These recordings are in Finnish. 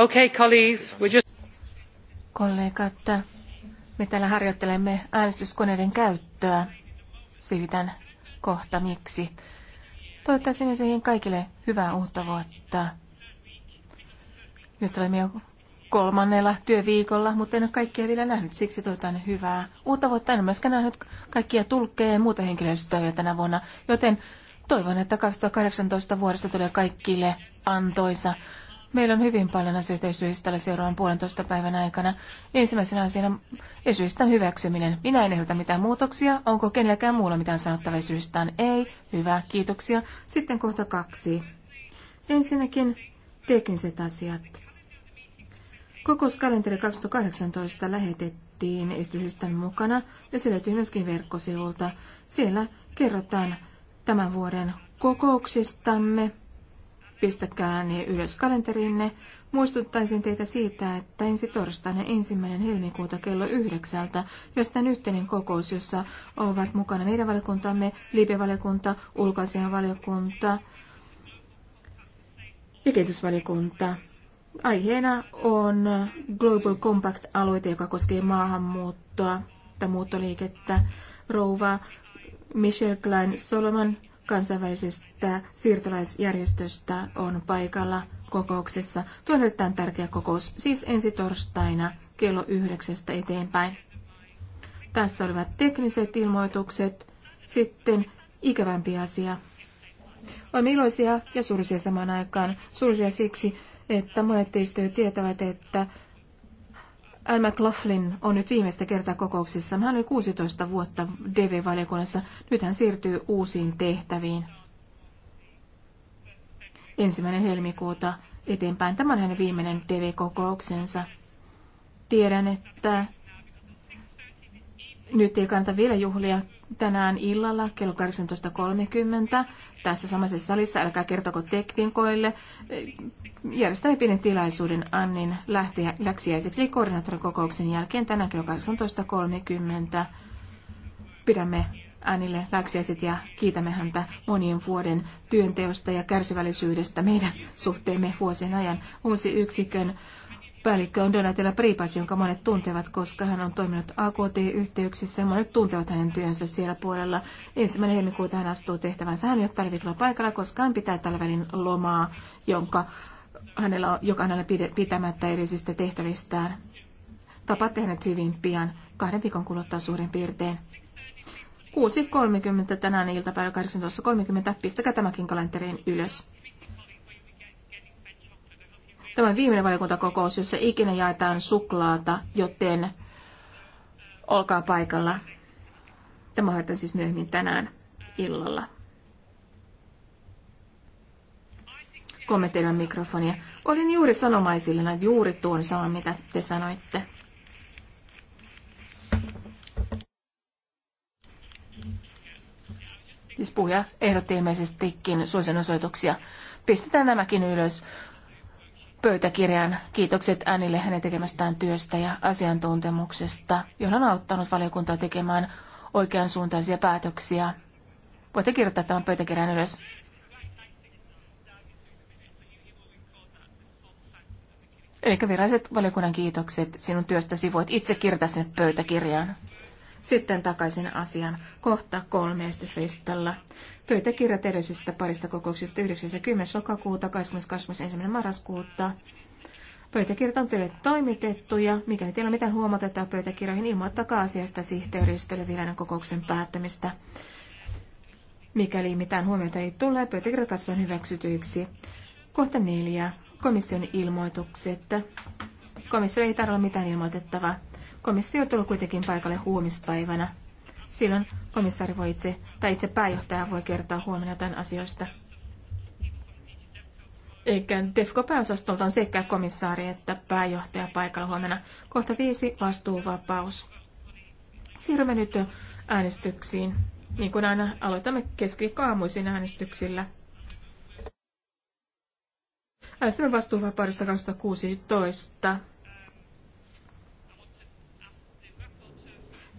Okay, colleagues, we're just... Kollegat, me täällä harjoittelemme äänestyskoneiden käyttöä. Selitän kohta miksi. Toivottaisin ensinnäkin kaikille hyvää uutta vuotta. Nyt olemme jo kolmannella työviikolla, mutta en ole kaikkia vielä nähnyt, siksi toivotan hyvää. Uutta vuotta en ole myöskään nähnyt kaikkia tulkkeja ja muuta henkilöstöä vielä tänä vuonna, joten toivon, että 2018 vuodesta tulee kaikille antoisa. Meillä on hyvin paljon asioita esitystä seuraavan puolentoista päivän aikana. Ensimmäisenä asiana esitystä hyväksyminen. Minä en ehdota mitään muutoksia. Onko kenelläkään muulla mitään sanottava esitystään? Ei. Hyvä, kiitoksia. Sitten kohta kaksi. Ensinnäkin tekniset asiat. Kokouskalenteri 2018 lähetettiin esitysten mukana ja se löytyy myöskin verkkosivulta. Siellä kerrotaan tämän vuoden kokouksistamme pistäkää ne ylös kalenterinne. Muistuttaisin teitä siitä, että ensi torstaina ensimmäinen helmikuuta kello yhdeksältä jostain yhteinen kokous, jossa ovat mukana meidän valiokuntamme, liipevaliokunta, ulkoasianvaliokunta ja kehitysvaliokunta. Aiheena on Global Compact-aloite, joka koskee maahanmuuttoa tai muuttoliikettä. Rouva Michelle Klein Solomon kansainvälisestä siirtolaisjärjestöstä on paikalla kokouksessa. Tuo on erittäin tärkeä kokous, siis ensi torstaina kello yhdeksästä eteenpäin. Tässä olivat tekniset ilmoitukset. Sitten ikävämpi asia. On iloisia ja surisia samaan aikaan. Surisia siksi, että monet teistä jo tietävät, että Al McLaughlin on nyt viimeistä kertaa kokouksissa. Hän oli 16 vuotta DV-valiokunnassa. Nyt hän siirtyy uusiin tehtäviin. Ensimmäinen helmikuuta eteenpäin. Tämä on hänen viimeinen DV-kokouksensa. Tiedän, että nyt ei kannata vielä juhlia tänään illalla kello 18.30 tässä samassa salissa. Älkää kertoko teknikoille Järjestämme pienen tilaisuuden Annin lähtiä, läksiäiseksi kokouksen jälkeen tänään kello 18.30. Pidämme Annille läksiäiset ja kiitämme häntä monien vuoden työnteosta ja kärsivällisyydestä meidän suhteemme vuosien ajan. Uusi yksikön Päällikkö on Donatella Pripas, jonka monet tuntevat, koska hän on toiminut AKT-yhteyksissä ja monet tuntevat hänen työnsä siellä puolella. Ensimmäinen helmikuuta hän astuu tehtävänsä. Hän ei ole tällä viikolla paikalla, koska hän pitää tällä välin lomaa, jonka hänellä, joka hänellä pitämättä erisistä tehtävistä Tapaatte hänet hyvin pian, kahden viikon kuluttua suurin piirtein. 6.30 tänään iltapäivä 18.30. Pistäkää tämäkin kalenteriin ylös. Tämä on viimeinen valiokuntakokous, jossa ikinä jaetaan suklaata, joten olkaa paikalla. Tämä hoidetaan siis myöhemmin tänään illalla. kommenteilla mikrofonia. Olin juuri että juuri tuon saman, mitä te sanoitte. Siis puhuja ehdotti ilmeisestikin suosionosoituksia. Pistetään nämäkin ylös pöytäkirjaan. Kiitokset Äänille hänen tekemästään työstä ja asiantuntemuksesta, johon on auttanut valiokuntaa tekemään oikeansuuntaisia päätöksiä. Voitte kirjoittaa tämän pöytäkirjan ylös. Eli viralliset valiokunnan kiitokset sinun työstäsi voit itse kirjata sen pöytäkirjaan. Sitten takaisin asian kohta kolme esityslistalla. Pöytäkirjat edellisestä parista kokouksesta 90. lokakuuta 21. marraskuuta. Pöytäkirjat on teille toimitettu ja mikäli teillä on mitään huomata pöytäkirjoihin, ilmoittakaa asiasta sihteeristölle virallinen kokouksen päättämistä. Mikäli mitään huomiota ei tule, pöytäkirjat on hyväksytyiksi. Kohta neljä komission ilmoitukset. Komissio ei tarvitse mitään ilmoitettavaa. Komissio tuli kuitenkin paikalle huomispäivänä. Silloin komissaari voi itse, tai itse pääjohtaja voi kertoa huomenna tämän asioista. Eikä DEFCO-pääosastolta on sekä komissaari että pääjohtaja paikalla huomenna. Kohta viisi, vastuuvapaus. Siirrymme nyt äänestyksiin. Niin kuin aina aloitamme keskiviikkoaamuisin äänestyksillä. Äänestämme vastuuvapaudesta 2016.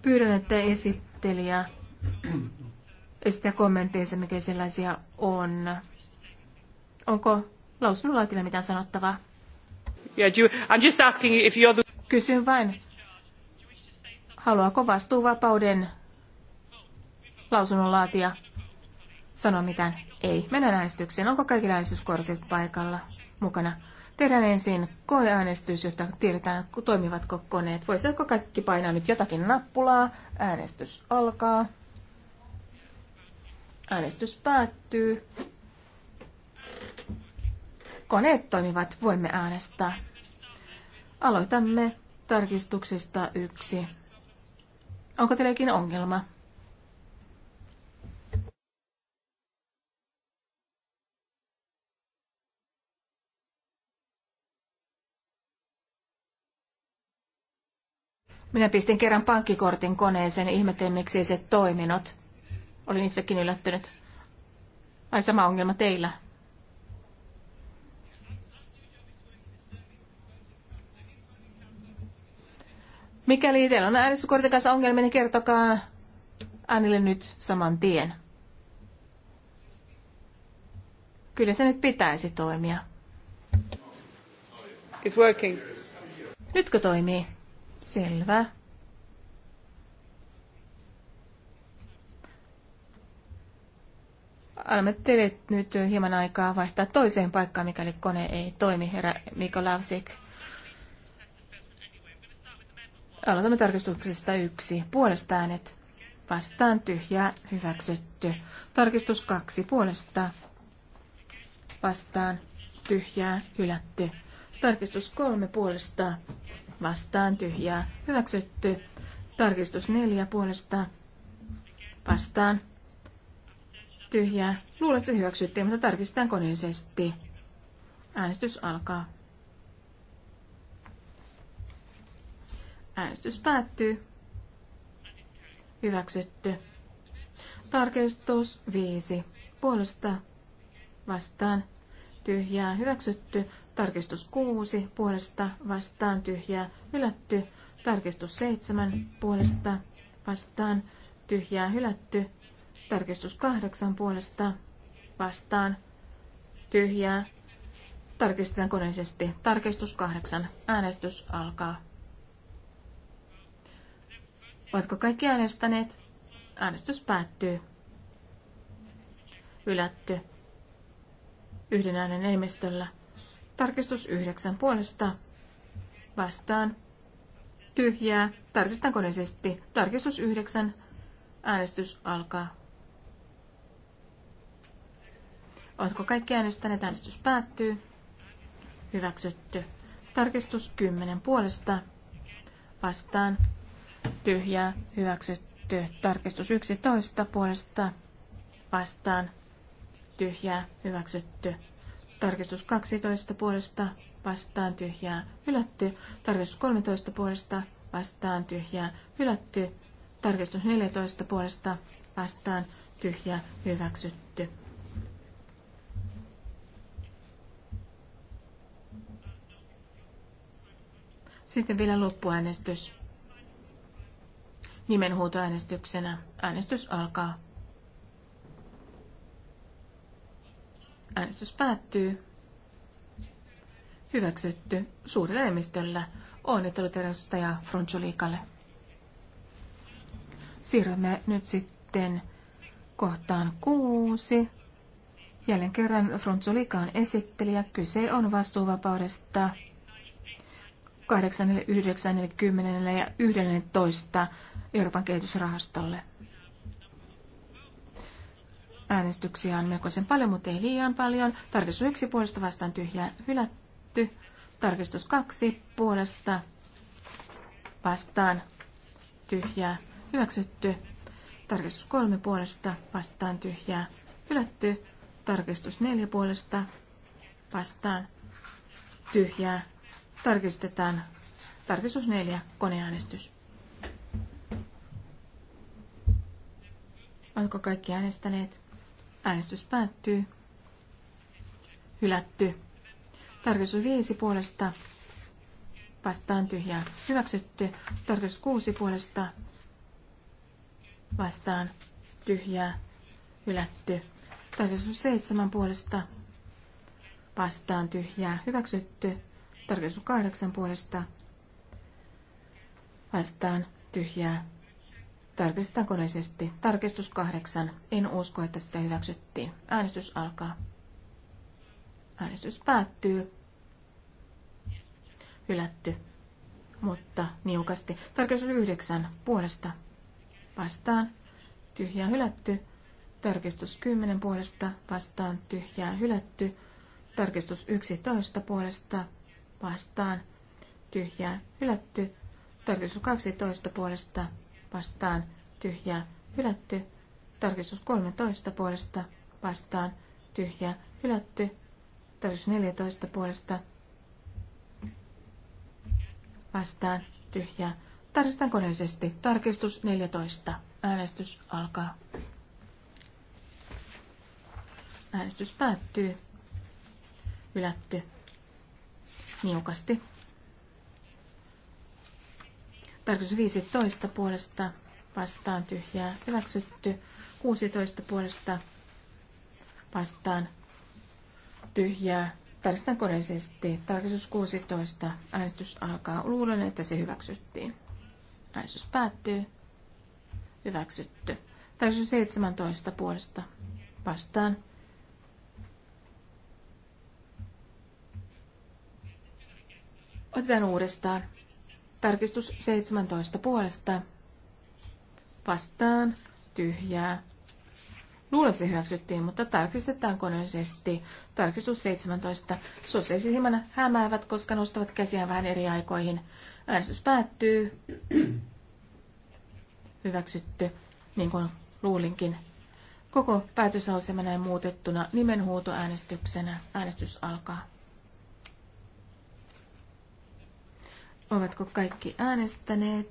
Pyydän, että esittelijä esittää kommentteja, mikä sellaisia on. Onko lausunnonlaatilla mitään sanottavaa? Yeah, you, I'm just asking if you're the... Kysyn vain, haluaako vastuuvapauden lausunnonlaatija sanoa mitään? Ei. Mennään äänestykseen. Onko kaikilla äänestyskortit paikalla? mukana. Tehdään ensin koeäänestys, jotta tiedetään, toimivatko koneet. Voisitko kaikki painaa nyt jotakin nappulaa? Äänestys alkaa. Äänestys päättyy. Koneet toimivat, voimme äänestää. Aloitamme tarkistuksista yksi. Onko teilläkin ongelma? Minä pistin kerran pankkikortin koneeseen ja ihmettelin, miksi se toiminut. Olin itsekin yllättynyt. Ai sama ongelma teillä. Mikäli teillä on äänestyskortin kanssa ongelmia, niin kertokaa äänille nyt saman tien. Kyllä se nyt pitäisi toimia. It's working. Nytkö toimii? Selvä. Annamme teille nyt hieman aikaa vaihtaa toiseen paikkaan, mikäli kone ei toimi, herra Mikko Lavsik. Aloitamme tarkistuksesta yksi. Puolesta äänet. Vastaan tyhjää. Hyväksytty. Tarkistus kaksi. Puolesta. Vastaan tyhjää. Hylätty. Tarkistus kolme. Puolesta vastaan tyhjää hyväksytty. Tarkistus neljä puolesta vastaan tyhjää. se hyväksyttiin, mutta tarkistetaan koneellisesti. Äänestys alkaa. Äänestys päättyy. Hyväksytty. Tarkistus viisi Puolesta vastaan. Tyhjää hyväksytty. Tarkistus 6 puolesta vastaan tyhjää hylätty. Tarkistus 7 puolesta vastaan tyhjää hylätty. Tarkistus 8 puolesta vastaan tyhjää. Tarkistetaan koneisesti. Tarkistus 8. Äänestys alkaa. Ovatko kaikki äänestäneet? Äänestys päättyy. Ylätty. Yhden äänen enemmistöllä. Tarkistus yhdeksän puolesta vastaan. Tyhjää. Tarkistan koneisesti. Tarkistus yhdeksän Äänestys alkaa. Oletko kaikki äänestäneet? Äänestys päättyy. Hyväksytty. Tarkistus 10 puolesta. Vastaan. Tyhjää. Hyväksytty. Tarkistus 11 puolesta. Vastaan. Tyhjää. Hyväksytty. Tarkistus 12 puolesta vastaan tyhjää hylätty. Tarkistus 13 puolesta vastaan tyhjää hylätty. Tarkistus 14 puolesta vastaan tyhjää hyväksytty. Sitten vielä loppuäänestys. Nimenhuutoäänestyksenä äänestys alkaa. Äänestys päättyy. Hyväksytty suurella enemmistöllä. Onnittelut edustaja Frontsoliikalle. Siirrymme nyt sitten kohtaan kuusi. Jälleen kerran Frontsoliika on esittelijä. Kyse on vastuuvapaudesta 8, 9, 10 ja 11 Euroopan kehitysrahastolle. Äänestyksiä on melkoisen paljon, mutta ei liian paljon. Tarkistus yksi puolesta vastaan tyhjä hylätty. Tarkistus kaksi puolesta vastaan tyhjää hyväksytty. Tarkistus kolme puolesta vastaan tyhjää hylätty. Tarkistus neljä puolesta vastaan tyhjää. Tarkistetaan tarkistus neljä koneäänestys. Onko kaikki äänestäneet? Äänestys päättyy. Hylätty. Tarkistus 5 puolesta vastaan tyhjää. Hyväksytty. Tarkistus 6 puolesta vastaan tyhjää. Hylätty. Tarkistus 7 puolesta vastaan tyhjää. Hyväksytty. Tarkistus 8 puolesta vastaan tyhjää. Tarkistetaan koneisesti. Tarkistus kahdeksan. En usko, että sitä hyväksyttiin. Äänestys alkaa. Äänestys päättyy. Hylätty. Mutta niukasti. Tarkistus yhdeksän. Puolesta. Vastaan. Tyhjää hylätty. Tarkistus 10 puolesta vastaan tyhjää hylätty. Tarkistus 11 puolesta vastaan tyhjää hylätty. Tarkistus 12 puolesta vastaan tyhjä hylätty. Tarkistus 13 puolesta vastaan tyhjä hylätty. Tarkistus 14 puolesta vastaan tyhjä tarkistan koneellisesti. Tarkistus 14. Äänestys alkaa. Äänestys päättyy. Hylätty. Niukasti. Tarkoitus 15 puolesta vastaan tyhjää hyväksytty. 16 puolesta vastaan tyhjää. Tarkistetaan koneisesti. Tarkistus 16. Äänestys alkaa. Luulen, että se hyväksyttiin. Äänestys päättyy. Hyväksytty. Tarkistus 17 puolesta vastaan. Otetaan uudestaan. Tarkistus 17 puolesta. Vastaan. Tyhjää. Luulen, että se hyväksyttiin, mutta tarkistetaan koneellisesti. Tarkistus 17. Sosiaaliset hieman hämäävät, koska nostavat käsiään vähän eri aikoihin. Äänestys päättyy. Hyväksytty, niin kuin luulinkin. Koko päätöslausema näin muutettuna nimenhuutoäänestyksenä. Äänestys alkaa. Ovatko kaikki äänestäneet?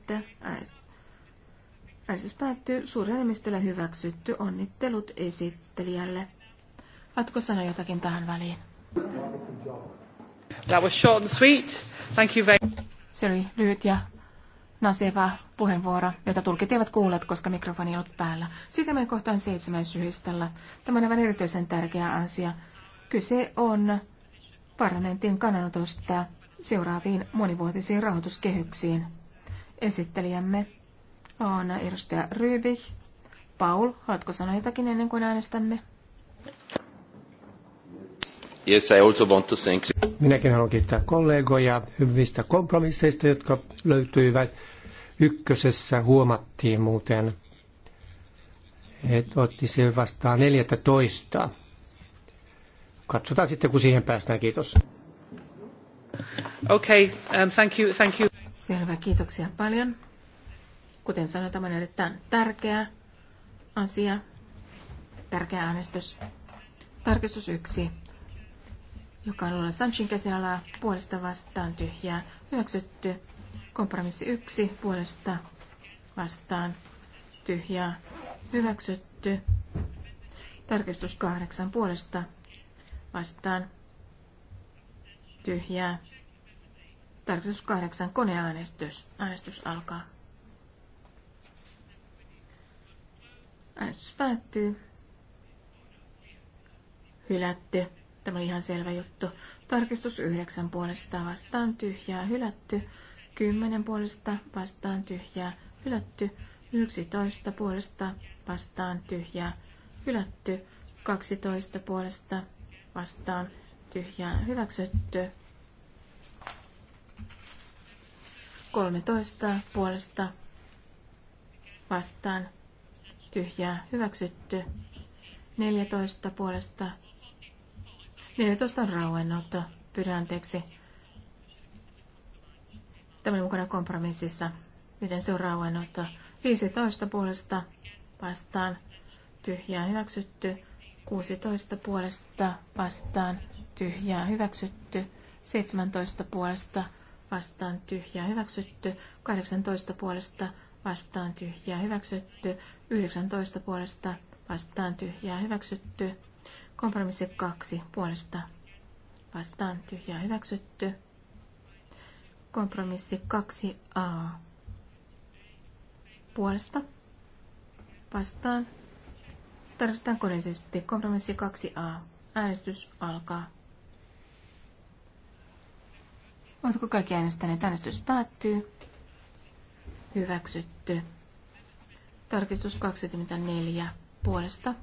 Äänestys päättyy enemmistöllä hyväksytty. Onnittelut esittelijälle. Haluatko sanoa jotakin tähän väliin? That was short and sweet. Thank you very... Se oli lyhyt ja naseva puheenvuoro, jota tulkit eivät kuulleet, koska mikrofoni on päällä. Sitten menen kohtaan seitsemän syhistellä. Tämä on aivan erityisen tärkeä asia. Kyse on parlamentin kannanotosta seuraaviin monivuotisiin rahoituskehyksiin. Esittelijämme on edustaja Rybich. Paul, haluatko sanoa jotakin ennen kuin äänestämme? Yes, I also want to thank you. Minäkin haluan kiittää kollegoja hyvistä kompromisseista, jotka löytyivät. Ykkösessä huomattiin muuten, että otti se vastaan 14. Katsotaan sitten, kun siihen päästään. Kiitos. Okay, um, thank you, thank you. Selvä, kiitoksia paljon. Kuten sanoin, tämä on erittäin tärkeä asia, tärkeä äänestys. Tarkistus yksi, joka on ollut Sanchin käsialaa puolesta vastaan tyhjää, hyväksytty. Kompromissi yksi puolesta vastaan tyhjää, hyväksytty. Tarkistus kahdeksan puolesta vastaan tyhjää. Tarkistus kahdeksan, koneäänestys. Äänestys alkaa. Äänestys päättyy. Hylätty. Tämä on ihan selvä juttu. Tarkistus yhdeksän puolesta vastaan tyhjää, hylätty. Kymmenen puolesta vastaan tyhjää, hylätty. Yksitoista puolesta vastaan tyhjää, hylätty. Kaksitoista puolesta vastaan tyhjään hyväksytty. 13 puolesta vastaan tyhjää hyväksytty. 14 puolesta 14 on rauennut Pyydän anteeksi. Tämä oli mukana kompromississa. Miten se on rauennut? 15 puolesta vastaan tyhjää hyväksytty. 16 puolesta vastaan tyhjää hyväksytty, 17 puolesta vastaan tyhjää hyväksytty, 18 puolesta vastaan tyhjää hyväksytty, 19 puolesta vastaan tyhjää hyväksytty, kompromissi 2 puolesta vastaan tyhjää hyväksytty, kompromissi 2a puolesta vastaan tarkistetaan koneellisesti kompromissi 2a. Äänestys alkaa. Oletko kaikki äänestäneet? Äänestys päättyy. Hyväksytty. Tarkistus 24 puolesta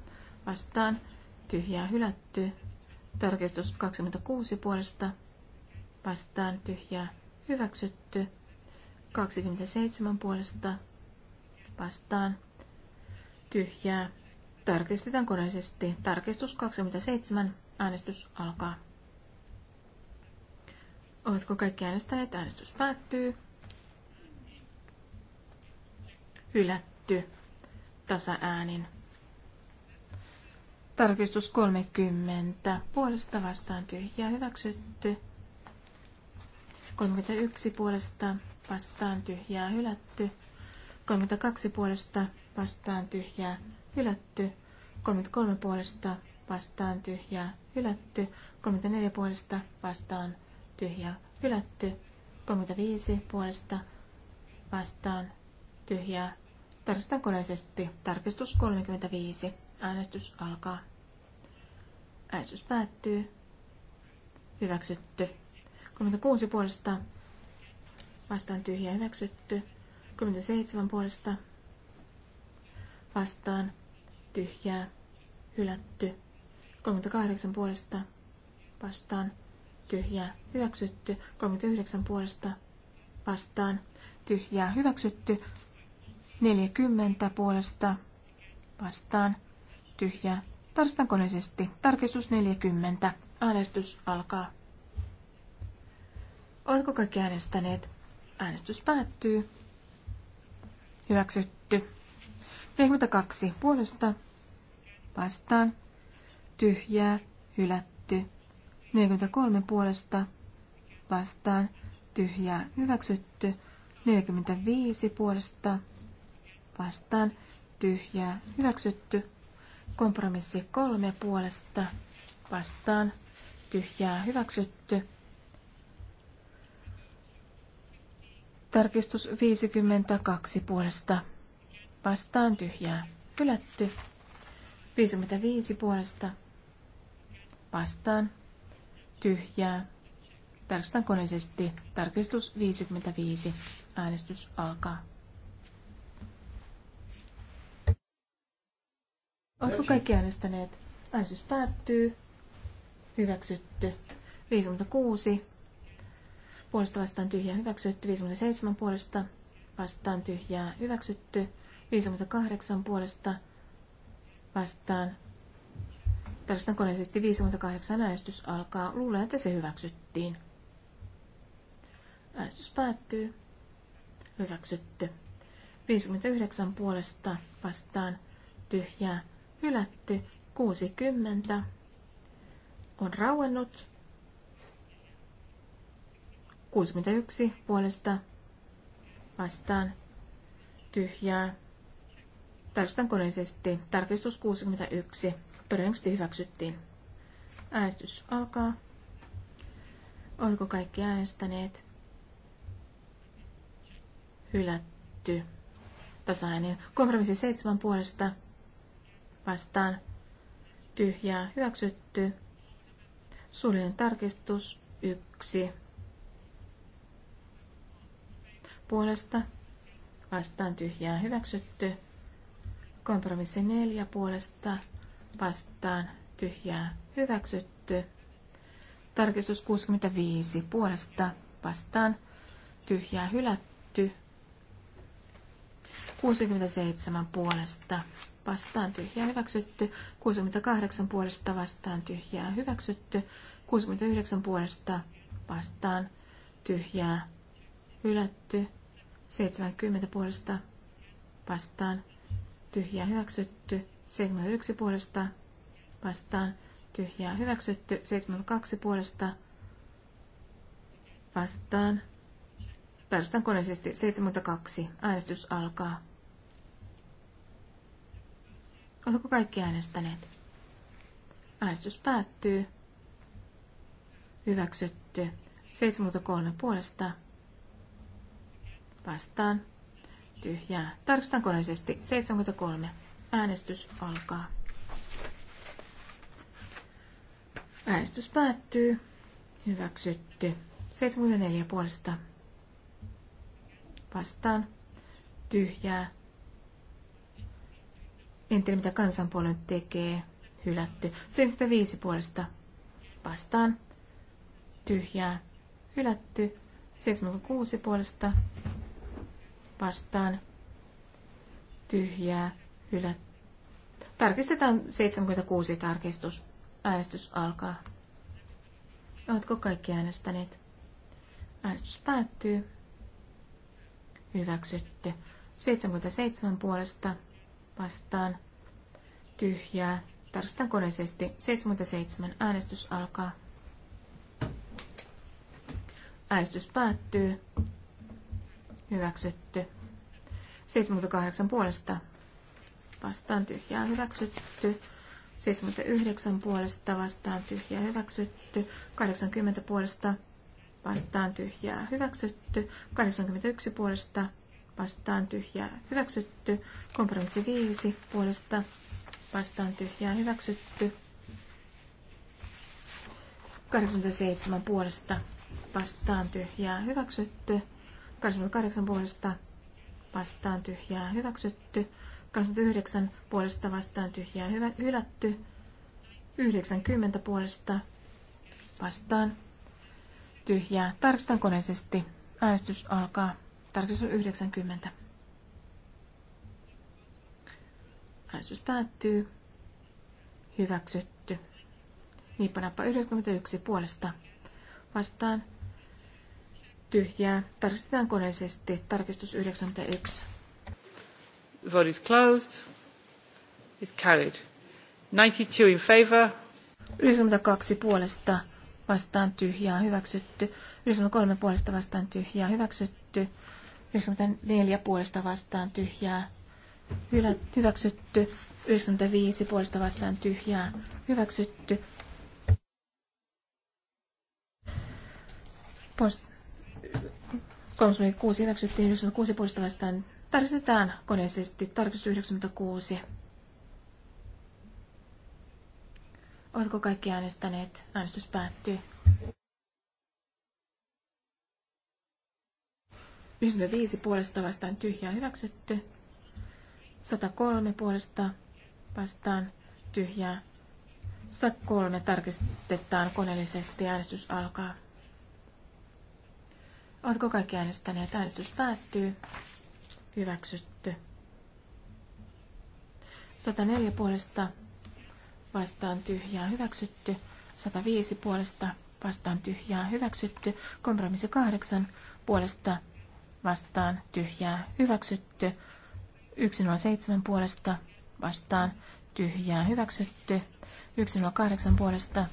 vastaan. Tyhjää hylätty. Tarkistus 26 puolesta vastaan. Tyhjää hyväksytty. 27 puolesta vastaan. Tyhjää. Tarkistetaan koneisesti. Tarkistus 27. Äänestys alkaa. Oletko kaikki äänestäneet? Äänestys päättyy. Hylätty. Tasa-äänin. Tarkistus 30. Puolesta vastaan tyhjää hyväksytty. 31 puolesta vastaan tyhjää hylätty. 32 puolesta vastaan tyhjää hylätty. 33 puolesta vastaan tyhjää hylätty. 34 puolesta vastaan tyhjä, hylätty. 35 puolesta vastaan tyhjää. Tarkistetaan koneisesti. Tarkistus 35. Äänestys alkaa. Äänestys päättyy. Hyväksytty. 36 puolesta vastaan tyhjää hyväksytty. 37 puolesta vastaan tyhjää hylätty. 38 puolesta vastaan tyhjää hyväksytty, 39 puolesta vastaan tyhjää hyväksytty, 40 puolesta vastaan tyhjää. Tarkistan Tarkistus 40. Äänestys alkaa. Oletko kaikki äänestäneet? Äänestys päättyy. Hyväksytty. 42 puolesta vastaan tyhjää hylätty. 43 puolesta vastaan tyhjää hyväksytty. 45 puolesta vastaan tyhjää hyväksytty. Kompromissi 3 puolesta vastaan tyhjää hyväksytty. Tarkistus 52 puolesta vastaan tyhjää hylätty. 55 puolesta vastaan tyhjää. tarkistan koneisesti. Tarkistus 55. Äänestys alkaa. Oletko kaikki äänestäneet? Äänestys päättyy. Hyväksytty. 56. Puolesta vastaan tyhjää hyväksytty. 57 puolesta vastaan tyhjää hyväksytty. 58 puolesta vastaan Tarkistan koneellisesti 58 äänestys alkaa. Luulen, että se hyväksyttiin. Äänestys päättyy. Hyväksytty. 59 puolesta vastaan tyhjää hylätty. 60 on rauennut. 61 puolesta vastaan tyhjää. Tarkistan koneisesti. Tarkistus 61. Todennäköisesti hyväksyttiin. Äänestys alkaa. Oliko kaikki äänestäneet? Hylätty. Tasainen. Kompromissi seitsemän puolesta. Vastaan. Tyhjää. Hyväksytty. Suullinen tarkistus. Yksi. Puolesta. Vastaan tyhjää. Hyväksytty. Kompromissi neljä puolesta vastaan tyhjää hyväksytty. Tarkistus 65 puolesta vastaan tyhjää hylätty. 67 puolesta vastaan tyhjää hyväksytty. 68 puolesta vastaan tyhjää hyväksytty. 69 puolesta vastaan tyhjää hylätty. 70 puolesta vastaan tyhjää hyväksytty. 71 puolesta vastaan tyhjää hyväksytty. 72 puolesta vastaan. Tarkistan koneisesti 72. Äänestys alkaa. Oletko kaikki äänestäneet? Äänestys päättyy. Hyväksytty. 73 puolesta. Vastaan. Tyhjää. Tarkistan koneisesti 73. Äänestys alkaa. Äänestys päättyy. Hyväksytty. 74 puolesta. Vastaan. Tyhjää. En tiedä, mitä kansanpuolue tekee. Hylätty. 75 puolesta. Vastaan. Tyhjää. Hylätty. 76 puolesta. Vastaan. Tyhjää hylätty. Tarkistetaan 76 tarkistus. Äänestys alkaa. Oletko kaikki äänestäneet? Äänestys päättyy. Hyväksytty. 77 puolesta vastaan. Tyhjää. Tarkistetaan koneisesti. 77. Äänestys alkaa. Äänestys päättyy. Hyväksytty. 78 puolesta vastaan tyhjää hyväksytty. 79 puolesta vastaan tyhjää hyväksytty. 80 puolesta vastaan tyhjää hyväksytty. 81 puolesta vastaan tyhjää hyväksytty. Kompromissi 5 puolesta vastaan tyhjää hyväksytty. 87 puolesta vastaan tyhjää hyväksytty. 88 puolesta vastaan tyhjää hyväksytty. 29 puolesta vastaan tyhjää hyvä, hylätty. 90 puolesta vastaan tyhjää. Tarkistan koneisesti. Äänestys alkaa. Tarkistus on 90. Äänestys päättyy. Hyväksytty. Niippanappa 91 puolesta vastaan tyhjää. Tarkistetaan koneisesti. Tarkistus 91. The vote is closed. It's carried. 92 in favor. 92 puolesta vastaan tyhjää hyväksytty. 93 puolesta vastaan tyhjää hyväksytty. 94 puolesta vastaan tyhjää hyväksytty. 95 puolesta vastaan tyhjää hyväksytty. Post, 36 hyväksyttiin, 96 puolesta vastaan Tarkistetaan koneisesti tarkistus 96. Oletko kaikki äänestäneet? Äänestys päättyy. 95 puolesta vastaan tyhjää hyväksytty. 103 puolesta vastaan tyhjää. 103 tarkistetaan koneellisesti. Äänestys alkaa. Oletko kaikki äänestäneet? Äänestys päättyy. Hyväksytty. 104 puolesta vastaan tyhjää hyväksytty. 105 puolesta vastaan tyhjää hyväksytty. Kompromissi 8 puolesta vastaan tyhjää hyväksytty. 107 puolesta vastaan tyhjää hyväksytty. 108 puolesta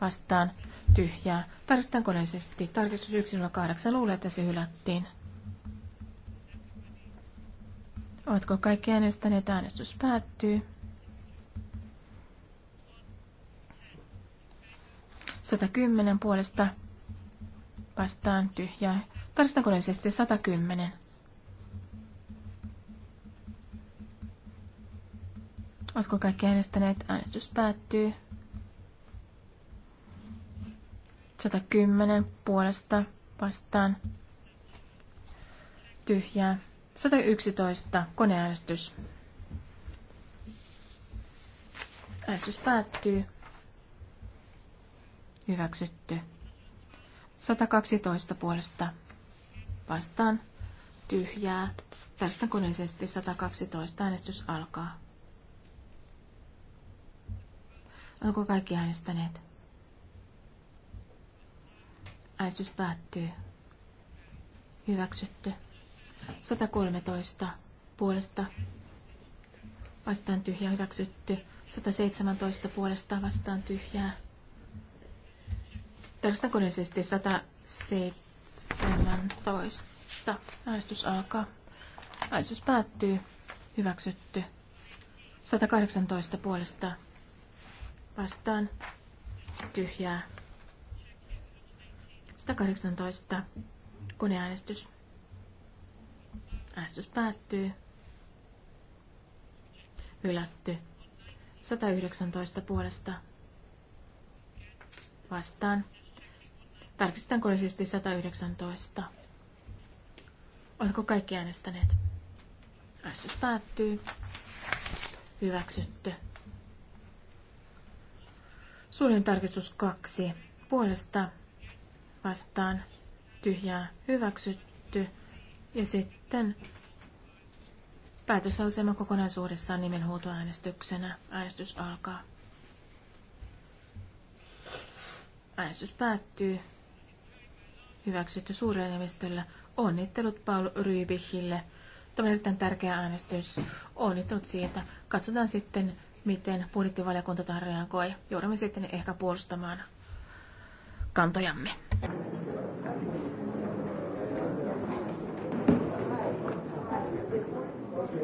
vastaan tyhjää. Tarkistetaan koneisesti. Tarkistus 108 luulee, että se hylättiin. Oletko kaikki äänestäneet? Äänestys päättyy. 110 puolesta vastaan tyhjää. Tarkistankoneisesti 110. Oletko kaikki äänestäneet? Äänestys päättyy. 110 puolesta vastaan tyhjää. 111. Koneäänestys. Äänestys päättyy. Hyväksytty. 112 puolesta vastaan tyhjää. Tästä koneisesti 112 äänestys alkaa. Onko kaikki äänestäneet? Äänestys päättyy. Hyväksytty. 113 puolesta vastaan tyhjää hyväksytty. 117 puolesta vastaan tyhjää. Tarkastankoneisesti 117. Äänestys alkaa. Äänestys päättyy. Hyväksytty. 118 puolesta vastaan tyhjää. 118 koneäänestys. Äänestys päättyy. Ylätty. 119 puolesta vastaan. Tarkistetaan koneisesti 119. Oletko kaikki äänestäneet? Äänestys päättyy. Hyväksytty. Suurin tarkistus 2. Puolesta vastaan tyhjää hyväksytty. Ja sitten päätösasema kokonaisuudessaan nimenhuutoäänestyksenä. Äänestys alkaa. Äänestys päättyy. Hyväksytty suurella enemmistöllä. Onnittelut Paul Rybichille. Tämä on erittäin tärkeä äänestys. Onnittelut siitä. Katsotaan sitten, miten budjettivaliokunta tähän reagoi. Joudumme sitten ehkä puolustamaan kantojamme.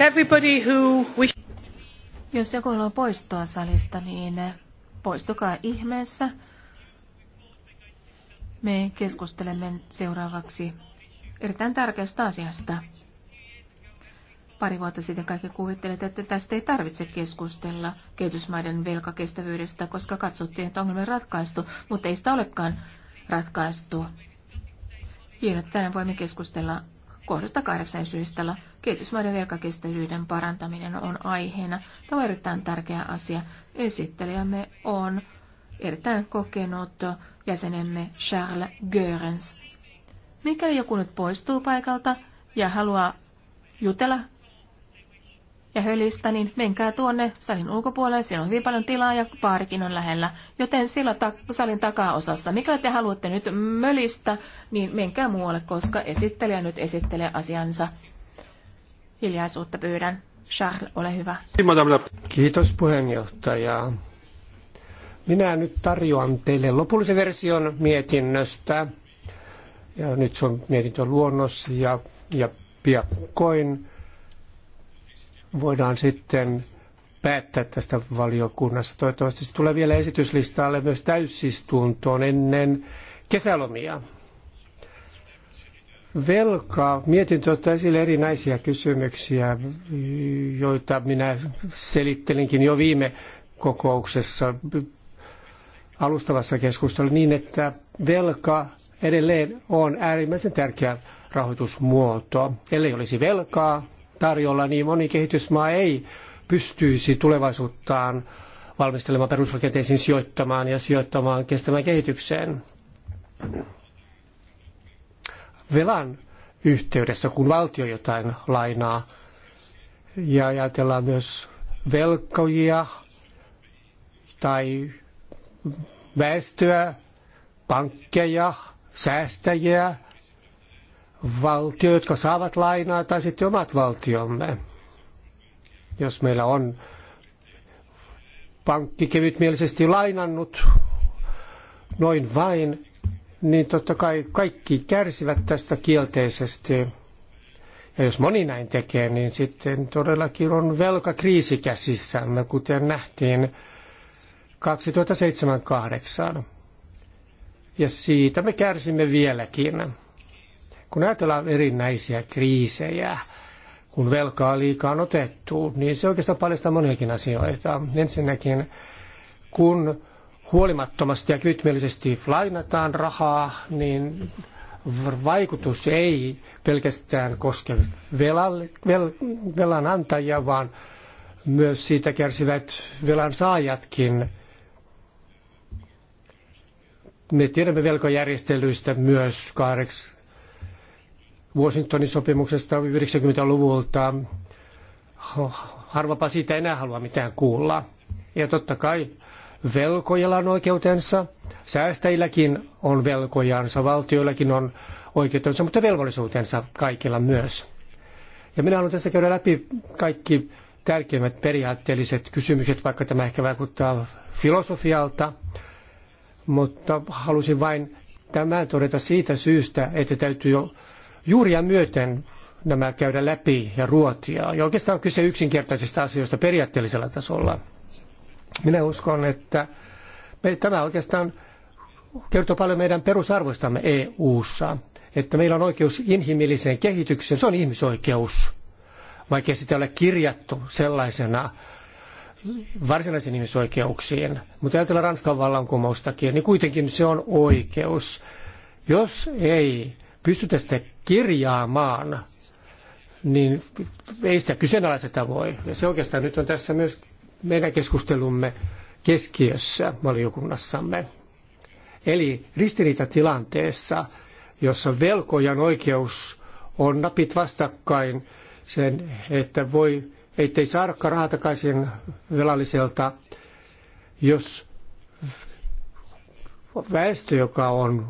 everybody who wish... Jos joku haluaa poistua salista, niin poistukaa ihmeessä. Me keskustelemme seuraavaksi erittäin tärkeästä asiasta. Pari vuotta sitten kaikki kuvittelet, että tästä ei tarvitse keskustella kehitysmaiden velkakestävyydestä, koska katsottiin, että ongelma on ratkaistu, mutta ei sitä olekaan ratkaistu. Hienoa, tänään voimme keskustella kohdasta kahdeksan syystä Kehitysmaiden velkakestävyyden parantaminen on aiheena. Tämä on erittäin tärkeä asia. Esittelijämme on erittäin kokenut jäsenemme Charles Görens. Mikäli joku nyt poistuu paikalta ja haluaa jutella ja hölistä, niin menkää tuonne salin ulkopuolelle. Siellä on hyvin paljon tilaa ja paarikin on lähellä. Joten sillä ta- salin takaosassa, Mikäli te haluatte nyt mölistä, niin menkää muualle, koska esittelijä nyt esittelee asiansa Hiljaisuutta pyydän. Charles, ole hyvä. Kiitos puheenjohtaja. Minä nyt tarjoan teille lopullisen version mietinnöstä. Ja nyt se on luonnos ja, ja piakkoin voidaan sitten päättää tästä valiokunnassa. Toivottavasti se tulee vielä esityslistalle myös täysistuntoon ennen kesälomia velkaa. Mietintö ottaa esille erinäisiä kysymyksiä, joita minä selittelinkin jo viime kokouksessa alustavassa keskustelussa niin, että velka edelleen on äärimmäisen tärkeä rahoitusmuoto. Ellei olisi velkaa tarjolla, niin moni kehitysmaa ei pystyisi tulevaisuuttaan valmistelemaan perusrakenteisiin sijoittamaan ja sijoittamaan kestävään kehitykseen velan yhteydessä, kun valtio jotain lainaa. Ja ajatellaan myös velkojia tai väestöä, pankkeja, säästäjiä, valtio, jotka saavat lainaa, tai sitten omat valtiomme. Jos meillä on pankki kevytmielisesti lainannut noin vain, niin totta kai kaikki kärsivät tästä kielteisesti. Ja jos moni näin tekee, niin sitten todellakin on kriisi käsissämme, kuten nähtiin 2007-2008. Ja siitä me kärsimme vieläkin. Kun ajatellaan erinäisiä kriisejä, kun velkaa liikaa on otettu, niin se oikeastaan paljastaa moniakin asioita. Ensinnäkin, kun huolimattomasti ja kytmielisesti lainataan rahaa, niin vaikutus ei pelkästään koske velalle, velan antajia, vaan myös siitä kärsivät velan saajatkin. Me tiedämme velkojärjestelyistä myös kahdeksi Washingtonin sopimuksesta 90-luvulta. Harvapa siitä enää halua mitään kuulla. Ja totta kai velkojalla on oikeutensa, säästäjilläkin on velkojansa, valtioillakin on oikeutensa, mutta velvollisuutensa kaikilla myös. Ja minä haluan tässä käydä läpi kaikki tärkeimmät periaatteelliset kysymykset, vaikka tämä ehkä vaikuttaa filosofialta, mutta halusin vain tämän todeta siitä syystä, että täytyy jo juuria myöten nämä käydä läpi ja ruotia. Ja oikeastaan on kyse yksinkertaisista asioista periaatteellisella tasolla. Minä uskon, että me, tämä oikeastaan kertoo paljon meidän perusarvoistamme EU-ssa, että meillä on oikeus inhimilliseen kehitykseen, se on ihmisoikeus, vaikka sitä ole kirjattu sellaisena varsinaisiin ihmisoikeuksiin. Mutta ajatellaan Ranskan vallankumoustakin, niin kuitenkin se on oikeus. Jos ei pystytä sitä kirjaamaan, niin ei sitä kyseenalaiseta voi. Ja se oikeastaan nyt on tässä myös meidän keskustelumme keskiössä valiokunnassamme. Eli ristiriitatilanteessa, jossa velkojan oikeus on napit vastakkain sen, että voi, ettei saadakaan rahaa takaisin velalliselta, jos väestö, joka on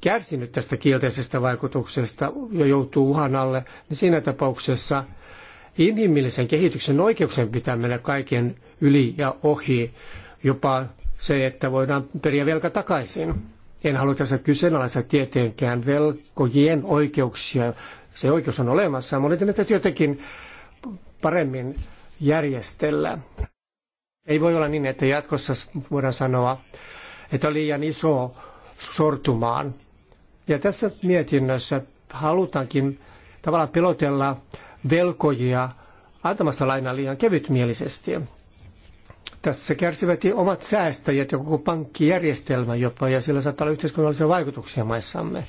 kärsinyt tästä kielteisestä vaikutuksesta ja joutuu uhan alle, niin siinä tapauksessa – inhimillisen kehityksen oikeuksien pitää mennä kaiken yli ja ohi, jopa se, että voidaan periä velka takaisin. En halua tässä kyseenalaista tietenkään velkojien oikeuksia. Se oikeus on olemassa, mutta ne täytyy jotenkin paremmin järjestellä. Ei voi olla niin, että jatkossa voidaan sanoa, että on liian iso sortumaan. Ja tässä mietinnössä halutaankin tavallaan pelotella velkojia antamasta lainaa liian kevytmielisesti. Tässä kärsivät omat säästäjät ja koko pankkijärjestelmä jopa, ja sillä saattaa olla yhteiskunnallisia vaikutuksia maissamme.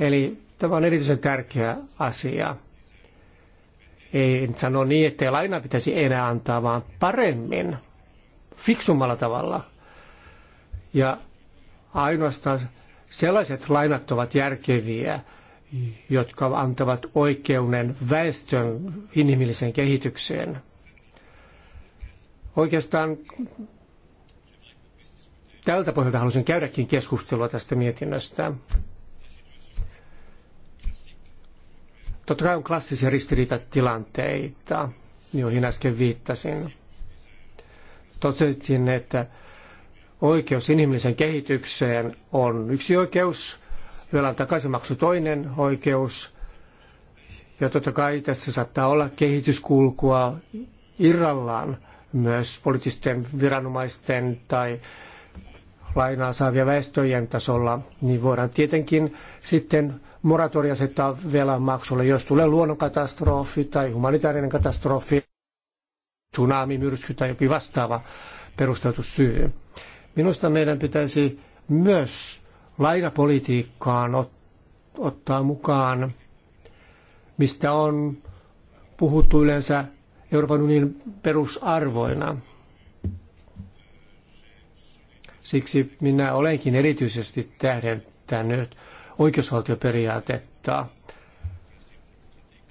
Eli tämä on erityisen tärkeä asia. Ei sano niin, ettei laina pitäisi enää antaa, vaan paremmin, fiksummalla tavalla. Ja ainoastaan sellaiset lainat ovat järkeviä, jotka antavat oikeuden väestön inhimilliseen kehitykseen. Oikeastaan tältä pohjalta halusin käydäkin keskustelua tästä mietinnöstä. Totta kai on klassisia ristiriitatilanteita, joihin äsken viittasin. Totesin, että oikeus inhimilliseen kehitykseen on yksi oikeus, joilla on takaisinmaksu toinen oikeus. Ja totta kai tässä saattaa olla kehityskulkua irrallaan myös poliittisten viranomaisten tai lainaa saavia väestöjen tasolla, niin voidaan tietenkin sitten moratoria asettaa velan maksulle, jos tulee luonnonkatastrofi tai humanitaarinen katastrofi, tsunami, myrsky tai jokin vastaava perusteltu syy. Minusta meidän pitäisi myös laidapolitiikkaan ot, ottaa mukaan, mistä on puhuttu yleensä Euroopan unionin perusarvoina. Siksi minä olenkin erityisesti tähdentänyt oikeusvaltioperiaatetta,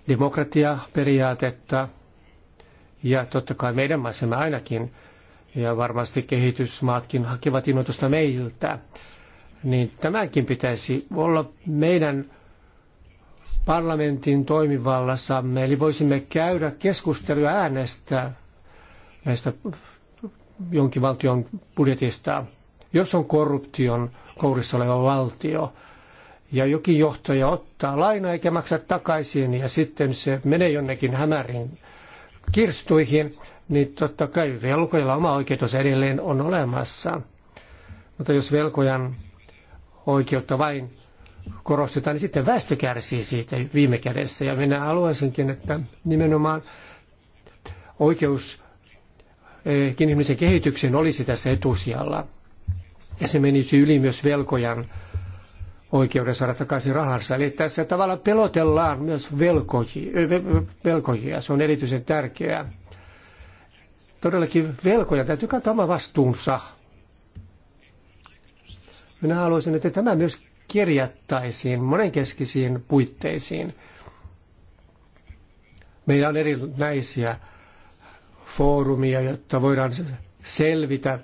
demokratiaperiaatetta ja totta kai meidän maissamme ainakin ja varmasti kehitysmaatkin hakevat innoitusta meiltä niin tämänkin pitäisi olla meidän parlamentin toimivallassamme, eli voisimme käydä keskustelua äänestä näistä jonkin valtion budjetista, jos on korruption kourissa oleva valtio, ja jokin johtaja ottaa lainaa eikä maksa takaisin, ja sitten se menee jonnekin hämärin kirstuihin, niin totta kai velkojalla oma oikeutus edelleen on olemassa. Mutta jos velkojan oikeutta vain korostetaan, niin sitten väestö kärsii siitä viime kädessä. Ja minä haluaisinkin, että nimenomaan oikeus eh, ihmisen kehityksen olisi tässä etusijalla. Ja se menisi yli myös velkojan oikeuden saada takaisin rahansa. Eli tässä tavalla pelotellaan myös velkojia. Eh, velkojia. Se on erityisen tärkeää. Todellakin velkoja täytyy kantaa oma vastuunsa minä haluaisin, että tämä myös kirjattaisiin monenkeskisiin puitteisiin. Meillä on erinäisiä foorumia, jotta voidaan selvitä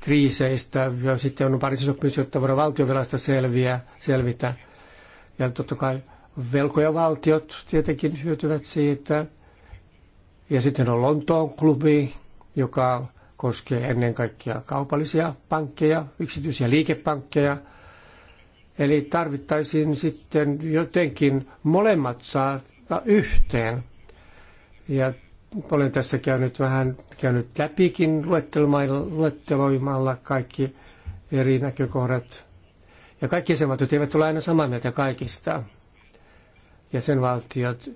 kriiseistä ja sitten on parissa sopimus, jotta voidaan valtiovelasta selviä, selvitä. Ja totta kai velkoja valtiot, tietenkin hyötyvät siitä. Ja sitten on Lontoon klubi, joka koskee ennen kaikkea kaupallisia pankkeja, yksityisiä liikepankkeja. Eli tarvittaisiin sitten jotenkin molemmat saada yhteen. Ja olen tässä käynyt vähän käynyt läpikin luetteloimalla kaikki eri näkökohdat. Ja kaikki jäsenvaltiot eivät ole aina samaa mieltä kaikista. Jäsenvaltiot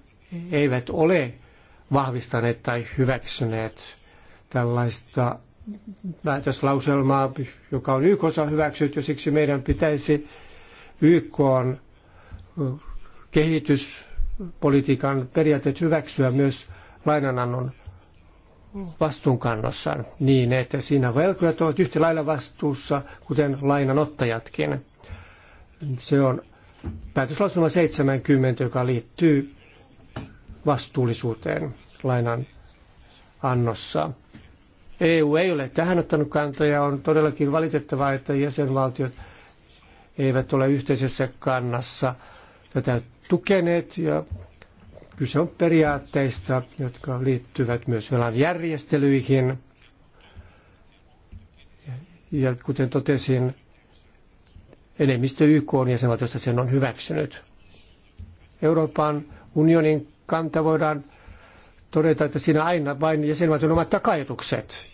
eivät ole vahvistaneet tai hyväksyneet tällaista päätöslauselmaa, joka on YK hyväksytty, siksi meidän pitäisi YK on kehityspolitiikan periaatteet hyväksyä myös lainanannon vastuunkannossa niin, että siinä velkojat ovat yhtä lailla vastuussa, kuten lainanottajatkin. Se on päätöslauselma 70, joka liittyy vastuullisuuteen lainan annossa. EU ei ole tähän ottanut kantoja. On todellakin valitettavaa, että jäsenvaltiot eivät ole yhteisessä kannassa tätä tukeneet. Ja kyse on periaatteista, jotka liittyvät myös velan järjestelyihin. Ja kuten totesin, enemmistö YK on jäsenvaltiosta sen on hyväksynyt. Euroopan unionin kanta voidaan todeta, että siinä aina vain on omat takajatukset.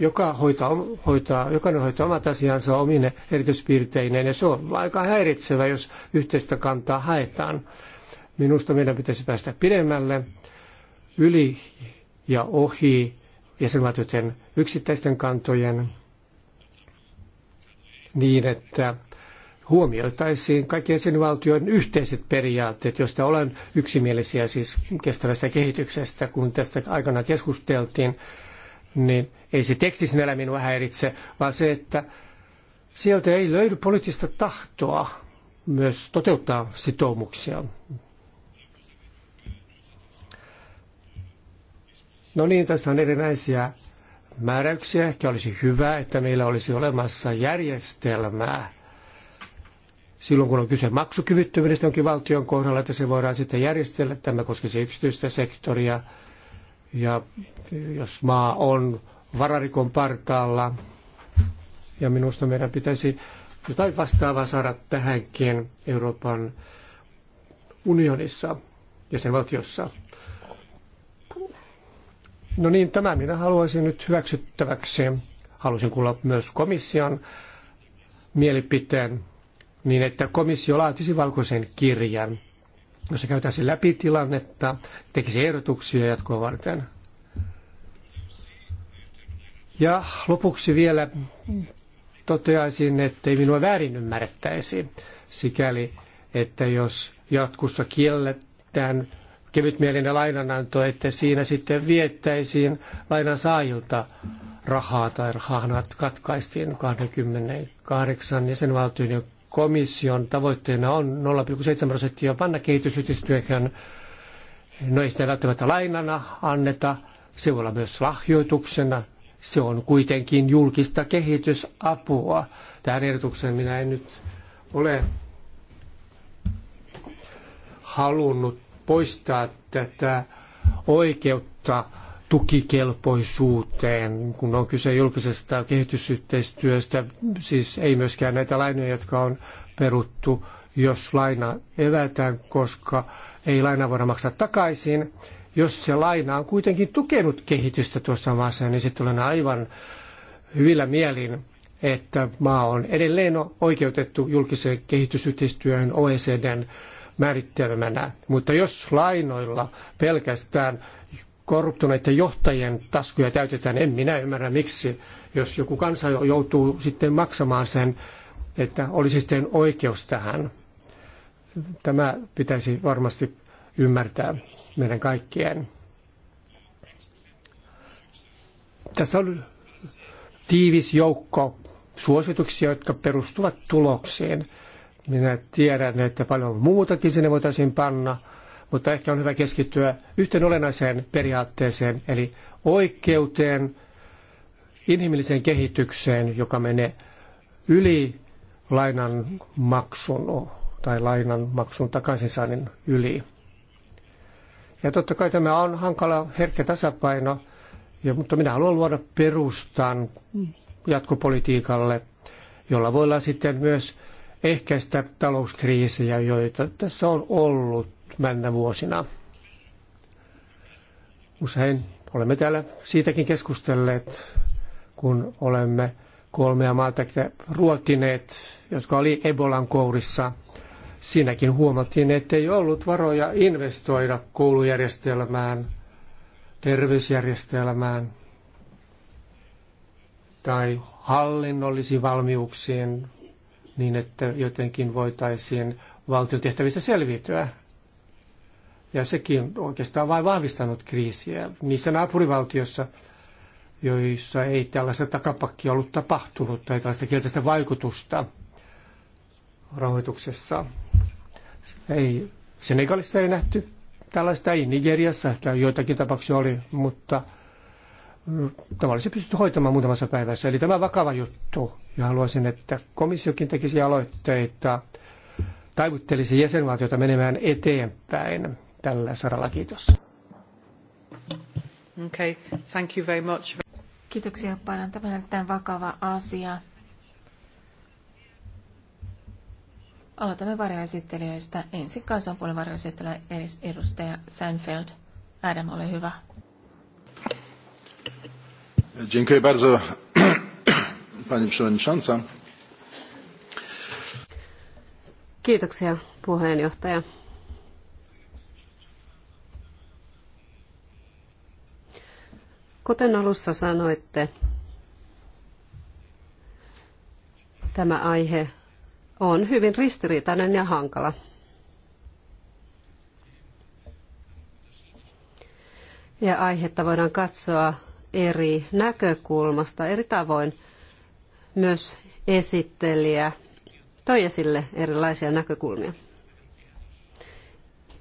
Joka hoitaa, hoitaa, jokainen hoitaa omat asiansa omine erityispiirteineen ja se on aika häiritsevä, jos yhteistä kantaa haetaan. Minusta meidän pitäisi päästä pidemmälle yli ja ohi jäsenvaltioiden yksittäisten kantojen niin, että huomioitaisiin kaikkien jäsenvaltioiden yhteiset periaatteet, joista olen yksimielisiä siis kestävästä kehityksestä, kun tästä aikana keskusteltiin, niin ei se teksti sinällä minua häiritse, vaan se, että sieltä ei löydy poliittista tahtoa myös toteuttaa sitoumuksia. No niin, tässä on erinäisiä määräyksiä. Ehkä olisi hyvä, että meillä olisi olemassa järjestelmää, silloin kun on kyse maksukyvyttömyydestä onkin valtion kohdalla, että se voidaan sitten järjestellä. Tämä koskisi yksityistä sektoria ja jos maa on vararikon partaalla. Ja minusta meidän pitäisi jotain vastaavaa saada tähänkin Euroopan unionissa ja sen valtiossa. No niin, tämä minä haluaisin nyt hyväksyttäväksi. Halusin kuulla myös komission mielipiteen niin että komissio laatisi valkoisen kirjan, jossa käytäisiin läpi tilannetta, tekisi ehdotuksia jatkoa varten. Ja lopuksi vielä toteaisin, ettei minua väärin ymmärrettäisi sikäli, että jos jatkusta kielletään kevytmielinen lainananto, että siinä sitten viettäisiin lainansaajilta rahaa tai rahanat katkaistiin 28 jäsenvaltion komission tavoitteena on 0,7 prosenttia panna kehitysyhteistyöhön. No ei sitä välttämättä lainana anneta, se voi olla myös lahjoituksena. Se on kuitenkin julkista kehitysapua. Tähän ehdotukseen minä en nyt ole halunnut poistaa tätä oikeutta tukikelpoisuuteen, kun on kyse julkisesta kehitysyhteistyöstä. Siis ei myöskään näitä lainoja, jotka on peruttu, jos laina evätään, koska ei laina voida maksaa takaisin. Jos se laina on kuitenkin tukenut kehitystä tuossa maassa, niin sitten olen aivan hyvillä mielin, että maa on edelleen oikeutettu julkiseen kehitysyhteistyöhön OECDn määrittelemänä. Mutta jos lainoilla pelkästään korruptuneiden johtajien taskuja täytetään. En minä ymmärrä miksi, jos joku kansa joutuu sitten maksamaan sen, että olisi sitten oikeus tähän. Tämä pitäisi varmasti ymmärtää meidän kaikkien. Tässä on tiivis joukko suosituksia, jotka perustuvat tulokseen. Minä tiedän, että paljon muutakin sinne voitaisiin panna – mutta ehkä on hyvä keskittyä yhteen olennaiseen periaatteeseen, eli oikeuteen, inhimilliseen kehitykseen, joka menee yli lainan maksun tai lainan maksun takaisinsaannin yli. Ja totta kai tämä on hankala herkkä tasapaino, ja, mutta minä haluan luoda perustan jatkopolitiikalle, jolla voidaan sitten myös ehkäistä talouskriisejä, joita tässä on ollut männä vuosina. Usein olemme täällä siitäkin keskustelleet, kun olemme kolmea maata ruotineet, jotka oli Ebolan kourissa. Siinäkin huomattiin, ettei ollut varoja investoida koulujärjestelmään, terveysjärjestelmään tai hallinnollisiin valmiuksiin niin, että jotenkin voitaisiin valtion tehtävistä selviytyä. Ja sekin oikeastaan vain vahvistanut kriisiä niissä naapurivaltioissa, joissa ei tällaista takapakkia ollut tapahtunut tai tällaista kielteistä vaikutusta rahoituksessa. Ei, Senegalissa ei nähty tällaista, ei Nigeriassa ehkä joitakin tapauksia oli, mutta mm, tämä olisi pystytty hoitamaan muutamassa päivässä. Eli tämä vakava juttu, ja haluaisin, että komissiokin tekisi aloitteita, taivuttelisi jäsenvaltiota menemään eteenpäin tällä saralla. Kiitos. Okay, thank you very much. Kiitoksia paljon. Tämä on erittäin vakava asia. Aloitamme varjoesittelijöistä. Ensin kansanpuolen varjoesittelijä edustaja Seinfeld. Adam, ole hyvä. Dziękuję bardzo, pani przewodnicząca. Kiitoksia, puheenjohtaja. Kuten alussa sanoitte, tämä aihe on hyvin ristiriitainen ja hankala. Ja aihetta voidaan katsoa eri näkökulmasta, eri tavoin. Myös esittelijä toi esille erilaisia näkökulmia.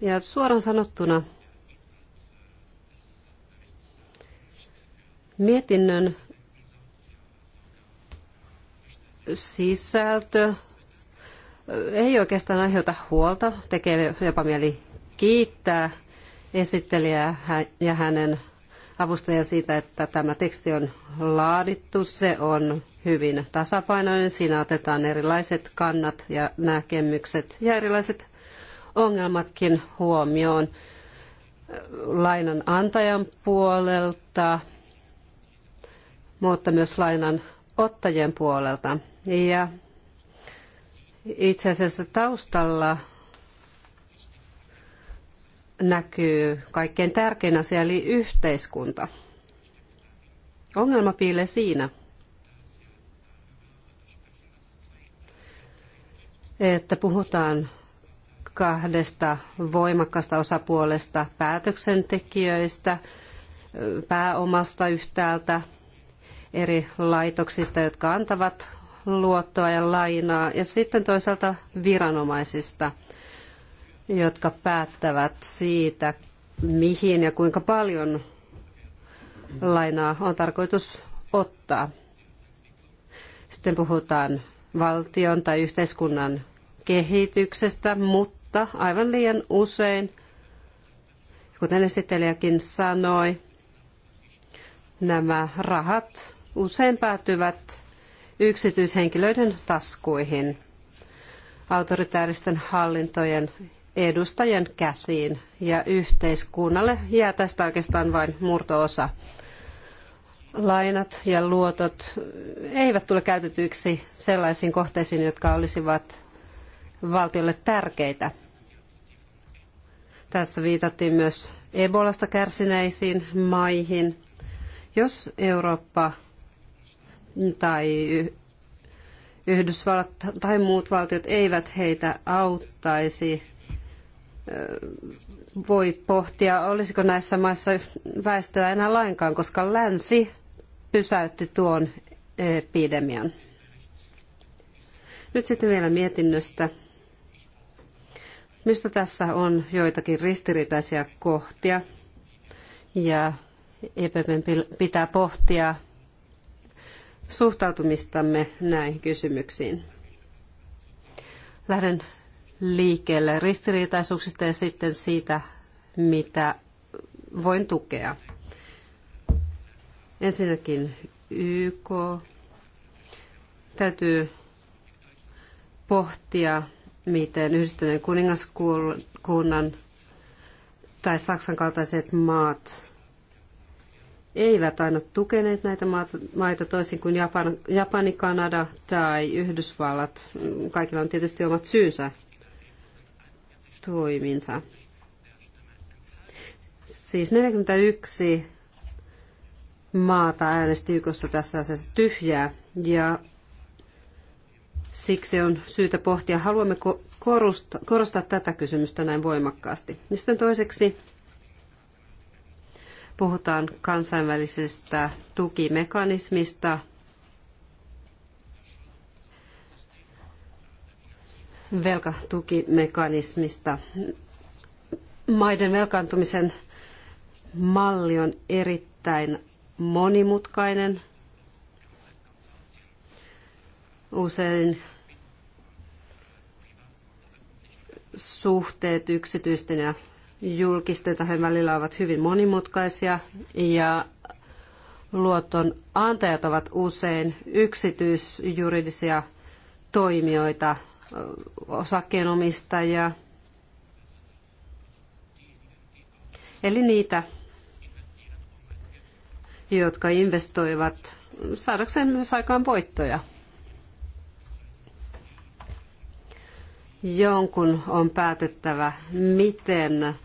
Ja suoraan sanottuna Mietinnön sisältö ei oikeastaan aiheuta huolta, tekee jopa mieli kiittää esittelijää ja hänen avustajan siitä, että tämä teksti on laadittu. Se on hyvin tasapainoinen. Siinä otetaan erilaiset kannat ja näkemykset ja erilaiset ongelmatkin huomioon lainan antajan puolelta, mutta myös lainan ottajien puolelta. Ja itse asiassa taustalla näkyy kaikkein tärkein asia, eli yhteiskunta. Ongelma piilee siinä, että puhutaan kahdesta voimakkaasta osapuolesta päätöksentekijöistä, pääomasta yhtäältä eri laitoksista, jotka antavat luottoa ja lainaa, ja sitten toisaalta viranomaisista, jotka päättävät siitä, mihin ja kuinka paljon lainaa on tarkoitus ottaa. Sitten puhutaan valtion tai yhteiskunnan kehityksestä, mutta aivan liian usein, kuten esittelijäkin sanoi, nämä rahat usein päätyvät yksityishenkilöiden taskuihin, autoritääristen hallintojen edustajien käsiin ja yhteiskunnalle jää tästä oikeastaan vain murtoosa. Lainat ja luotot eivät tule käytetyiksi sellaisiin kohteisiin, jotka olisivat valtiolle tärkeitä. Tässä viitattiin myös Ebolasta kärsineisiin maihin. Jos Eurooppa tai Yhdysvallat tai muut valtiot eivät heitä auttaisi, voi pohtia, olisiko näissä maissa väestöä enää lainkaan, koska länsi pysäytti tuon epidemian. Nyt sitten vielä mietinnöstä. Mistä tässä on joitakin ristiriitaisia kohtia ja EPP pitää pohtia, suhtautumistamme näihin kysymyksiin. Lähden liikkeelle ristiriitaisuuksista ja sitten siitä, mitä voin tukea. Ensinnäkin YK täytyy pohtia, miten yhdistyneen kuningaskunnan tai Saksan kaltaiset maat eivät aina tukeneet näitä maita toisin kuin Japan, Japani, Kanada tai Yhdysvallat. Kaikilla on tietysti omat syynsä toiminsa. Siis 41 maata äänesti YKssa tässä asiassa tyhjää ja siksi on syytä pohtia, haluammeko korostaa, korostaa tätä kysymystä näin voimakkaasti. Ja sitten toiseksi puhutaan kansainvälisestä tukimekanismista, velkatukimekanismista. Maiden velkaantumisen malli on erittäin monimutkainen. Usein suhteet yksityisten ja tahojen välillä ovat hyvin monimutkaisia ja luoton antajat ovat usein yksityisjuridisia toimijoita, osakkeenomistajia, eli niitä, jotka investoivat saadakseen myös aikaan voittoja. Jonkun on päätettävä, miten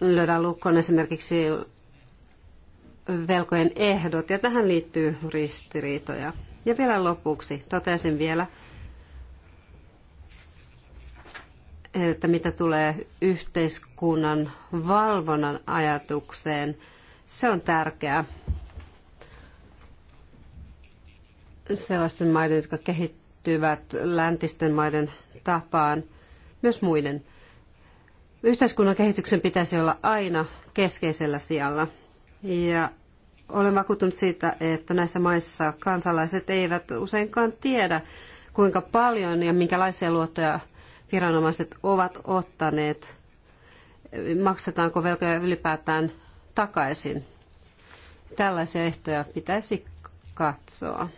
lyödään lukkoon esimerkiksi velkojen ehdot, ja tähän liittyy ristiriitoja. Ja vielä lopuksi totesin vielä, että mitä tulee yhteiskunnan valvonnan ajatukseen, se on tärkeää sellaisten maiden, jotka kehittyvät läntisten maiden tapaan, myös muiden – Yhteiskunnan kehityksen pitäisi olla aina keskeisellä sijalla. Ja olen vakuuttunut siitä, että näissä maissa kansalaiset eivät useinkaan tiedä, kuinka paljon ja minkälaisia luottoja viranomaiset ovat ottaneet. Maksetaanko velkoja ylipäätään takaisin? Tällaisia ehtoja pitäisi katsoa.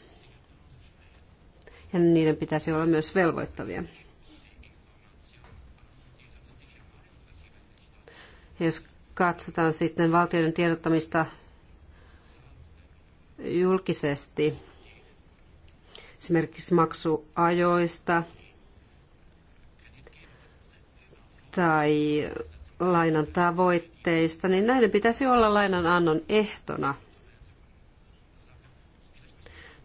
Ja niiden pitäisi olla myös velvoittavia. Jos katsotaan sitten valtioiden tiedottamista julkisesti, esimerkiksi maksuajoista tai lainan tavoitteista, niin näiden pitäisi olla lainan annon ehtona.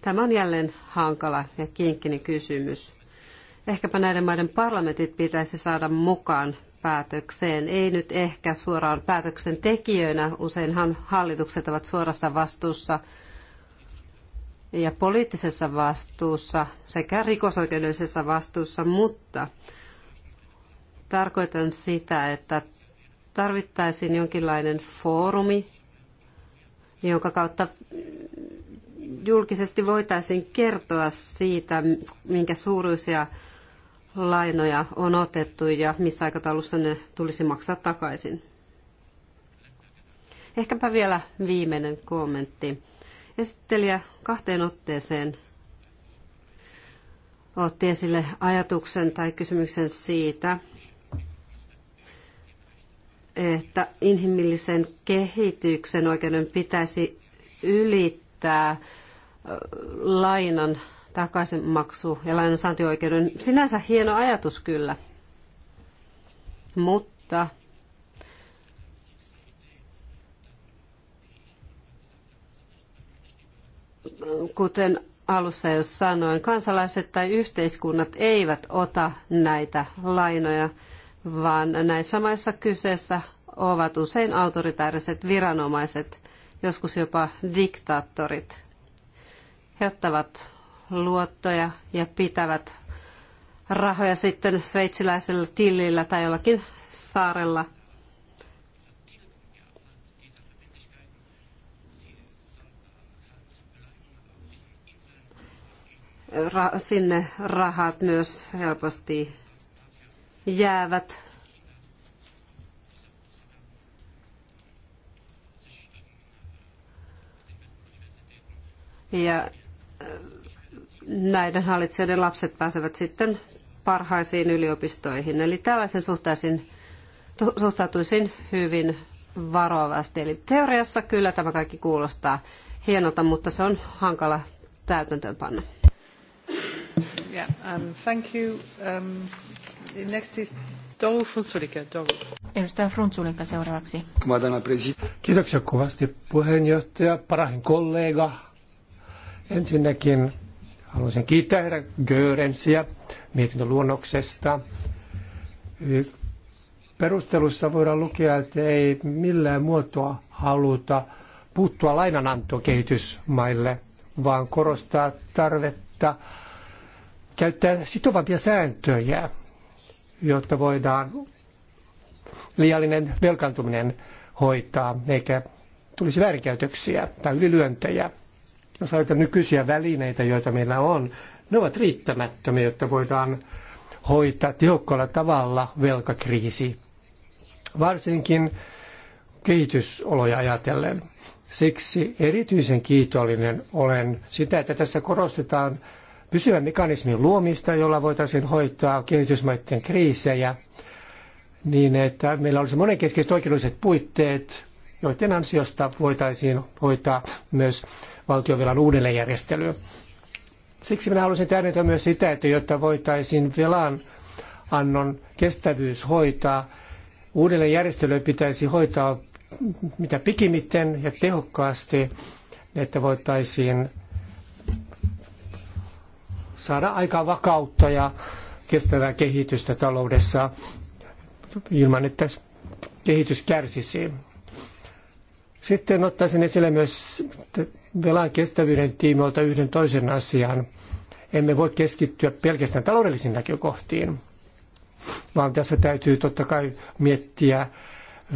Tämä on jälleen hankala ja kinkkinen kysymys. Ehkäpä näiden maiden parlamentit pitäisi saada mukaan päätökseen. Ei nyt ehkä suoraan päätöksentekijöinä, useinhan hallitukset ovat suorassa vastuussa ja poliittisessa vastuussa sekä rikosoikeudellisessa vastuussa, mutta tarkoitan sitä, että tarvittaisiin jonkinlainen foorumi, jonka kautta julkisesti voitaisiin kertoa siitä, minkä suuruisia lainoja on otettu ja missä aikataulussa ne tulisi maksaa takaisin. Ehkäpä vielä viimeinen kommentti. Esittelijä kahteen otteeseen otti esille ajatuksen tai kysymyksen siitä, että inhimillisen kehityksen oikeuden pitäisi ylittää lainan takaisinmaksu maksu ja lainansaantioikeuden. Sinänsä hieno ajatus kyllä, mutta kuten alussa jo sanoin, kansalaiset tai yhteiskunnat eivät ota näitä lainoja, vaan näissä maissa kyseessä ovat usein autoritaariset viranomaiset, joskus jopa diktaattorit. He ottavat luottoja ja pitävät rahoja sitten sveitsiläisellä tilillä tai jollakin saarella. Ra- sinne rahat myös helposti jäävät ja näiden hallitsijoiden lapset pääsevät sitten parhaisiin yliopistoihin. Eli tällaisen suhtaisin, suhtautuisin hyvin varovasti. Eli teoriassa kyllä tämä kaikki kuulostaa hienolta, mutta se on hankala täytäntöönpanna. Yeah, um, thank you. Um, next is Toru Frunzulika. Edustaja Frunzulika seuraavaksi. Kiitoksia kovasti puheenjohtaja, parahin kollega. Ensinnäkin Haluaisin kiittää herra Görensiä mietinnön luonnoksesta. Perustelussa voidaan lukea, että ei millään muotoa haluta puuttua lainanantoon kehitysmaille, vaan korostaa tarvetta käyttää sitovampia sääntöjä, jotta voidaan liiallinen velkaantuminen hoitaa, eikä tulisi väärinkäytöksiä tai ylilyöntejä jos ajatellaan nykyisiä välineitä, joita meillä on, ne ovat riittämättömiä, jotta voidaan hoitaa tehokkaalla tavalla velkakriisi, varsinkin kehitysoloja ajatellen. Siksi erityisen kiitollinen olen sitä, että tässä korostetaan pysyvän mekanismin luomista, jolla voitaisiin hoitaa kehitysmaiden kriisejä, niin että meillä olisi monenkeskeiset oikeudelliset puitteet, joiden ansiosta voitaisiin hoitaa myös valtionvelan uudelleenjärjestelyä. Siksi minä haluaisin tähdentää myös sitä, että jotta voitaisiin velan annon kestävyys hoitaa, uudelleenjärjestelyä pitäisi hoitaa mitä pikimiten ja tehokkaasti, että voitaisiin saada aikaan vakautta ja kestävää kehitystä taloudessa ilman, että kehitys kärsisi. Sitten ottaisin esille myös velan kestävyyden tiimoilta yhden toisen asian. Emme voi keskittyä pelkästään taloudellisiin näkökohtiin, vaan tässä täytyy totta kai miettiä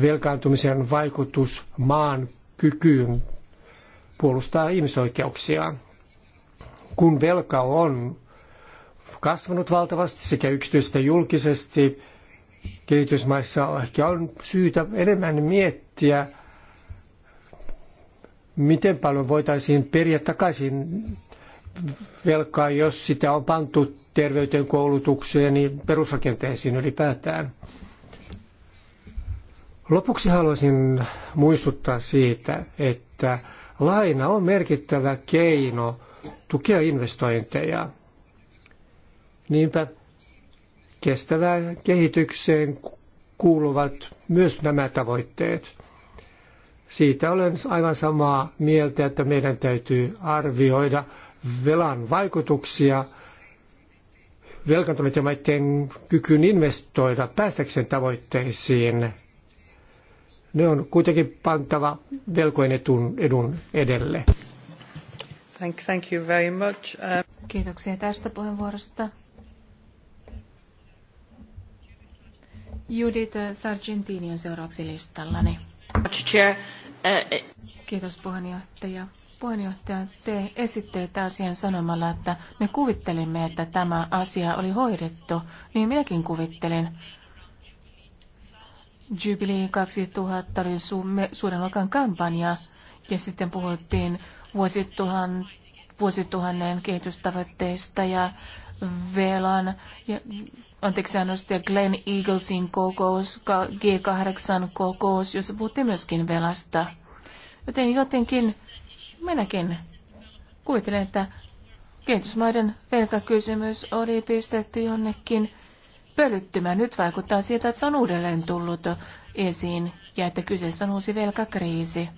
velkaantumisen vaikutus maan kykyyn puolustaa ihmisoikeuksia. Kun velka on kasvanut valtavasti sekä yksityisesti että julkisesti, kehitysmaissa ehkä on syytä enemmän miettiä, miten paljon voitaisiin periä takaisin velkaa, jos sitä on pantu terveyteen, koulutukseen ja niin perusrakenteisiin ylipäätään. Lopuksi haluaisin muistuttaa siitä, että laina on merkittävä keino tukea investointeja. Niinpä kestävään kehitykseen kuuluvat myös nämä tavoitteet. Siitä olen aivan samaa mieltä, että meidän täytyy arvioida velan vaikutuksia velkantuneiden maiden kykyyn investoida päästäkseen tavoitteisiin. Ne on kuitenkin pantava velkojen etun, edun edelle. Thank, thank you very much. Uh... Kiitoksia tästä puheenvuorosta. Judith Sargentini on seuraavaksi listallani. Chair. Kiitos puheenjohtaja. Puheenjohtaja, te esittelitte asian sanomalla, että me kuvittelimme, että tämä asia oli hoidettu. Niin minäkin kuvittelin. Jubilee 2000 oli su- suuren luokan kampanja ja sitten puhuttiin vuosituhan, vuosituhannen kehitystavoitteista ja velan ja anteeksi annosta Glenn Eaglesin kokous, G8-kokous, jossa puhuttiin myöskin velasta. Joten jotenkin minäkin kuvittelen, että kehitysmaiden velkakysymys oli pistetty jonnekin pölyttymään. Nyt vaikuttaa siltä, että se on uudelleen tullut esiin ja että kyseessä on uusi velkakriisi.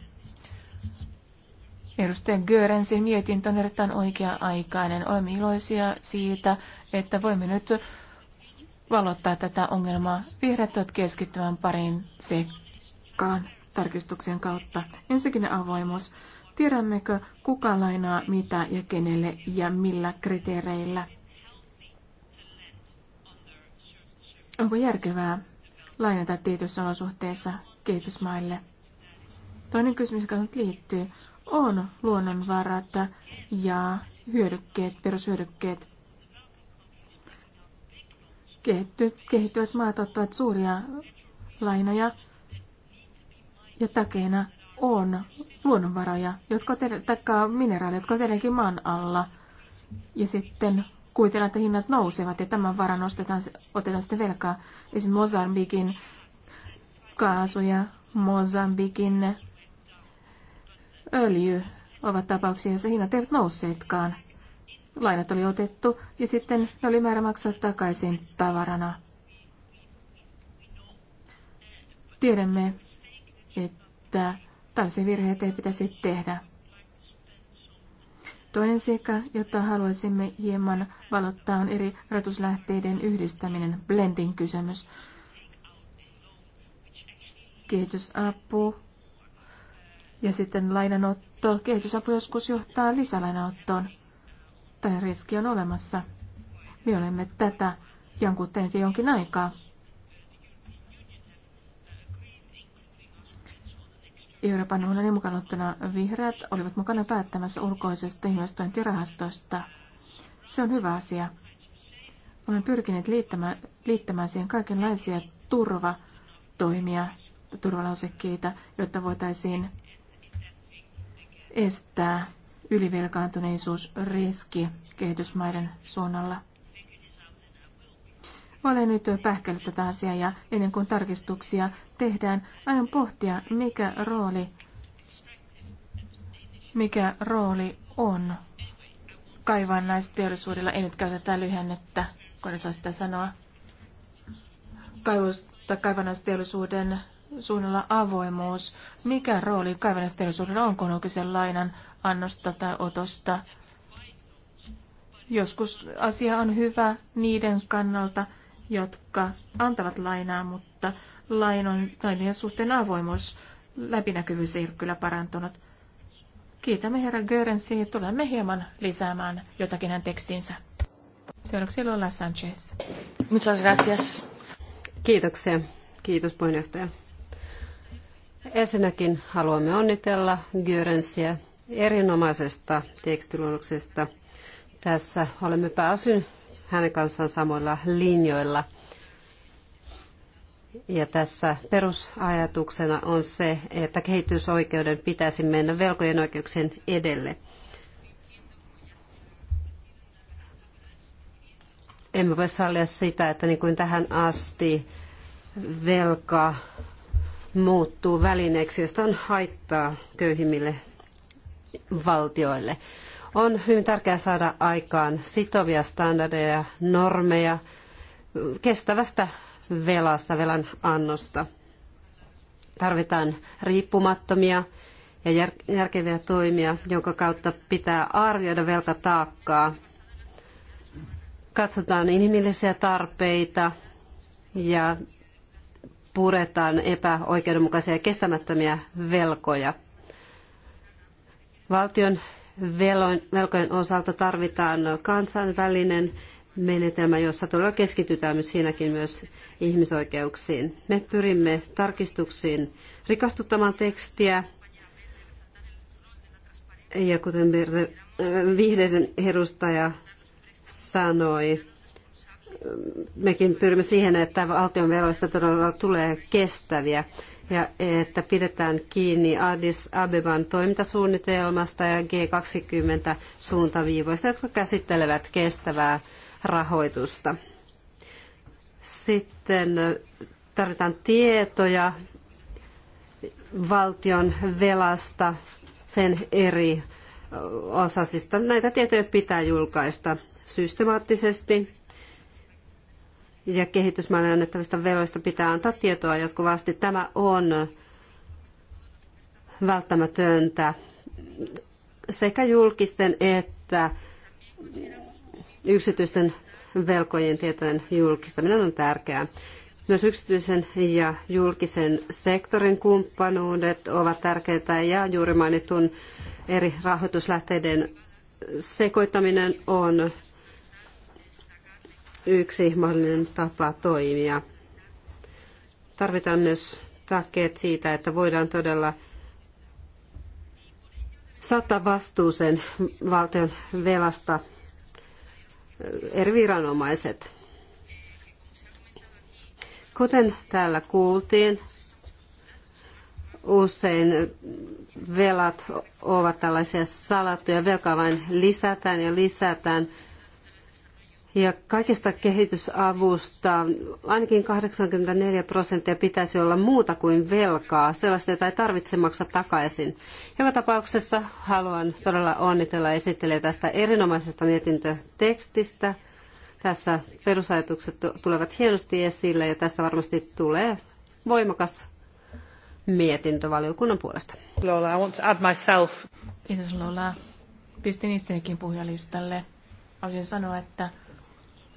Edustaja Görensin mietintö on erittäin oikea-aikainen. Olemme iloisia siitä, että voimme nyt valottaa tätä ongelmaa. Vihreät ovat keskittymään pariin sekkaan tarkistuksen kautta. Ensinnäkin avoimuus. Tiedämmekö, kuka lainaa mitä ja kenelle ja millä kriteereillä? Onko järkevää lainata tietyissä olosuhteissa kehitysmaille? Toinen kysymys, joka nyt liittyy, on luonnonvarat ja hyödykkeet, perushyödykkeet kehitty, kehittyvät maat ottavat suuria lainoja ja takeena on luonnonvaroja, jotka takaa mineraaleja, jotka tietenkin maan alla. Ja sitten kuitenkin, että hinnat nousevat ja tämän varan ostetaan, otetaan sitten velkaa. Esimerkiksi Mozambikin kaasuja, mozambikin öljy ovat tapauksia, joissa hinnat eivät nousseetkaan lainat oli otettu ja sitten ne oli määrä maksaa takaisin tavarana. Tiedämme, että tällaisia virheitä ei pitäisi tehdä. Toinen seikka, jota haluaisimme hieman valottaa, on eri rahoituslähteiden yhdistäminen, blending kysymys. Kehitysapu ja sitten lainanotto. Kehitysapu joskus johtaa lisälainanottoon. Tällainen riski on olemassa. Me olemme tätä jankuttaneet jo jonkin aikaa. Euroopan unionin mukaan ottuna vihreät olivat mukana päättämässä ulkoisesta investointirahastosta. Se on hyvä asia. Olemme pyrkineet liittämään, liittämään siihen kaikenlaisia turvatoimia, turvalausekkeita, jotta voitaisiin estää ylivelkaantuneisuusriski kehitysmaiden suunnalla. Olen nyt pähkällyt tätä asiaa ja ennen kuin tarkistuksia tehdään, aion pohtia, mikä rooli, mikä rooli on kaivannaisteollisuudella. Ei nyt käytä tätä lyhennettä, kun en saa sitä sanoa. Kaivos, kaivannaisteollisuuden suunnalla avoimuus. Mikä rooli kaivannaisteollisuudella on, kun on kyse lainan annosta tai otosta. Joskus asia on hyvä niiden kannalta, jotka antavat lainaa, mutta lainon, lainojen suhteen avoimuus, läpinäkyvyys ei ole kyllä parantunut. Kiitämme herra ja Tulemme hieman lisäämään jotakin hän tekstinsä. Seuraavaksi Lola Sanchez. Muchas gracias. Kiitoksia. Kiitos puheenjohtaja. Ensinnäkin haluamme onnitella Görensiä erinomaisesta tekstiluonnoksesta. Tässä olemme pääosin hänen kanssaan samoilla linjoilla. Ja tässä perusajatuksena on se, että kehitysoikeuden pitäisi mennä velkojen oikeuksien edelle. Emme voi sallia sitä, että niin kuin tähän asti velka muuttuu välineeksi, josta on haittaa köyhimmille valtioille. On hyvin tärkeää saada aikaan sitovia standardeja, normeja kestävästä velasta, velan annosta. Tarvitaan riippumattomia ja järkeviä toimia, jonka kautta pitää arvioida velkataakkaa. Katsotaan inhimillisiä tarpeita ja puretaan epäoikeudenmukaisia ja kestämättömiä velkoja. Valtion velkojen osalta tarvitaan kansainvälinen menetelmä, jossa todella keskitytään siinäkin myös ihmisoikeuksiin. Me pyrimme tarkistuksiin rikastuttamaan tekstiä. Ja kuten äh, vihreiden edustaja sanoi, mekin pyrimme siihen, että valtion veroista todella tulee kestäviä ja että pidetään kiinni Addis Abeban toimintasuunnitelmasta ja G20-suuntaviivoista, jotka käsittelevät kestävää rahoitusta. Sitten tarvitaan tietoja valtion velasta, sen eri osasista. Näitä tietoja pitää julkaista systemaattisesti ja kehitysmaille annettavista veroista pitää antaa tietoa jatkuvasti. Tämä on välttämätöntä sekä julkisten että yksityisten velkojen tietojen julkistaminen on tärkeää. Myös yksityisen ja julkisen sektorin kumppanuudet ovat tärkeitä ja juuri mainitun eri rahoituslähteiden sekoittaminen on yksi mahdollinen tapa toimia. Tarvitaan myös takeet siitä, että voidaan todella saattaa vastuuseen valtion velasta eri viranomaiset. Kuten täällä kuultiin, usein velat ovat tällaisia salattuja, velkaa vain lisätään ja lisätään – ja kaikesta kehitysavusta ainakin 84 prosenttia pitäisi olla muuta kuin velkaa, sellaista, jota ei tarvitse maksaa takaisin. Joka tapauksessa haluan todella onnitella esittelijä tästä erinomaisesta mietintötekstistä. Tässä perusajatukset tulevat hienosti esille ja tästä varmasti tulee voimakas mietintö valiokunnan puolesta. Lola, I want to add myself. Kiitos Lola. Pistin itsekin puhujalistalle. Haluaisin sanoa, että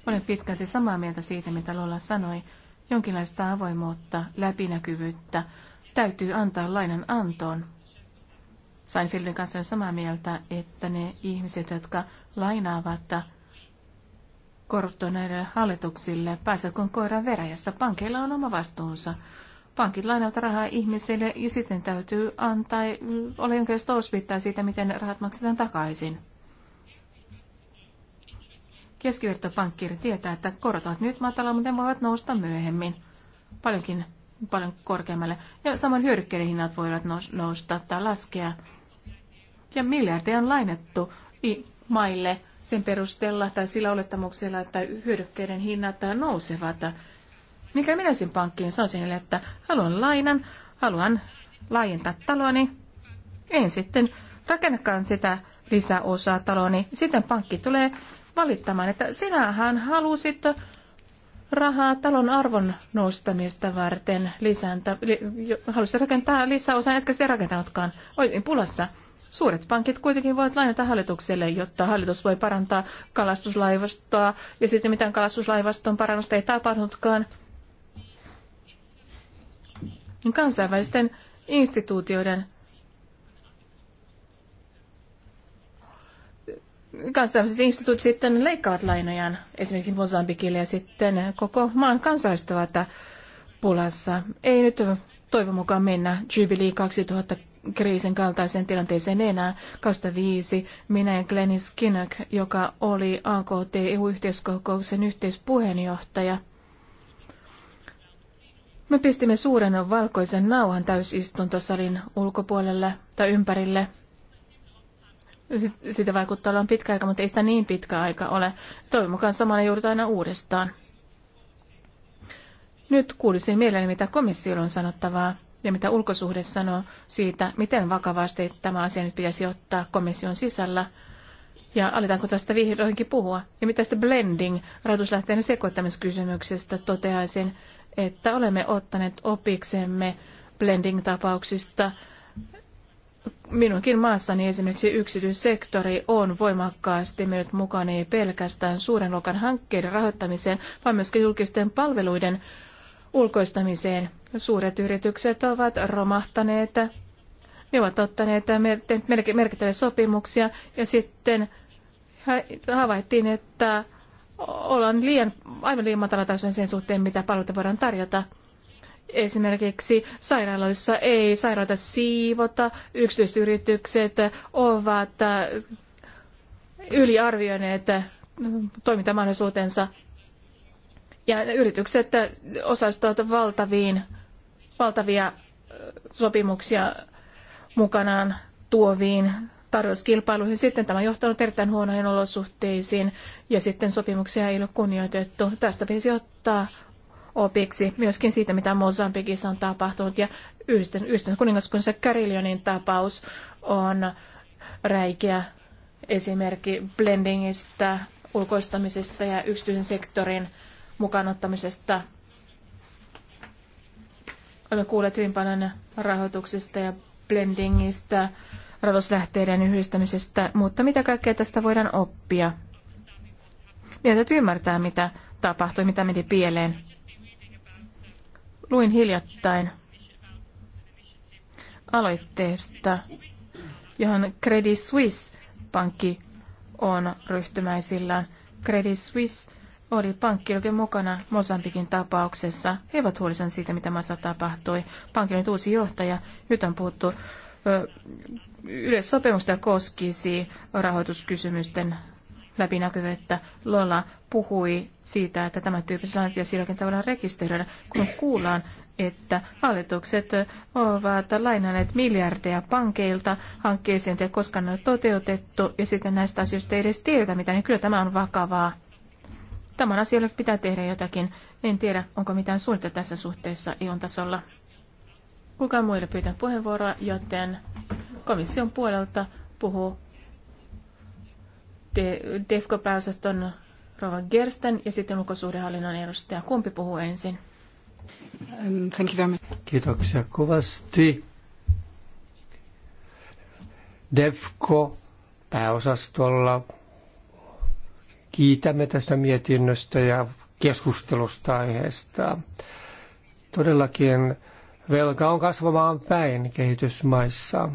olen pitkälti samaa mieltä siitä, mitä Lola sanoi. Jonkinlaista avoimuutta, läpinäkyvyyttä täytyy antaa lainan antoon. Seinfeldin kanssa on samaa mieltä, että ne ihmiset, jotka lainaavat näille hallituksille, pääsevät kuin koiran veräjästä. Pankeilla on oma vastuunsa. Pankit lainaavat rahaa ihmisille ja sitten täytyy antaa, ole jonkinlaista osvittaa siitä, miten rahat maksetaan takaisin keskivertopankkiiri tietää, että korot ovat nyt matalalla, mutta ne voivat nousta myöhemmin paljonkin paljon korkeammalle. Ja samoin hyödykkeiden hinnat voivat nousta tai laskea. Ja miljardeja on lainattu maille sen perusteella tai sillä olettamuksella, että hyödykkeiden hinnat nousevat. Mikä minä sen pankkiin sanoisin, että haluan lainan, haluan laajentaa taloni. En sitten rakennakaan sitä lisäosaa taloni. Sitten pankki tulee valittamaan, että sinähän halusit rahaa talon arvon nostamista varten lisääntä, li, halusit rakentaa lisäosan, etkä sitä rakentanutkaan. Olin niin pulassa. Suuret pankit kuitenkin voivat lainata hallitukselle, jotta hallitus voi parantaa kalastuslaivastoa, ja sitten mitään kalastuslaivaston parannusta ei tapahtunutkaan. Kansainvälisten instituutioiden kansainväliset instituutit sitten leikkaavat lainojaan, esimerkiksi Mosambikille, ja sitten koko maan kansalaiset ovat pulassa. Ei nyt toivon mukaan mennä Jubilee 2000 kriisin kaltaiseen tilanteeseen enää. 2005 minä ja Glenis Skinnock, joka oli AKT-EU-yhteiskokouksen yhteispuheenjohtaja, me pistimme suuren valkoisen nauhan täysistuntosalin ulkopuolelle tai ympärille – sitä vaikuttaa olevan pitkä aika, mutta ei sitä niin pitkä aika ole. Toivon mukaan samalla joudutaan aina uudestaan. Nyt kuulisin mielelläni, mitä komissiolla on sanottavaa ja mitä ulkosuhde sanoo siitä, miten vakavasti tämä asia nyt pitäisi ottaa komission sisällä. Ja aletaanko tästä vihdoinkin puhua? Ja mitä tästä blending, rahoituslähteen sekoittamiskysymyksestä toteaisin, että olemme ottaneet opiksemme blending-tapauksista – Minunkin maassani esimerkiksi yksityissektori on voimakkaasti mennyt mukaan ei pelkästään suuren luokan hankkeiden rahoittamiseen, vaan myöskin julkisten palveluiden ulkoistamiseen. Suuret yritykset ovat romahtaneet, ne ovat ottaneet merkittäviä sopimuksia ja sitten havaittiin, että ollaan liian, aivan liian matalatasoinen sen suhteen, mitä palveluita voidaan tarjota. Esimerkiksi sairaaloissa ei sairaata siivota, yksityiset yritykset ovat äh, yliarvioineet äh, toimintamahdollisuutensa ja yritykset äh, osallistuvat valtaviin, valtavia sopimuksia mukanaan tuoviin tarjouskilpailuihin. Sitten tämä on johtanut erittäin huonoihin olosuhteisiin ja sitten sopimuksia ei ole kunnioitettu. Tästä pitäisi ottaa opiksi myöskin siitä, mitä Mosambikissa on tapahtunut. Ja yhdistön kuningaskunnassa Carillonin tapaus on räikeä esimerkki blendingistä, ulkoistamisesta ja yksityisen sektorin mukaanottamisesta. Olemme kuulleet hyvin paljon rahoituksesta ja blendingistä, rahoituslähteiden yhdistämisestä, mutta mitä kaikkea tästä voidaan oppia? Meidän täytyy ymmärtää, mitä tapahtui, mitä meni pieleen. Luin hiljattain aloitteesta, johon Credit Suisse-pankki on ryhtymäisillään. Credit Suisse oli pankki, joka mukana Mosambikin tapauksessa. He ovat huolissaan siitä, mitä maassa tapahtui. Pankki on nyt uusi johtaja. Nyt on puhuttu yleissopimusta koskisi rahoituskysymysten läpinäkyvyyttä. Lola puhui siitä, että tämän tyyppisiä lainoja silläkin tavalla rekisteröidä, kun kuullaan, että hallitukset ovat lainanneet miljardeja pankeilta hankkeeseen, joita koskaan ne ole toteutettu, ja sitten näistä asioista ei edes tiedetä mitään, niin kyllä tämä on vakavaa. Tämän asialle pitää tehdä jotakin. En tiedä, onko mitään suunnitelmaa tässä suhteessa ion e tasolla. Kukaan muille pyytää puheenvuoroa, joten komission puolelta puhuu DEFCO-pääosaston Rova Gersten ja sitten ulkosuhdehallinnon edustaja. Kumpi puhuu ensin? Um, thank you very much. Kiitoksia kovasti. DEFCO pääosastolla kiitämme tästä mietinnöstä ja keskustelusta aiheesta. Todellakin velka on kasvamaan päin kehitysmaissa.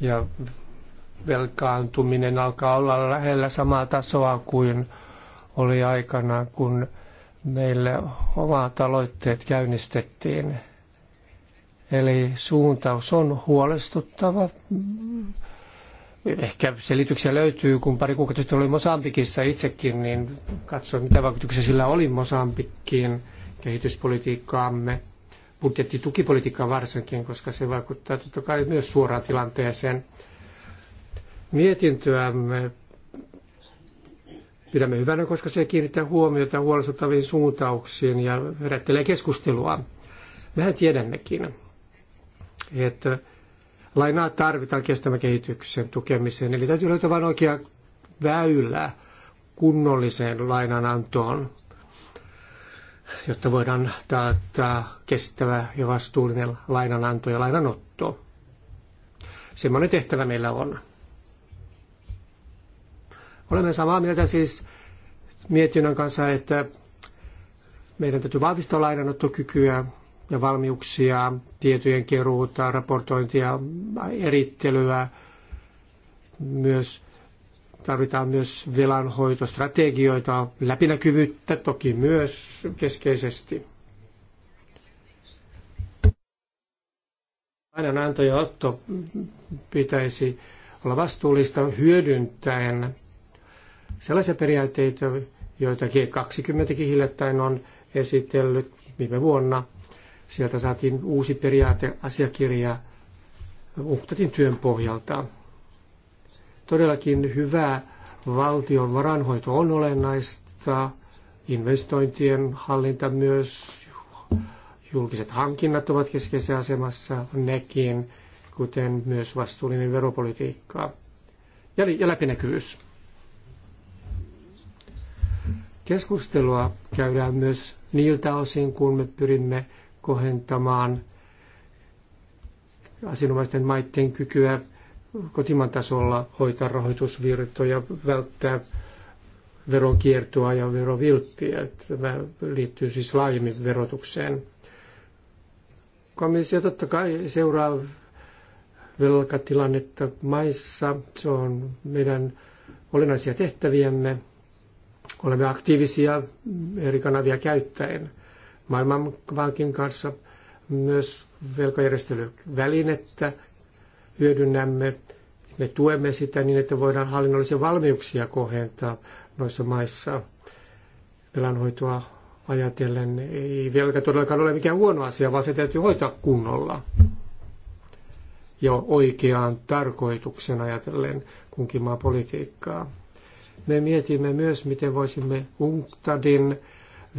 Ja velkaantuminen alkaa olla lähellä samaa tasoa kuin oli aikana, kun meille omat aloitteet käynnistettiin. Eli suuntaus on huolestuttava. Ehkä selityksiä löytyy, kun pari kuukautta sitten olin Mosambikissa itsekin, niin katsoin, mitä vaikutuksia sillä oli Mosambikkiin kehityspolitiikkaamme, budjettitukipolitiikkaan varsinkin, koska se vaikuttaa totta kai myös suoraan tilanteeseen mietintöämme pidämme hyvänä, koska se kiinnittää huomiota huolestuttaviin suuntauksiin ja herättelee keskustelua. Mehän tiedämmekin, että lainaa tarvitaan kestävän kehityksen tukemiseen, eli täytyy löytää vain oikea väylä kunnolliseen lainanantoon, jotta voidaan taata kestävä ja vastuullinen lainananto ja lainanotto. Semmoinen tehtävä meillä on. Olemme samaa mieltä siis mietinnön kanssa, että meidän täytyy vahvistaa lainanottokykyä ja valmiuksia, tietojen keruuta, raportointia, erittelyä. Myös tarvitaan myös velanhoitostrategioita, läpinäkyvyyttä toki myös keskeisesti. Lainananto otto pitäisi olla vastuullista hyödyntäen sellaisia periaatteita, joita G20 hiljattain on esitellyt viime vuonna. Sieltä saatiin uusi periaateasiakirja Uhtatin työn pohjalta. Todellakin hyvä valtion varanhoito on olennaista, investointien hallinta myös, julkiset hankinnat ovat keskeisessä asemassa, nekin, kuten myös vastuullinen veropolitiikka ja läpinäkyvyys. Keskustelua käydään myös niiltä osin, kun me pyrimme kohentamaan asianomaisten maiden kykyä kotimaan tasolla hoitaa rahoitusvirtoja, välttää veronkiertoa ja verovilppiä. Tämä liittyy siis laajemmin verotukseen. Komissio totta kai seuraa velkatilannetta maissa. Se on meidän olennaisia tehtäviämme. Olemme aktiivisia eri kanavia käyttäen. Maailmanvankin kanssa myös velkajärjestelyvälinettä hyödynnämme. Me tuemme sitä niin, että voidaan hallinnollisia valmiuksia kohentaa noissa maissa velanhoitoa ajatellen. Ei velka todellakaan ole mikään huono asia, vaan se täytyy hoitaa kunnolla ja oikeaan tarkoituksen ajatellen kunkin maan politiikkaa. Me mietimme myös, miten voisimme UNCTADin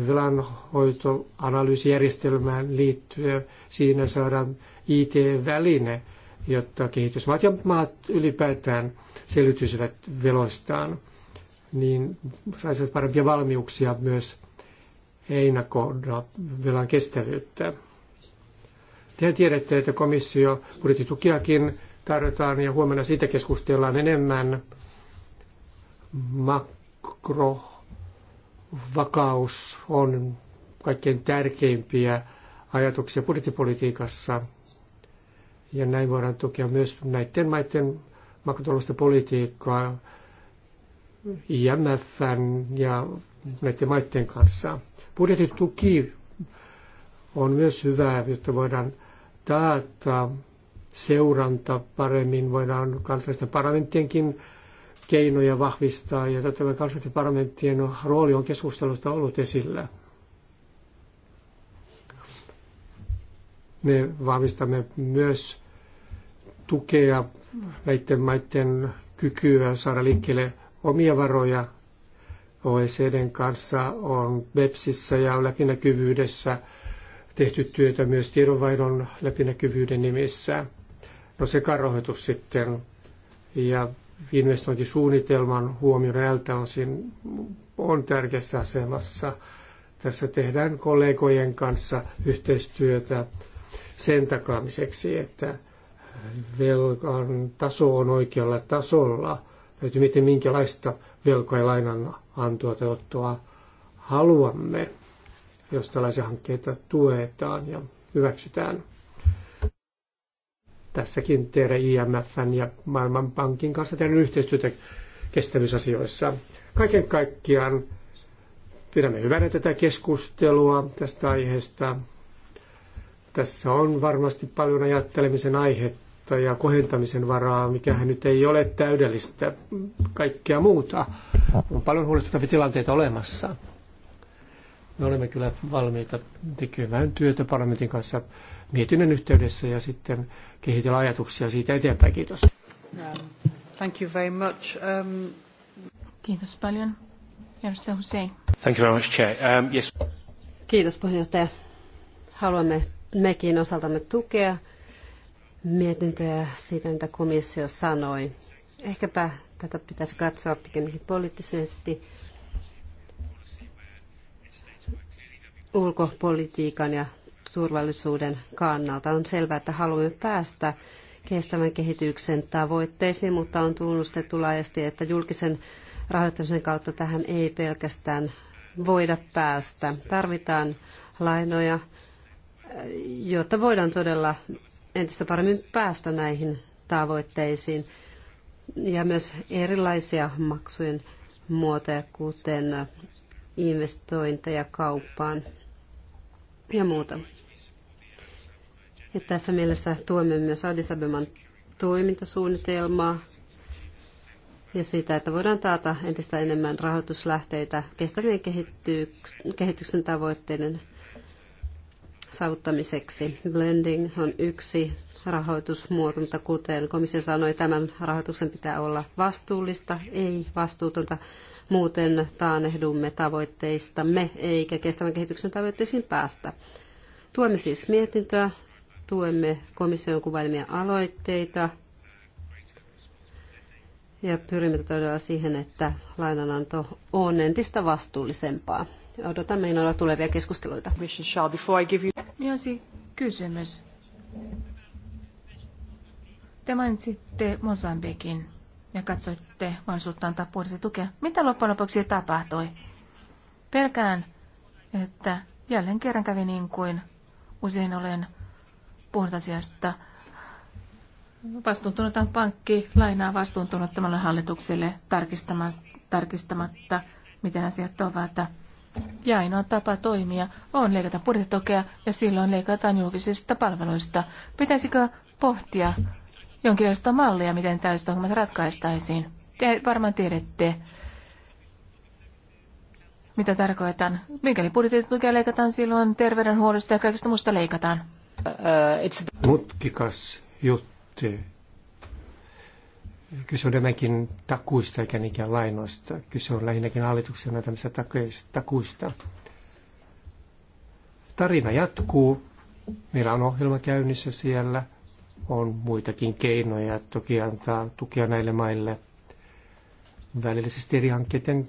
velanhoitoanalyysijärjestelmään liittyen. Siinä saadaan IT-väline, jotta kehitysmaat ja maat ylipäätään selvitysivät veloistaan, niin saisivat parempia valmiuksia myös heinäkohdalla velan kestävyyttä. Tehän tiedätte, että komissio budjettitukiakin tarjotaan ja huomenna siitä keskustellaan enemmän makrovakaus on kaikkein tärkeimpiä ajatuksia budjettipolitiikassa. Ja näin voidaan tukea myös näiden maiden makrotaloudellista politiikkaa IMFn ja näiden maiden kanssa. Budjettituki on myös hyvä, jotta voidaan taata seuranta paremmin, voidaan kansallisten parlamenttienkin keinoja vahvistaa ja totta kai kansallisten rooli on keskustelusta ollut esillä. Me vahvistamme myös tukea näiden maiden kykyä saada liikkeelle omia varoja. OECDn kanssa on BEPSissä ja läpinäkyvyydessä tehty työtä myös tiedonvaihdon läpinäkyvyyden nimissä. No sekarahoitus sitten ja investointisuunnitelman huomio näiltä osin on tärkeässä asemassa. Tässä tehdään kollegojen kanssa yhteistyötä sen takaamiseksi, että velkan taso on oikealla tasolla. Täytyy miettiä, minkälaista velkoa ja lainan antoa tai ottoa haluamme, jos tällaisia hankkeita tuetaan ja hyväksytään tässäkin tehdä IMFn ja Maailmanpankin kanssa tehdä yhteistyötä kestävyysasioissa. Kaiken kaikkiaan pidämme hyvänä tätä keskustelua tästä aiheesta. Tässä on varmasti paljon ajattelemisen aihetta ja kohentamisen varaa, mikä nyt ei ole täydellistä kaikkea muuta. On paljon huolestuttavia tilanteita olemassa. Me olemme kyllä valmiita tekemään työtä parlamentin kanssa mietinnön yhteydessä ja sitten kehitellä ajatuksia siitä eteenpäin. Kiitos. Um, thank you very much. Um... Kiitos paljon. Edustaja Hussein. Thank you very much, Chair. Um, yes. Kiitos puheenjohtaja. Haluamme mekin osaltamme tukea mietintöä siitä, mitä komissio sanoi. Ehkäpä tätä pitäisi katsoa pikemminkin poliittisesti ulkopolitiikan ja turvallisuuden kannalta. On selvää, että haluamme päästä kestävän kehityksen tavoitteisiin, mutta on tunnustettu laajasti, että julkisen rahoittamisen kautta tähän ei pelkästään voida päästä. Tarvitaan lainoja, jotta voidaan todella entistä paremmin päästä näihin tavoitteisiin. Ja myös erilaisia maksujen muotoja, kuten investointeja kauppaan ja muuta. Ja tässä mielessä tuemme myös Addis Abeban toimintasuunnitelmaa ja sitä, että voidaan taata entistä enemmän rahoituslähteitä kestävien kehityksen tavoitteiden saavuttamiseksi. Blending on yksi rahoitusmuoto, mutta kuten komissio sanoi, tämän rahoituksen pitää olla vastuullista, ei vastuutonta, Muuten taanehdumme tavoitteistamme eikä kestävän kehityksen tavoitteisiin päästä. Tuemme siis mietintöä, tuemme komission kuvailemia aloitteita ja pyrimme todella siihen, että lainananto on entistä vastuullisempaa. Odotamme innolla tulevia keskusteluita. Minäsi kysymys. Te mainitsitte Mosambikin ja katsoitte mahdollisuutta antaa puolesta tukea. Mitä loppujen lopuksi tapahtui? Pelkään, että jälleen kerran kävi niin kuin usein olen puhunut asiasta. Vastuuntunut on pankki, lainaa vastuuntunuttamalle hallitukselle tarkistamatta, miten asiat ovat. Ja ainoa tapa toimia on leikata budjetokea ja silloin leikataan julkisista palveluista. Pitäisikö pohtia jonkinlaista mallia, miten tällaiset ongelmat ratkaistaisiin. Te varmaan tiedätte, mitä tarkoitan. Mikäli budjettitukea leikataan, silloin terveydenhuollosta ja kaikesta muusta leikataan. Uh, it's... Mutkikas juttu. Kyse on enemmänkin takuista eikä niinkään lainoista. Kyse on lähinnäkin hallituksen antamista takuista. Tarina jatkuu. Meillä on ohjelma käynnissä siellä on muitakin keinoja toki antaa tukea näille maille välillisesti eri hankkeiden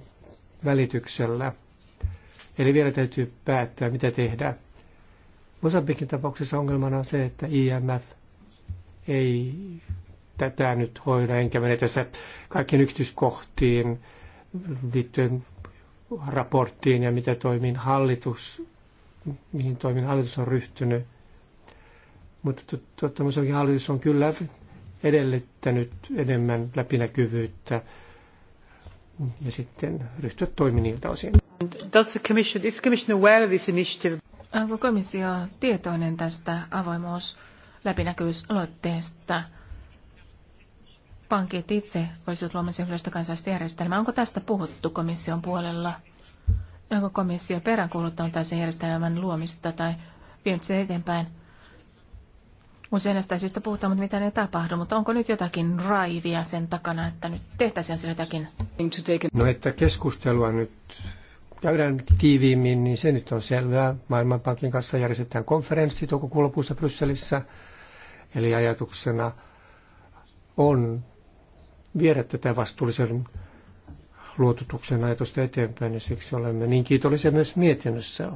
välityksellä. Eli vielä täytyy päättää, mitä tehdä. Mosambikin tapauksessa ongelmana on se, että IMF ei tätä nyt hoida, enkä mene tässä kaikkien yksityiskohtiin liittyen raporttiin ja mitä toimin hallitus, mihin toimin hallitus on ryhtynyt. Mutta tuottamisen hallitus on kyllä edellyttänyt enemmän läpinäkyvyyttä ja sitten ryhtyä toimiin niiltä osin. Does the commission, is commission aware of this initiative? Onko komissio tietoinen tästä avoimuus läpinäkyvyysaloitteesta? Pankit itse voisivat luomaan yhdestä kansallista järjestelmää. Onko tästä puhuttu komission puolella? Onko komissio peräänkuuluttanut tässä järjestelmän luomista tai vienyt sen eteenpäin? kun näistä asioista puhutaan, mutta mitä ei tapahdu. Mutta onko nyt jotakin raivia sen takana, että nyt tehtäisiin sen jotakin? No että keskustelua nyt käydään tiiviimmin, niin se nyt on selvää. Maailmanpankin kanssa järjestetään konferenssi toukokuun lopussa Brysselissä. Eli ajatuksena on viedä tätä vastuullisen luotutuksen ajatusta eteenpäin, ja siksi olemme niin kiitollisia myös mietinnössä.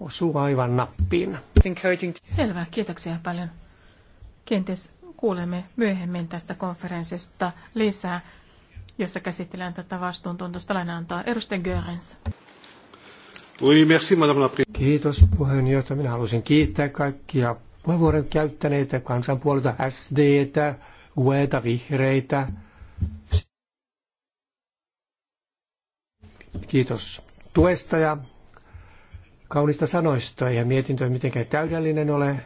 Osuu aivan nappiin. Selvä, kiitoksia paljon. Kenties kuulemme myöhemmin tästä konferenssista lisää, jossa käsitellään tätä vastuuntuntosta lainantoa. Edustaja Görens. Kiitos puheenjohtaja. Minä haluaisin kiittää kaikkia puheenvuoron käyttäneitä kansanpuolta SDtä, UEta, vihreitä. Kiitos tuesta ja kaunista sanoista ja mietintö mitenkään täydellinen ole,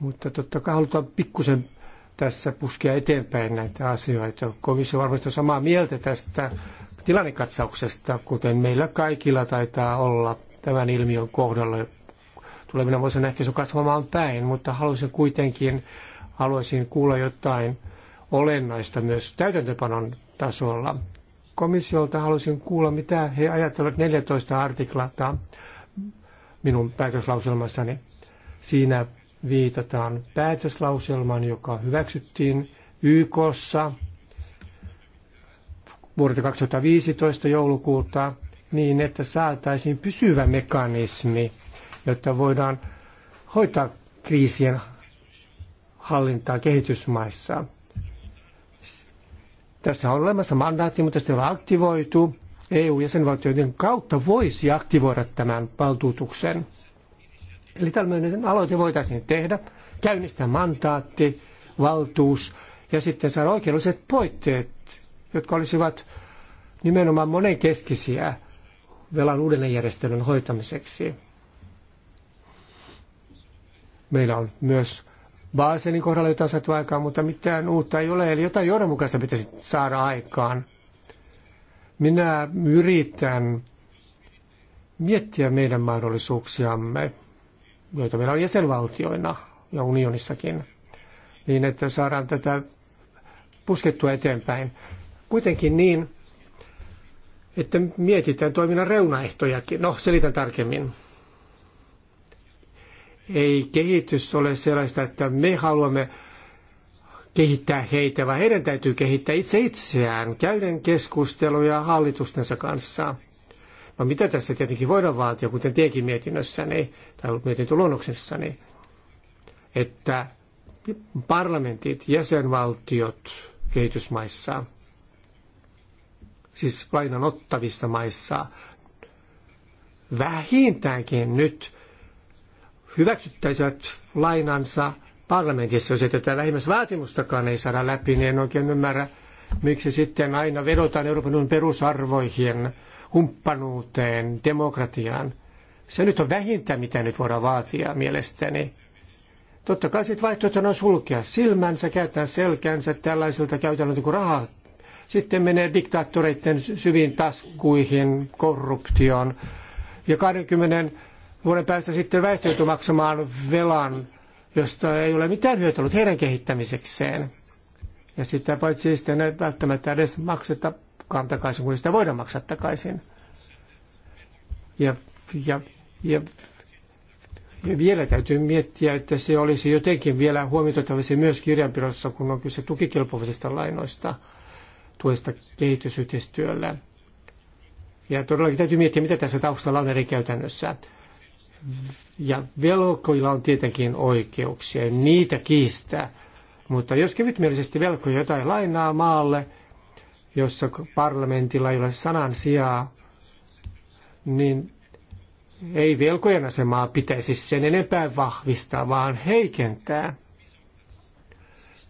mutta totta kai halutaan pikkusen tässä puskea eteenpäin näitä asioita. Komissio varmasti on samaa mieltä tästä tilannekatsauksesta, kuten meillä kaikilla taitaa olla tämän ilmiön kohdalla. Tulevina vuosina ehkä se on kasvamaan päin, mutta haluaisin kuitenkin haluaisin kuulla jotain olennaista myös täytäntöpanon tasolla. Komissiolta haluaisin kuulla, mitä he ajattelevat 14 artiklata minun päätöslauselmassani. Siinä viitataan päätöslauselmaan, joka hyväksyttiin YKssa vuodelta 2015 joulukuuta niin, että saataisiin pysyvä mekanismi, jotta voidaan hoitaa kriisien hallintaa kehitysmaissa. Tässä on olemassa mandaatti, mutta sitä ei ole aktivoitu. EU-jäsenvaltioiden kautta voisi aktivoida tämän valtuutuksen. Eli tällainen aloite voitaisiin tehdä, käynnistää mandaatti, valtuus ja sitten saada oikeudelliset poitteet, jotka olisivat nimenomaan monenkeskisiä velan uudelleenjärjestelyn hoitamiseksi. Meillä on myös Baselin kohdalla jotain saatu aikaan, mutta mitään uutta ei ole, eli jotain johdonmukaista pitäisi saada aikaan. Minä yritän miettiä meidän mahdollisuuksiamme joita meillä on jäsenvaltioina ja unionissakin, niin että saadaan tätä puskettua eteenpäin. Kuitenkin niin, että mietitään toiminnan reunaehtojakin. No, selitän tarkemmin. Ei kehitys ole sellaista, että me haluamme kehittää heitä, vaan heidän täytyy kehittää itse itseään, käyden keskusteluja hallitustensa kanssa. No mitä tässä tietenkin voidaan vaatia, kuten tiekin mietinnössäni, tai mietintöluonnoksessani, että parlamentit, jäsenvaltiot kehitysmaissa, siis lainan ottavissa maissa, vähintäänkin nyt hyväksyttäisivät lainansa parlamentissa, jos ei tätä vähimmäisvaatimustakaan ei saada läpi, niin en oikein ymmärrä, miksi sitten aina vedotaan Euroopan perusarvoihin, kumppanuuteen, demokratiaan. Se nyt on vähintä, mitä nyt voidaan vaatia mielestäni. Totta kai sitten vaihtoehtona on sulkea silmänsä, käyttää selkänsä tällaisilta käytännöltä kuin rahaa. Sitten menee diktaattoreiden syviin taskuihin, korruptioon. Ja 20 vuoden päästä sitten väestö joutuu maksamaan velan, josta ei ole mitään hyötyä ollut heidän kehittämisekseen. Ja sitä paitsi ei välttämättä edes makseta takaisin, kun sitä voidaan maksaa takaisin. Ja, ja, ja, ja vielä täytyy miettiä, että se olisi jotenkin vielä huomioitavissa myös kirjanpidossa, kun on kyse tukikelpoisista lainoista tuesta kehitysyhteistyöllä. Ja todellakin täytyy miettiä, mitä tässä taustalla on eri käytännössä. Ja velkoilla on tietenkin oikeuksia, niitä kiistää. Mutta jos kevytmielisesti velkoja jotain lainaa maalle, jossa parlamentilla ei ole sanan sijaa, niin ei velkojen asemaa pitäisi sen enempää vahvistaa, vaan heikentää.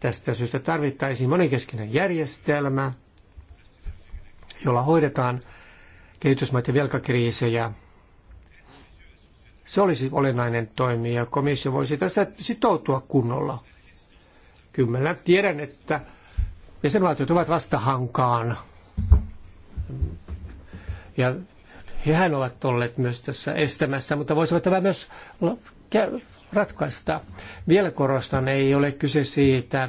Tästä syystä tarvittaisiin monikeskinen järjestelmä, jolla hoidetaan kehitysmaiden velkakriisejä. Se olisi olennainen toimija. komissio voisi tässä sitoutua kunnolla. Kyllä tiedän, että jäsenvaltiot ovat vastahankaan. Ja hehän ovat olleet myös tässä estämässä, mutta voisivat tämä myös ratkaista. Vielä korostan, ei ole kyse siitä,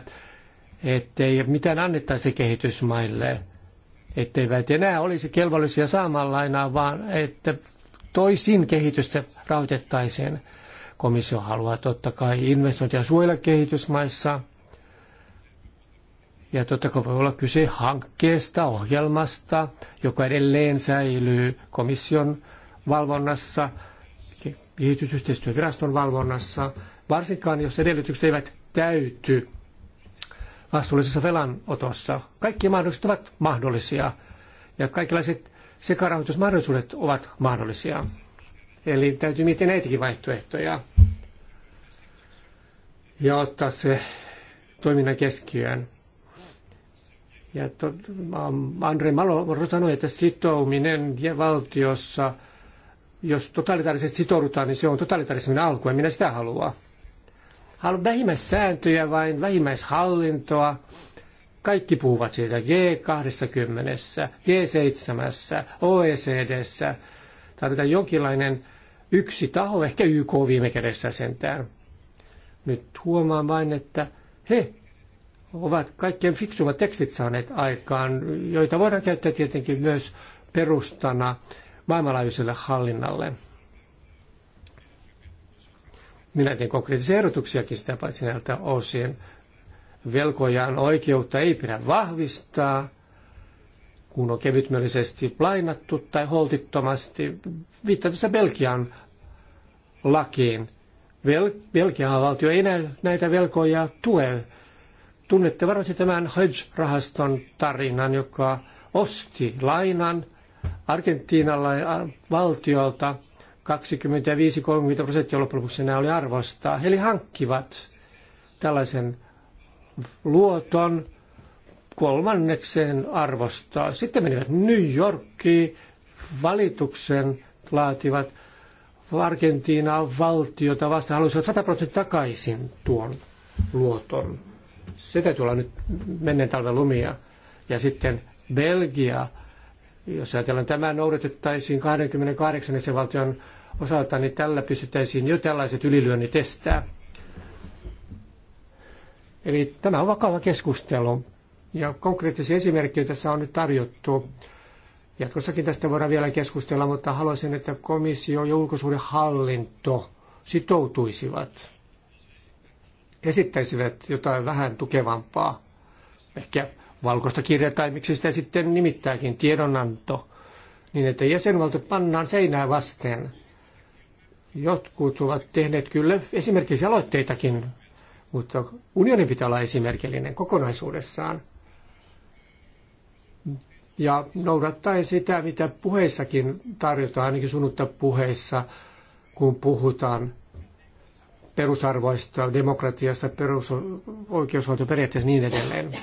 ettei mitään annettaisi kehitysmaille, etteivät enää olisi kelvollisia saamaan lainaa, vaan että toisin kehitystä rautettaisiin. Komissio haluaa totta kai investointia suojella kehitysmaissa – ja totta kai voi olla kyse hankkeesta, ohjelmasta, joka edelleen säilyy komission valvonnassa, kehitysyhteistyöviraston valvonnassa, varsinkaan jos edellytykset eivät täyty vastuullisessa velanotossa. Kaikki mahdollisuudet ovat mahdollisia ja kaikenlaiset sekarahoitusmahdollisuudet ovat mahdollisia. Eli täytyy miettiä näitäkin vaihtoehtoja ja ottaa se toiminnan keskiöön. Ja to, Andre Malo sanoi, että sitouminen valtiossa, jos totalitaarisesti sitoudutaan, niin se on totalitarismin alku, en minä sitä halua. Haluan vähimmäissääntöjä, vain vähimmäishallintoa. Kaikki puhuvat siitä G20, G7, OECDssä. Tarvitaan jonkinlainen yksi taho, ehkä YK viime kädessä sentään. Nyt huomaan vain, että he ovat kaikkein fiksummat tekstit saaneet aikaan, joita voidaan käyttää tietenkin myös perustana maailmanlaajuiselle hallinnalle. Minä teen konkreettisia ehdotuksiakin sitä paitsi näiltä osin. Velkojaan oikeutta ei pidä vahvistaa, kun on kevytmielisesti lainattu tai holtittomasti. Viittaa tässä Belgian lakiin. vel Belgian valtio ei näitä velkoja tue Tunnette varmasti tämän Hedge-rahaston tarinan, joka osti lainan Argentiinalla valtiolta 25-30 prosenttia loppujen lopuksi nämä oli arvostaa. Eli hankkivat tällaisen luoton kolmannekseen arvostaa. Sitten menivät New Yorkiin, valituksen laativat Argentiinan valtiota vastaan, halusivat 100 prosenttia takaisin tuon luoton. Se täytyy olla nyt menneen talven lumia. Ja sitten Belgia, jos ajatellaan tämä noudatettaisiin 28 valtion osalta, niin tällä pystyttäisiin jo tällaiset ylilyönnit estää. Eli tämä on vakava keskustelu. Ja konkreettisia esimerkkejä tässä on nyt tarjottu. Jatkossakin tästä voidaan vielä keskustella, mutta haluaisin, että komissio ja ulkosuuden hallinto sitoutuisivat esittäisivät jotain vähän tukevampaa, ehkä valkoista kirjaa tai miksi sitä sitten nimittääkin tiedonanto, niin että jäsenvaltio pannaan seinää vasten. Jotkut ovat tehneet kyllä esimerkiksi aloitteitakin, mutta unionin pitää olla esimerkillinen kokonaisuudessaan. Ja noudattaen sitä, mitä puheissakin tarjotaan, ainakin sunnutta puheissa, kun puhutaan perusarvoista, demokratiasta, perusoikeusvaltioperiaatteesta ja niin edelleen.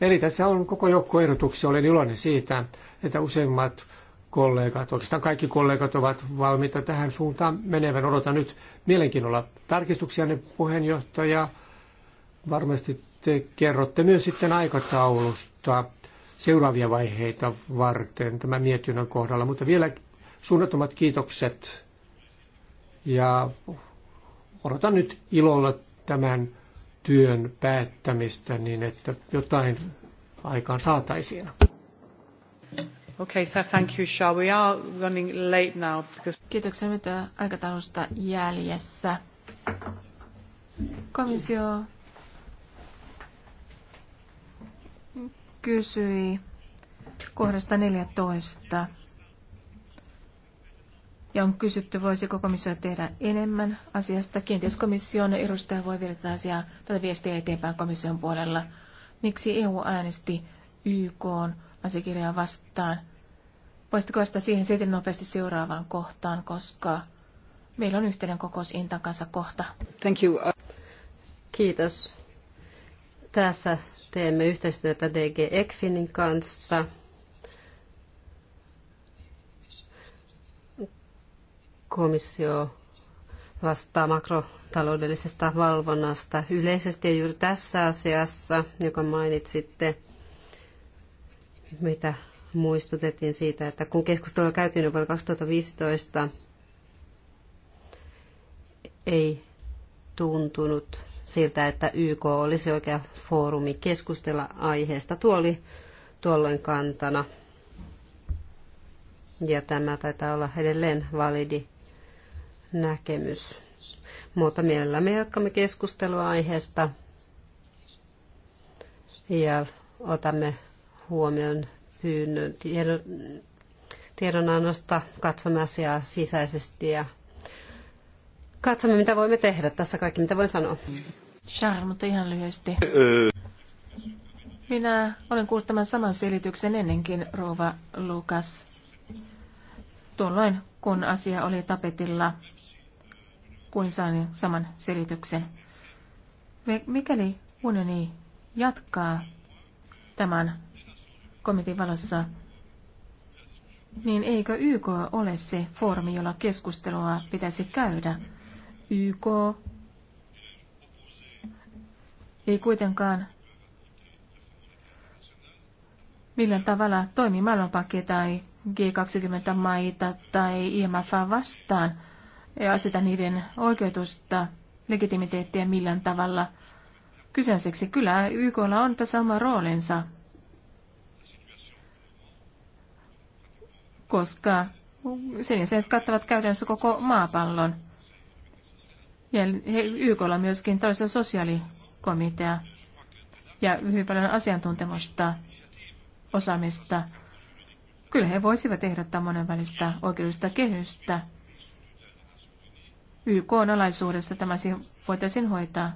Eli tässä on koko joukko ehdotuksia. Olen iloinen siitä, että useimmat kollegat, oikeastaan kaikki kollegat ovat valmiita tähän suuntaan menevän. Odotan nyt mielenkiinnolla ne niin puheenjohtaja. Varmasti te kerrotte myös sitten aikataulusta seuraavia vaiheita varten tämän mietinnön kohdalla. Mutta vielä suunnattomat kiitokset ja odotan nyt ilolla tämän työn päättämistä niin, että jotain aikaan saataisiin. Okay, so thank you, Shah. We are running late now because... Kiitoksia nyt aikataulusta jäljessä. Komissio kysyi kohdasta 14 ja on kysytty, voisiko komissio tehdä enemmän asiasta. Kenties komission edustaja voi viedä tätä asiaa, tätä viestiä eteenpäin komission puolella. Miksi EU äänesti YK asiakirjaa vastaan? Voisitko vastata siihen sitten nopeasti seuraavaan kohtaan, koska meillä on yhteinen kokous Intan kanssa kohta. Thank you. Kiitos. Tässä teemme yhteistyötä DG Ekfinin kanssa – komissio vastaa makrotaloudellisesta valvonnasta yleisesti ja juuri tässä asiassa, joka mainitsitte, mitä muistutettiin siitä, että kun keskustelua käytiin jo vuonna 2015, ei tuntunut siltä, että YK olisi oikea foorumi keskustella aiheesta. Tuo oli tuolloin kantana. Ja tämä taitaa olla edelleen validi näkemys. Mutta me jatkamme keskustelua aiheesta ja otamme huomioon pyynnön tiedonannosta, katsomme asiaa sisäisesti ja katsomme, mitä voimme tehdä. Tässä kaikki, mitä voin sanoa. Charles, mutta ihan lyhyesti. Minä olen kuullut tämän saman selityksen ennenkin, Rouva Lukas. Tuolloin, kun asia oli tapetilla kuin saan saman selityksen. Mikäli unioni jatkaa tämän komitin valossa, niin eikö YK ole se foorumi, jolla keskustelua pitäisi käydä? YK ei kuitenkaan millään tavalla toimi maailmanpankki tai G20-maita tai IMF vastaan – ja aseta niiden oikeutusta, legitimiteettiä millään tavalla kyseiseksi. Kyllä YKlla on tässä oma roolinsa, koska jäsenet kattavat käytännössä koko maapallon. Ja YKlla on myöskin talous- sosiaalikomitea ja hyvin paljon asiantuntemusta, osaamista. Kyllä he voisivat ehdottaa monenvälistä oikeudellista kehystä YK on alaisuudessa tämä voitaisiin hoitaa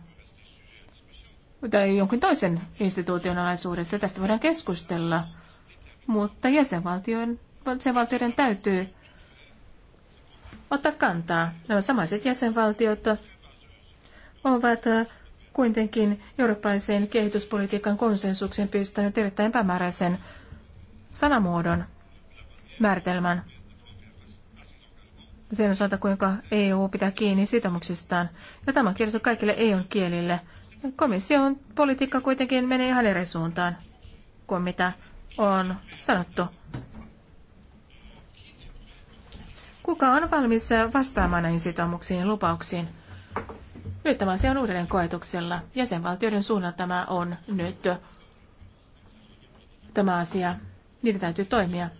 tai jonkin toisen instituution alaisuudessa. Tästä voidaan keskustella, mutta jäsenvaltioiden, jäsenvaltioiden täytyy ottaa kantaa. Nämä samaiset jäsenvaltiot ovat kuitenkin eurooppalaisen kehityspolitiikan konsensuksen pistänyt erittäin epämääräisen sanamuodon määritelmän sen osalta, kuinka EU pitää kiinni sitoumuksistaan. Ja tämä on kirjoitettu kaikille eu kielille. Komission politiikka kuitenkin menee ihan eri suuntaan kuin mitä on sanottu. Kuka on valmis vastaamaan näihin sitoumuksiin ja lupauksiin? Nyt tämä asia on uudelleen koetuksella. Jäsenvaltioiden suunnalla tämä on nyt tämä asia. Niiden täytyy toimia.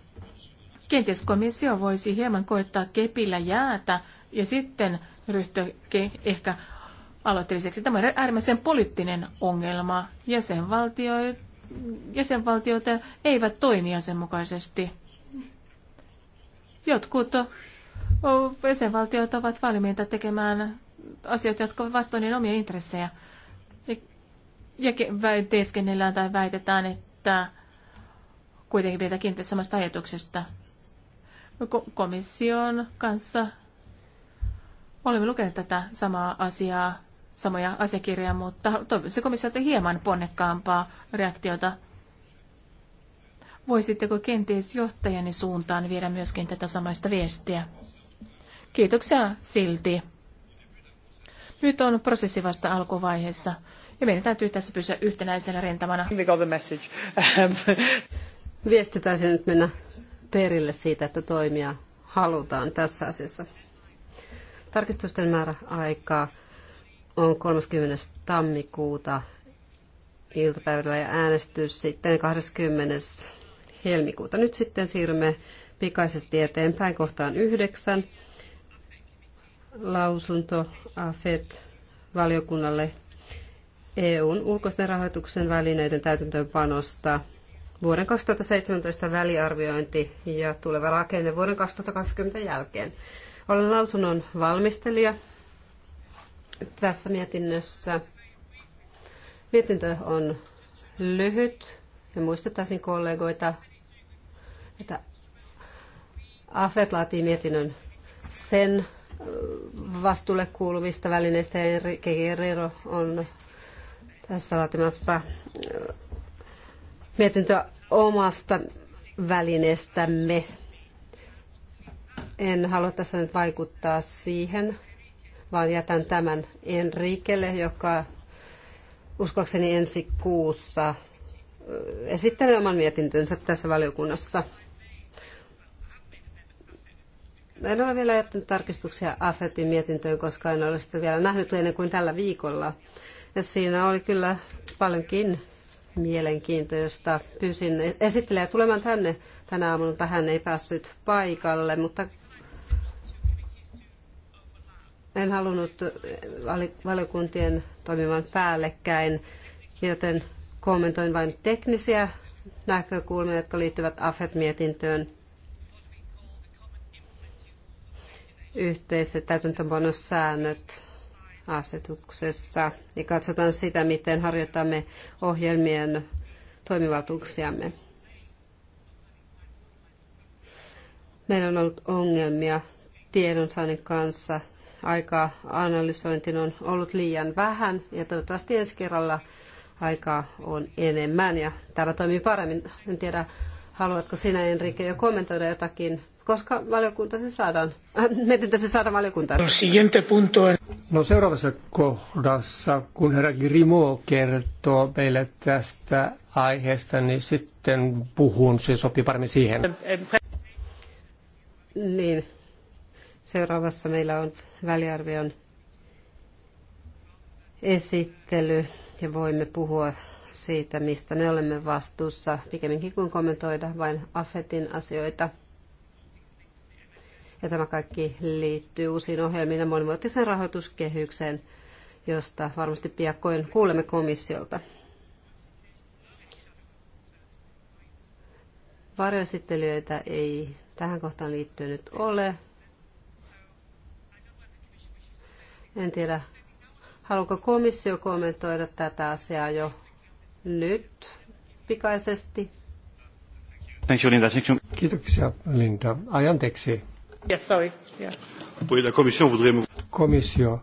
Kenties komissio voisi hieman koittaa kepillä jäätä ja sitten ryhtyä ehkä aloitteelliseksi. Tämä on äärimmäisen poliittinen ongelma. Jäsenvaltioita, jäsenvaltioita eivät toimi jäsenmukaisesti. Jotkut jäsenvaltiot ovat valmiita tekemään asioita, jotka ovat vastoin omia intressejä. Ja, ja teeskennellään tai väitetään, että kuitenkin pidetään kiinni samasta ajatuksesta komission kanssa olemme lukeneet tätä samaa asiaa, samoja asiakirjoja, mutta toivottavasti komissiolta hieman ponnekkaampaa reaktiota. Voisitteko kenties johtajani suuntaan viedä myöskin tätä samaista viestiä? Kiitoksia silti. Nyt on prosessi vasta alkuvaiheessa ja meidän täytyy tässä pysyä yhtenäisenä rintamana. Um, Viestitään se nyt mennä perille siitä, että toimia halutaan tässä asiassa. Tarkistusten määrä aikaa on 30. tammikuuta iltapäivällä ja äänestys sitten 20. helmikuuta. Nyt sitten siirrymme pikaisesti eteenpäin kohtaan yhdeksän. Lausunto AFET valiokunnalle EUn ulkoisten rahoituksen välineiden täytäntöönpanosta vuoden 2017 väliarviointi ja tuleva rakenne vuoden 2020 jälkeen. Olen lausunnon valmistelija tässä mietinnössä. Mietintö on lyhyt ja muistuttaisin kollegoita, että AFET laatii mietinnön sen äh, vastuulle kuuluvista välineistä ja Enrique Guerrero on tässä laatimassa äh, mietintöä omasta välineestämme. En halua tässä nyt vaikuttaa siihen, vaan jätän tämän Enrikelle, joka uskoakseni ensi kuussa esittelee oman mietintönsä tässä valiokunnassa. En ole vielä jättänyt tarkistuksia AFETin mietintöön, koska en ole sitä vielä nähnyt ennen kuin tällä viikolla. Ja siinä oli kyllä paljonkin mielenkiintoista. Pyysin esittelijä tulemaan tänne tänä aamuna, mutta hän ei päässyt paikalle, mutta en halunnut valiokuntien toimivan päällekkäin, joten kommentoin vain teknisiä näkökulmia, jotka liittyvät afet mietintöön Yhteiset täytäntöpanossäännöt asetuksessa ja niin katsotaan sitä, miten harjoitamme ohjelmien toimivaltuuksiamme. Meillä on ollut ongelmia tiedonsaannin kanssa. Aikaa analysointiin on ollut liian vähän ja toivottavasti ensi kerralla aikaa on enemmän ja tämä toimii paremmin. En tiedä, haluatko sinä Enrique jo kommentoida jotakin koska valiokunta se saadaan, äh, mietintö se saadaan valiokuntaan. No, siguiente punto No seuraavassa kohdassa, kun herra Grimo kertoo meille tästä aiheesta, niin sitten puhun, se sopii paremmin siihen. Niin. Seuraavassa meillä on väliarvion esittely ja voimme puhua siitä, mistä me olemme vastuussa, pikemminkin kuin kommentoida vain AFETin asioita – ja tämä kaikki liittyy uusiin ohjelmiin ja monimuotoiseen rahoituskehykseen, josta varmasti piakkoin kuulemme komissiolta. Varjoesittelijöitä ei tähän kohtaan liittyen nyt ole. En tiedä, haluaako komissio kommentoida tätä asiaa jo nyt pikaisesti? Thank you, Linda. Thank you. Kiitoksia, Linda. Ajanteeksi, Komissio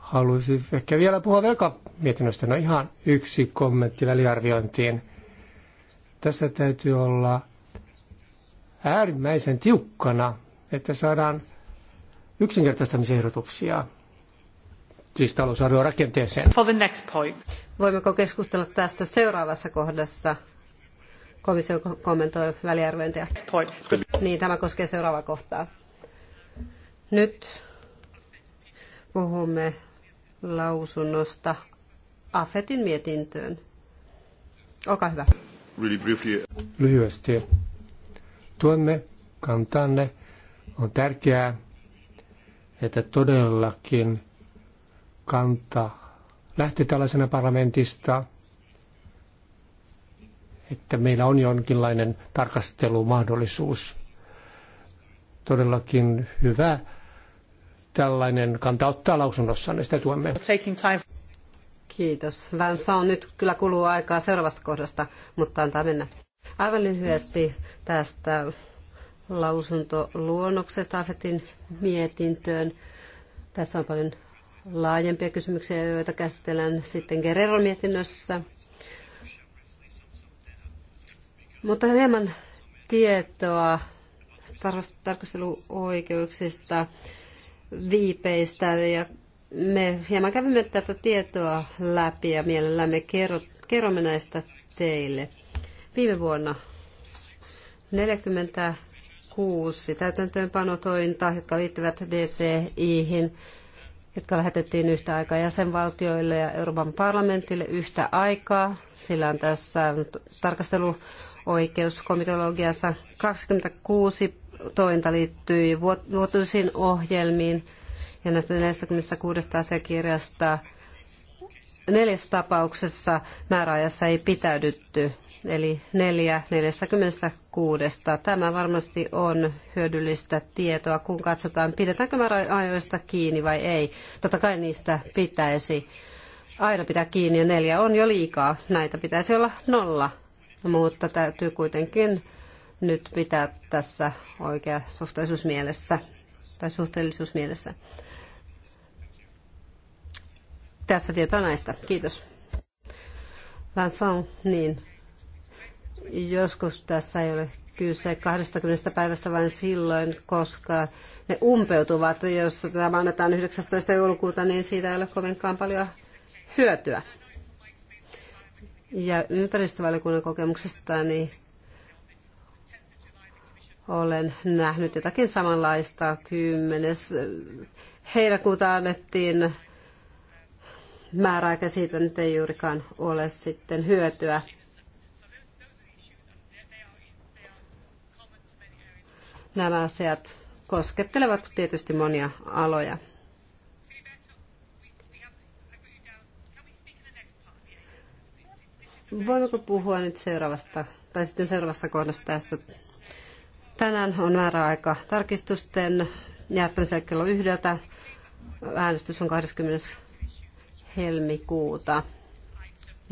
haluaisi ehkä vielä puhua velkamietinnöstä. No ihan yksi kommentti väliarviointiin. Tässä täytyy olla äärimmäisen tiukkana, että saadaan yksinkertaistamisehdotuksia siis rakenteeseen. For the next point. Voimmeko keskustella tästä seuraavassa kohdassa? komissio kommentoi väliarviointia. Niin, tämä koskee seuraavaa kohtaa. Nyt puhumme lausunnosta AFETin mietintöön. Olkaa hyvä. Really briefly. Lyhyesti. Tuemme kantanne. On tärkeää, että todellakin kanta lähti tällaisena parlamentista – että meillä on jonkinlainen tarkastelumahdollisuus. Todellakin hyvä tällainen kanta ottaa niin sitä tuemme. Kiitos. Vänsa on nyt kyllä kuluu aikaa seuraavasta kohdasta, mutta antaa mennä. Aivan lyhyesti tästä lausuntoluonnoksesta Afetin mietintöön. Tässä on paljon laajempia kysymyksiä, joita käsitellään sitten Guerrero-mietinnössä. Mutta hieman tietoa tarkasteluoikeuksista, viipeistä ja me hieman kävimme tätä tietoa läpi ja mielellämme kerromme näistä teille. Viime vuonna 46 täytäntöönpanotointa, jotka liittyvät DCIhin, jotka lähetettiin yhtä aikaa jäsenvaltioille ja Euroopan parlamentille yhtä aikaa. Sillä on tässä tarkasteluoikeus komitologiassa 26 tointa liittyy vuotuisiin ohjelmiin ja näistä 46 asiakirjasta neljässä tapauksessa määräajassa ei pitäydytty eli neljä 46. Tämä varmasti on hyödyllistä tietoa, kun katsotaan, pidetäänkö määräajoista kiinni vai ei. Totta kai niistä pitäisi aina pitää kiinni ja neljä on jo liikaa. Näitä pitäisi olla nolla, mutta täytyy kuitenkin nyt pitää tässä oikea suhteellisuus mielessä tai suhteellisuus mielessä. Tässä tietoa näistä. Kiitos. Vincent, niin Joskus tässä ei ole kyse 20 päivästä vain silloin, koska ne umpeutuvat. Jos tämä annetaan 19. joulukuuta, niin siitä ei ole kovinkaan paljon hyötyä. Ja ympäristövaliokunnan niin olen nähnyt jotakin samanlaista. 10. heinäkuuta annettiin määräaika siitä nyt ei juurikaan ole sitten hyötyä. Nämä asiat koskettelevat tietysti monia aloja. Voimmeko puhua nyt seuraavasta, tai sitten seuraavassa kohdassa tästä? Tänään on määräaika tarkistusten jättämiselle kello yhdeltä. Äänestys on 20. helmikuuta.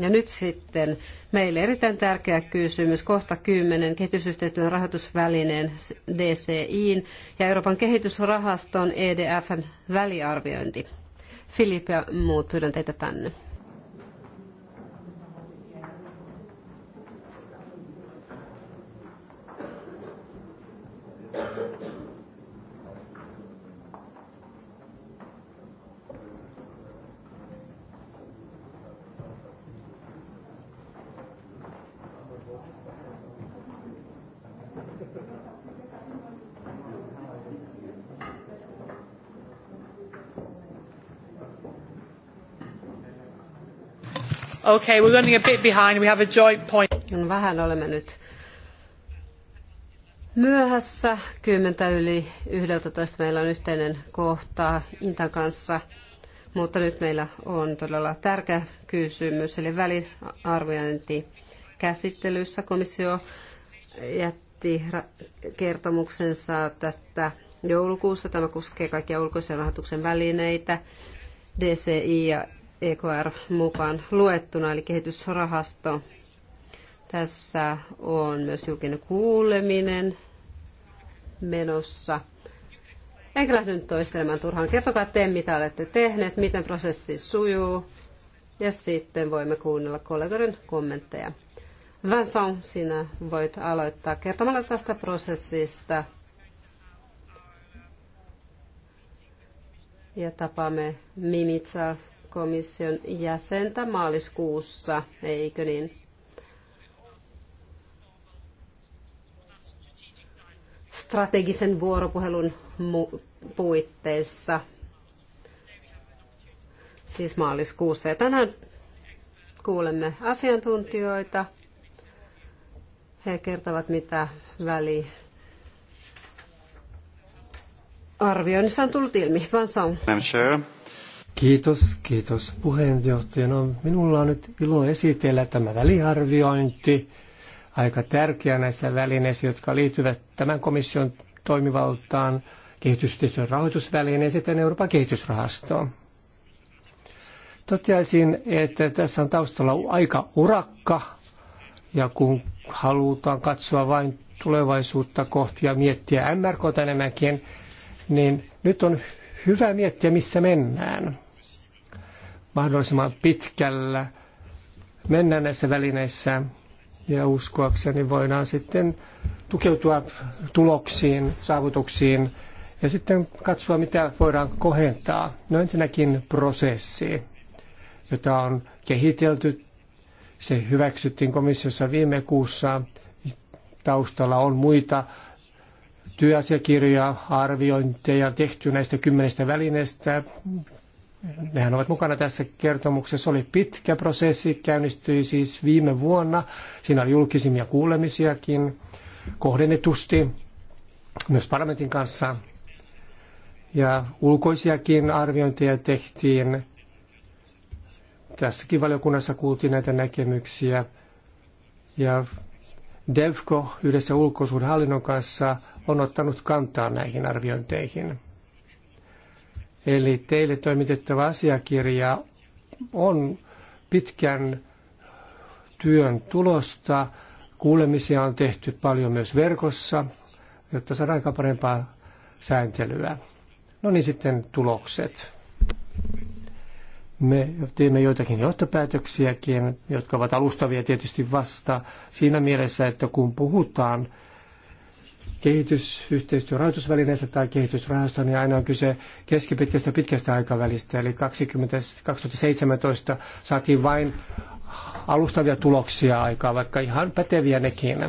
Ja nyt sitten meille erittäin tärkeä kysymys, kohta 10, kehitysyhteistyön rahoitusvälineen DCIin ja Euroopan kehitysrahaston EDFn väliarviointi. Filip ja muut pyydän teitä tänne. Okay, we're running a bit behind. We have a joint point. Niin vähän olemme nyt myöhässä. Kymmentä yli 11 meillä on yhteinen kohta Intan kanssa. Mutta nyt meillä on todella tärkeä kysymys, eli väliarviointi käsittelyssä. Komissio jätti kertomuksensa tästä joulukuussa. Tämä koskee kaikkia ulkoisen rahoituksen välineitä, DCI ja EKR mukaan luettuna, eli kehitysrahasto. Tässä on myös julkinen kuuleminen menossa. Enkä lähde nyt toistelemaan turhaan. Kertokaa te, mitä olette tehneet, miten prosessi sujuu, ja sitten voimme kuunnella kollegoiden kommentteja. Vincent, sinä voit aloittaa kertomalla tästä prosessista. Ja tapaamme Mimitsa komission jäsentä maaliskuussa, eikö niin? Strategisen vuoropuhelun puitteissa, siis maaliskuussa. Ja tänään kuulemme asiantuntijoita. He kertovat, mitä väli arvioinnissa on tullut ilmi. Van Song. Kiitos, kiitos puheenjohtaja. No, minulla on nyt ilo esitellä tämä väliarviointi, aika tärkeä näissä välineissä, jotka liittyvät tämän komission toimivaltaan, kehitystyön rahoitusvälineen sitten Euroopan kehitysrahastoon. Toteaisin, että tässä on taustalla aika urakka, ja kun halutaan katsoa vain tulevaisuutta kohti ja miettiä MRK enemmänkin, niin nyt on hyvä miettiä, missä mennään mahdollisimman pitkällä mennä näissä välineissä ja uskoakseni voidaan sitten tukeutua tuloksiin, saavutuksiin ja sitten katsoa, mitä voidaan kohentaa. No ensinnäkin prosessi, jota on kehitelty. Se hyväksyttiin komissiossa viime kuussa. Taustalla on muita työasiakirjoja, arviointeja tehty näistä kymmenestä välineestä. Nehän ovat mukana tässä kertomuksessa. Oli pitkä prosessi, käynnistyi siis viime vuonna. Siinä oli julkisimia kuulemisiakin kohdennetusti myös parlamentin kanssa. Ja ulkoisiakin arviointeja tehtiin. Tässäkin valiokunnassa kuultiin näitä näkemyksiä. Ja DEVCO yhdessä ulkoisuuden hallinnon kanssa on ottanut kantaa näihin arviointeihin. Eli teille toimitettava asiakirja on pitkän työn tulosta. Kuulemisia on tehty paljon myös verkossa, jotta saadaan aika parempaa sääntelyä. No niin sitten tulokset. Me teemme joitakin johtopäätöksiäkin, jotka ovat alustavia tietysti vasta siinä mielessä, että kun puhutaan kehitysyhteistyörahoitusvälineestä tai kehitysrahaston, ja niin aina on kyse keskipitkästä ja pitkästä aikavälistä. Eli 20, 2017 saatiin vain alustavia tuloksia aikaa, vaikka ihan päteviä nekin.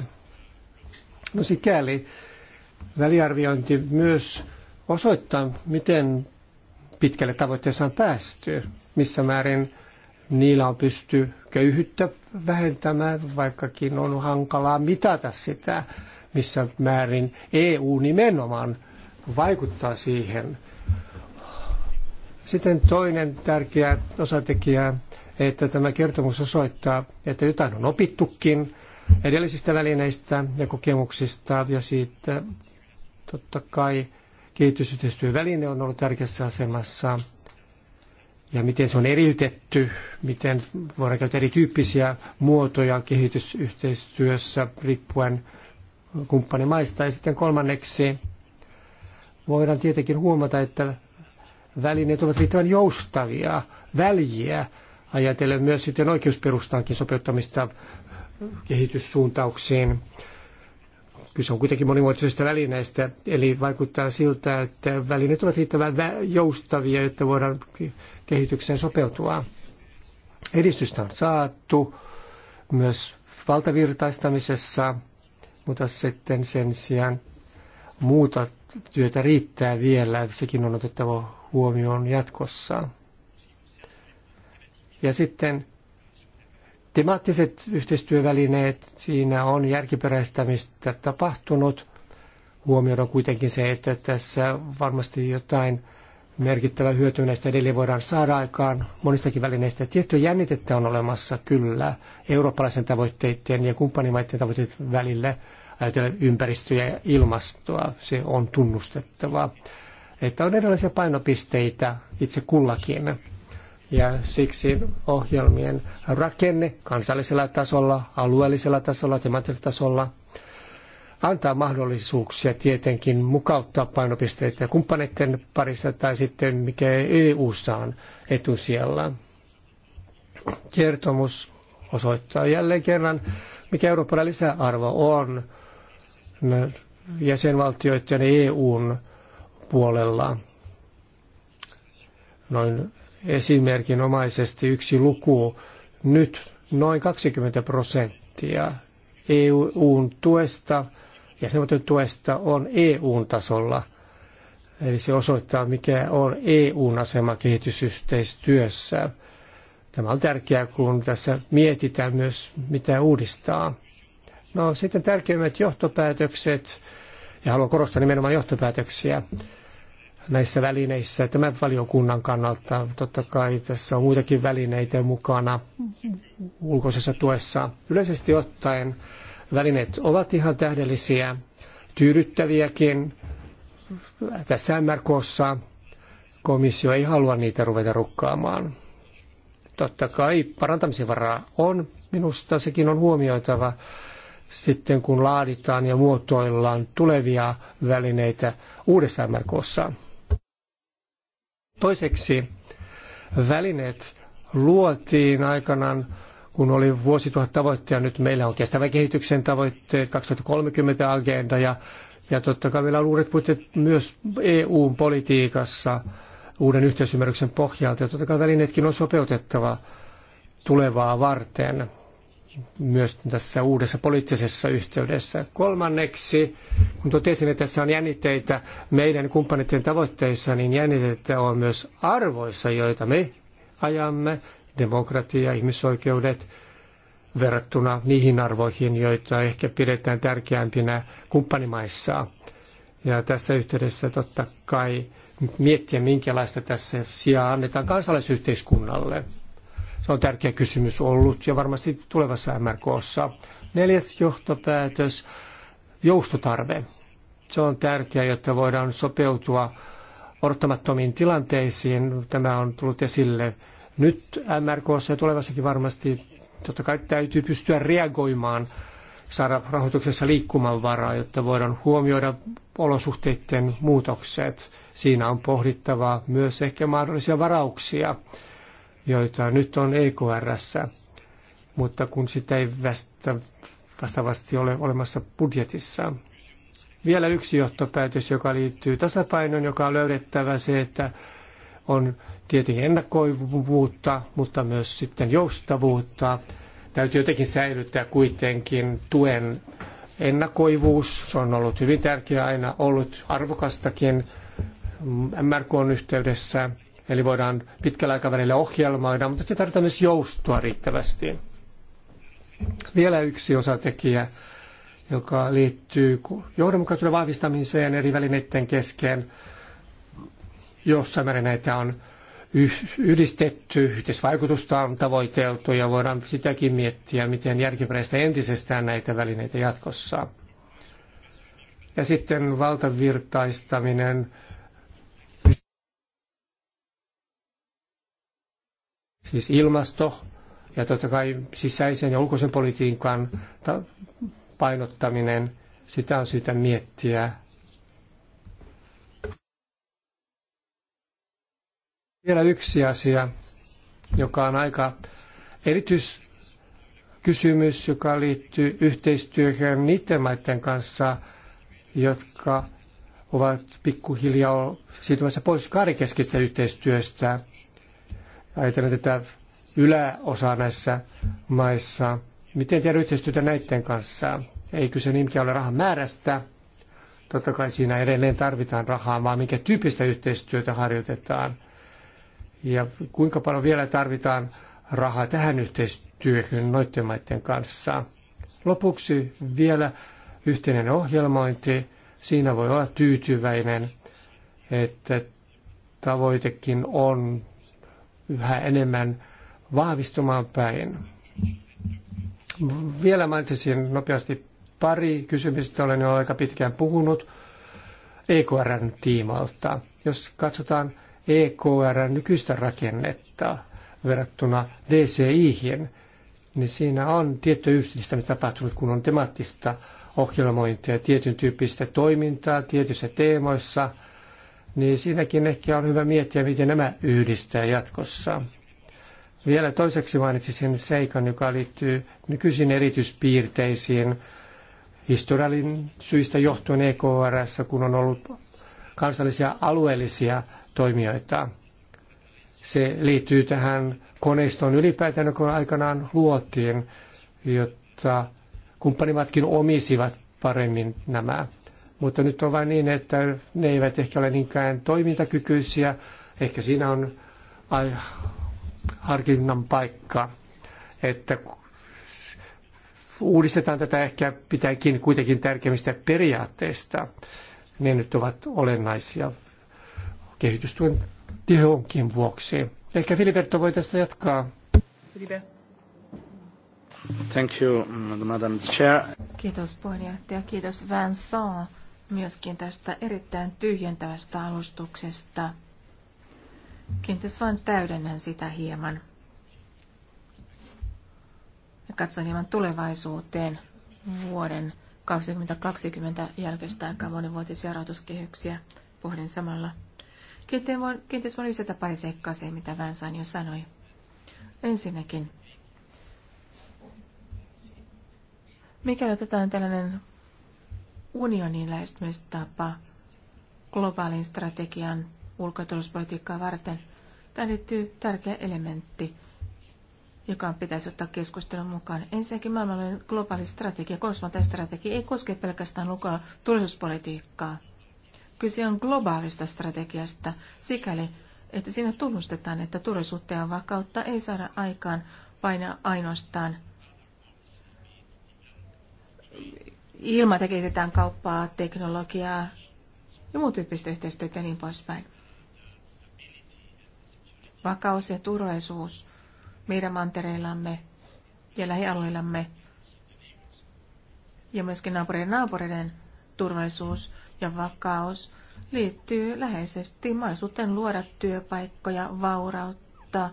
No sikäli väliarviointi myös osoittaa, miten pitkälle tavoitteessa on päästy, missä määrin niillä on pysty köyhyyttä vähentämään, vaikkakin on hankalaa mitata sitä missä määrin EU nimenomaan vaikuttaa siihen. Sitten toinen tärkeä osatekijä, että tämä kertomus osoittaa, että jotain on opittukin edellisistä välineistä ja kokemuksista ja siitä totta kai kehitysyhteistyöväline on ollut tärkeässä asemassa ja miten se on eriytetty, miten voidaan käyttää erityyppisiä muotoja kehitysyhteistyössä riippuen – kumppanimaista. Ja sitten kolmanneksi voidaan tietenkin huomata, että välineet ovat riittävän joustavia, väljiä, ajatellen myös sitten oikeusperustaankin sopeuttamista kehityssuuntauksiin. Kyse on kuitenkin monimuotoisista välineistä, eli vaikuttaa siltä, että välineet ovat riittävän joustavia, jotta voidaan kehitykseen sopeutua. Edistystä on saatu myös valtavirtaistamisessa mutta sitten sen sijaan muuta työtä riittää vielä, sekin on otettava huomioon jatkossa. Ja sitten temaattiset yhteistyövälineet, siinä on järkiperäistämistä tapahtunut. Huomioida kuitenkin se, että tässä varmasti jotain merkittävä hyöty näistä edelleen voidaan saada aikaan monistakin välineistä. Tiettyä jännitettä on olemassa kyllä eurooppalaisen tavoitteiden ja kumppanimaiden tavoitteiden välillä ajatellen ympäristöä ja ilmastoa. Se on tunnustettava Että on erilaisia painopisteitä itse kullakin. Ja siksi ohjelmien rakenne kansallisella tasolla, alueellisella tasolla, temaattisella tasolla – antaa mahdollisuuksia tietenkin mukauttaa painopisteitä kumppaneiden parissa tai sitten mikä EU-ssa on etusijalla. Kertomus osoittaa jälleen kerran, mikä Euroopan lisäarvo on jäsenvaltioiden EUn puolella. Noin esimerkinomaisesti yksi luku. Nyt noin 20 prosenttia EUn tuesta – ja jäsenvaltion tuesta on EU-tasolla. Eli se osoittaa, mikä on EUn asema kehitysyhteistyössä. Tämä on tärkeää, kun tässä mietitään myös, mitä uudistaa. No sitten tärkeimmät johtopäätökset, ja haluan korostaa nimenomaan johtopäätöksiä näissä välineissä tämän valiokunnan kannalta. Totta kai tässä on muitakin välineitä mukana ulkoisessa tuessa. Yleisesti ottaen välineet ovat ihan tähdellisiä, tyydyttäviäkin. Tässä MRKssa komissio ei halua niitä ruveta rukkaamaan. Totta kai parantamisen varaa on, minusta sekin on huomioitava sitten kun laaditaan ja muotoillaan tulevia välineitä uudessa MRKssa. Toiseksi välineet luotiin aikanaan kun oli vuosituhat tavoitteja, nyt meillä on kestävän kehityksen tavoitteet, 2030 agenda ja, ja totta kai meillä on uudet puitteet myös EU-politiikassa uuden yhteisymmärryksen pohjalta ja totta kai välineetkin on sopeutettava tulevaa varten myös tässä uudessa poliittisessa yhteydessä. Kolmanneksi, kun totesin, että tässä on jännitteitä meidän kumppaneiden tavoitteissa, niin jännitettä on myös arvoissa, joita me ajamme demokratia, ihmisoikeudet verrattuna niihin arvoihin, joita ehkä pidetään tärkeämpinä kumppanimaissa. Ja tässä yhteydessä totta kai miettiä, minkälaista tässä sijaa annetaan kansalaisyhteiskunnalle. Se on tärkeä kysymys ollut ja varmasti tulevassa MRKssa. Neljäs johtopäätös, joustotarve. Se on tärkeää, jotta voidaan sopeutua odottamattomiin tilanteisiin. Tämä on tullut esille nyt MRKssa ja tulevassakin varmasti totta kai täytyy pystyä reagoimaan, saada rahoituksessa liikkumavaraa, jotta voidaan huomioida olosuhteiden muutokset. Siinä on pohdittava myös ehkä mahdollisia varauksia, joita nyt on EKRssä, mutta kun sitä ei vasta, vastaavasti ole olemassa budjetissa. Vielä yksi johtopäätös, joka liittyy tasapainoon, joka on löydettävä se, että on tietenkin ennakoivuutta, mutta myös sitten joustavuutta. Täytyy jotenkin säilyttää kuitenkin tuen ennakoivuus. Se on ollut hyvin tärkeä aina, ollut arvokastakin MRKn yhteydessä. Eli voidaan pitkällä aikavälillä ohjelmoida, mutta se tarvitaan myös joustoa riittävästi. Vielä yksi osatekijä, joka liittyy johdonmukaisuuden vahvistamiseen eri välineiden kesken, jossain määrin näitä on yhdistetty, yhteisvaikutusta on tavoiteltu ja voidaan sitäkin miettiä, miten järkiperäistä entisestään näitä välineitä jatkossa. Ja sitten valtavirtaistaminen. Siis ilmasto ja totta kai sisäisen ja ulkoisen politiikan painottaminen, sitä on syytä miettiä Vielä yksi asia, joka on aika erityiskysymys, joka liittyy yhteistyöhön niiden maiden kanssa, jotka ovat pikkuhiljaa siirtymässä pois kaarikeskistä yhteistyöstä. Ajatellen tätä yläosaa näissä maissa. Miten tehdä yhteistyötä näiden kanssa? Ei kyse niinkään ole rahan määrästä. Totta kai siinä edelleen tarvitaan rahaa, vaan minkä tyyppistä yhteistyötä harjoitetaan – ja kuinka paljon vielä tarvitaan rahaa tähän yhteistyöhön noiden maiden kanssa. Lopuksi vielä yhteinen ohjelmointi. Siinä voi olla tyytyväinen, että tavoitekin on yhä enemmän vahvistumaan päin. Vielä mainitsisin nopeasti pari kysymystä, olen jo aika pitkään puhunut EKRn tiimalta. Jos katsotaan EKR nykyistä rakennetta verrattuna DCIhin, niin siinä on tietty yhdistämistä tapahtunut, kun on temaattista ohjelmointia, tietyn tyyppistä toimintaa tietyissä teemoissa, niin siinäkin ehkä on hyvä miettiä, miten nämä yhdistää jatkossa. Vielä toiseksi mainitsisin seikan, joka liittyy nykyisiin erityispiirteisiin historiallin syistä johtuen EKRS, kun on ollut kansallisia alueellisia toimijoita. Se liittyy tähän koneiston ylipäätään, kun aikanaan luotiin, jotta kumppanimatkin omisivat paremmin nämä. Mutta nyt on vain niin, että ne eivät ehkä ole niinkään toimintakykyisiä. Ehkä siinä on ai, harkinnan paikka, että uudistetaan tätä ehkä pitääkin kuitenkin tärkeimmistä periaatteista. Ne nyt ovat olennaisia kehitystuen tehonkin vuoksi. Ehkä Filiberto voi tästä jatkaa. Thank you, Madam Chair. Kiitos puheenjohtaja, kiitos Vincent myöskin tästä erittäin tyhjentävästä alustuksesta. Kenties vain täydennän sitä hieman. Ja katson hieman tulevaisuuteen vuoden 2020 jälkeistä aika monivuotisia rahoituskehyksiä. Pohdin samalla Kenties voin lisätä pari seikkaa siihen, mitä Vänsain jo sanoi. Ensinnäkin, mikäli otetaan tällainen unionin lähestymistapa globaalin strategian ulko- varten, tämä liittyy tärkeä elementti – joka pitäisi ottaa keskustelun mukaan. Ensinnäkin maailmanlainen globaali strategia, konsulaten strategia, ei koske pelkästään ulko- turvallisuuspolitiikkaa. Kyse on globaalista strategiasta sikäli, että siinä tunnustetaan, että turvallisuutta ja vakautta ei saada aikaan vain ainoastaan ilman, että kehitetään kauppaa, teknologiaa ja muun tyyppistä yhteistyötä ja niin poispäin. Vakaus ja turvallisuus meidän mantereillamme ja lähialueillamme ja myöskin naapureiden naapureiden turvallisuus ja vakaus liittyy läheisesti mahdollisuuteen luoda työpaikkoja, vaurautta,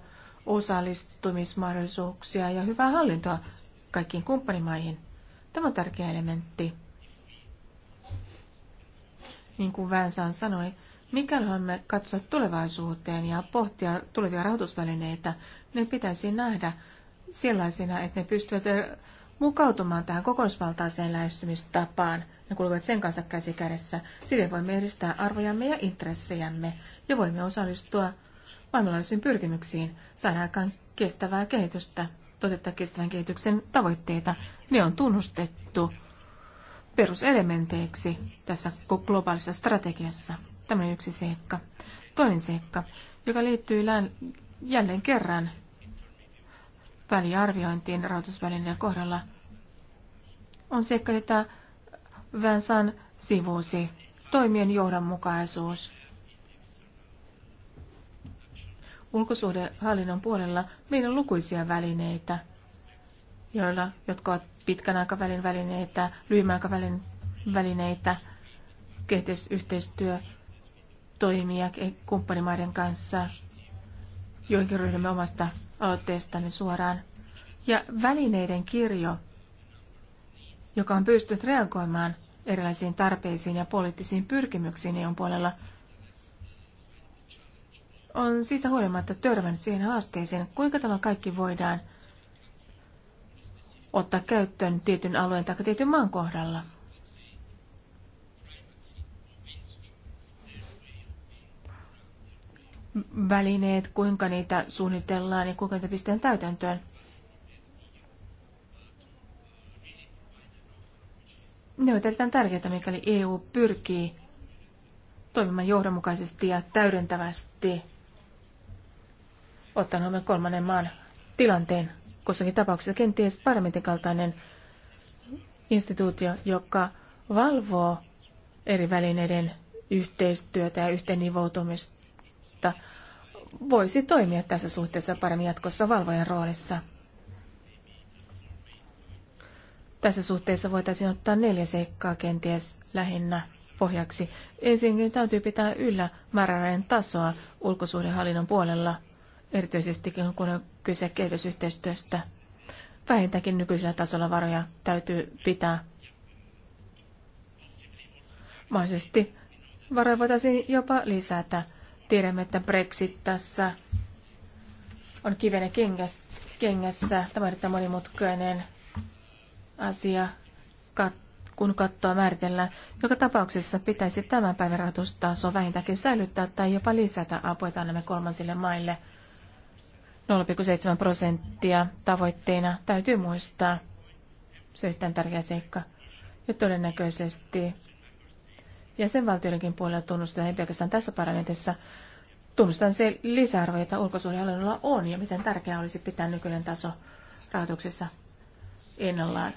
osallistumismahdollisuuksia ja hyvää hallintoa kaikkiin kumppanimaihin. Tämä on tärkeä elementti. Niin kuin Vänsan sanoi, mikäli haluamme katsoa tulevaisuuteen ja pohtia tulevia rahoitusvälineitä, ne pitäisi nähdä sellaisina, että ne pystyvät mukautumaan tähän kokonaisvaltaiseen lähestymistapaan – ne kulkevat sen kanssa käsi kädessä. Siten voimme edistää arvojamme ja intressejämme ja voimme osallistua maailmanlaajuisiin pyrkimyksiin, saada aikaan kestävää kehitystä, toteuttaa kestävän kehityksen tavoitteita. Ne on tunnustettu peruselementeiksi tässä globaalissa strategiassa. Tämä on yksi seikka. Toinen seikka, joka liittyy jälleen kerran väliarviointiin rahoitusvälineen kohdalla, on seikka, jota Vänsan sivusi toimien johdonmukaisuus. Ulkosuhdehallinnon puolella meillä on lukuisia välineitä, joilla, jotka ovat pitkän aikavälin välineitä, lyhyen aikavälin välineitä, kehitysyhteistyö, toimia kumppanimaiden kanssa, joihinkin ryhdymme omasta aloitteestani suoraan. Ja välineiden kirjo joka on pystynyt reagoimaan erilaisiin tarpeisiin ja poliittisiin pyrkimyksiin EUn puolella, on siitä huolimatta törmännyt siihen haasteeseen, kuinka tämä kaikki voidaan ottaa käyttöön tietyn alueen tai tietyn maan kohdalla. Välineet, kuinka niitä suunnitellaan ja kuinka niitä pistetään täytäntöön. Ne ovat erittäin tärkeitä, mikäli EU pyrkii toimimaan johdonmukaisesti ja täydentävästi ottaen huomioon kolmannen maan tilanteen. Kussakin tapauksessa kenties parlamentin kaltainen instituutio, joka valvoo eri välineiden yhteistyötä ja yhteennivoutumista, voisi toimia tässä suhteessa paremmin jatkossa valvojan roolissa. Tässä suhteessa voitaisiin ottaa neljä seikkaa kenties lähinnä pohjaksi. Ensinnäkin täytyy pitää yllä määrärajan tasoa ulkosuhdehallinnon puolella, erityisesti kun on kyse kehitysyhteistyöstä. Vähintäänkin nykyisellä tasolla varoja täytyy pitää. Mahdollisesti varoja voitaisiin jopa lisätä. Tiedämme, että Brexit tässä on kivenä kengässä. Tämä on erittäin monimutkainen asia, kun kattoa määritellään. Joka tapauksessa pitäisi tämän päivän rahoitustaso vähintäänkin säilyttää tai jopa lisätä apua, jota annamme kolmansille maille. 0,7 prosenttia tavoitteena täytyy muistaa. Se on erittäin tärkeä seikka. Ja todennäköisesti jäsenvaltioidenkin puolella tunnustetaan, ei pelkästään tässä parlamentissa, tunnustetaan se lisäarvo, jota ulkosuhdehallinnolla on ja miten tärkeää olisi pitää nykyinen taso rahoituksessa ennallaan.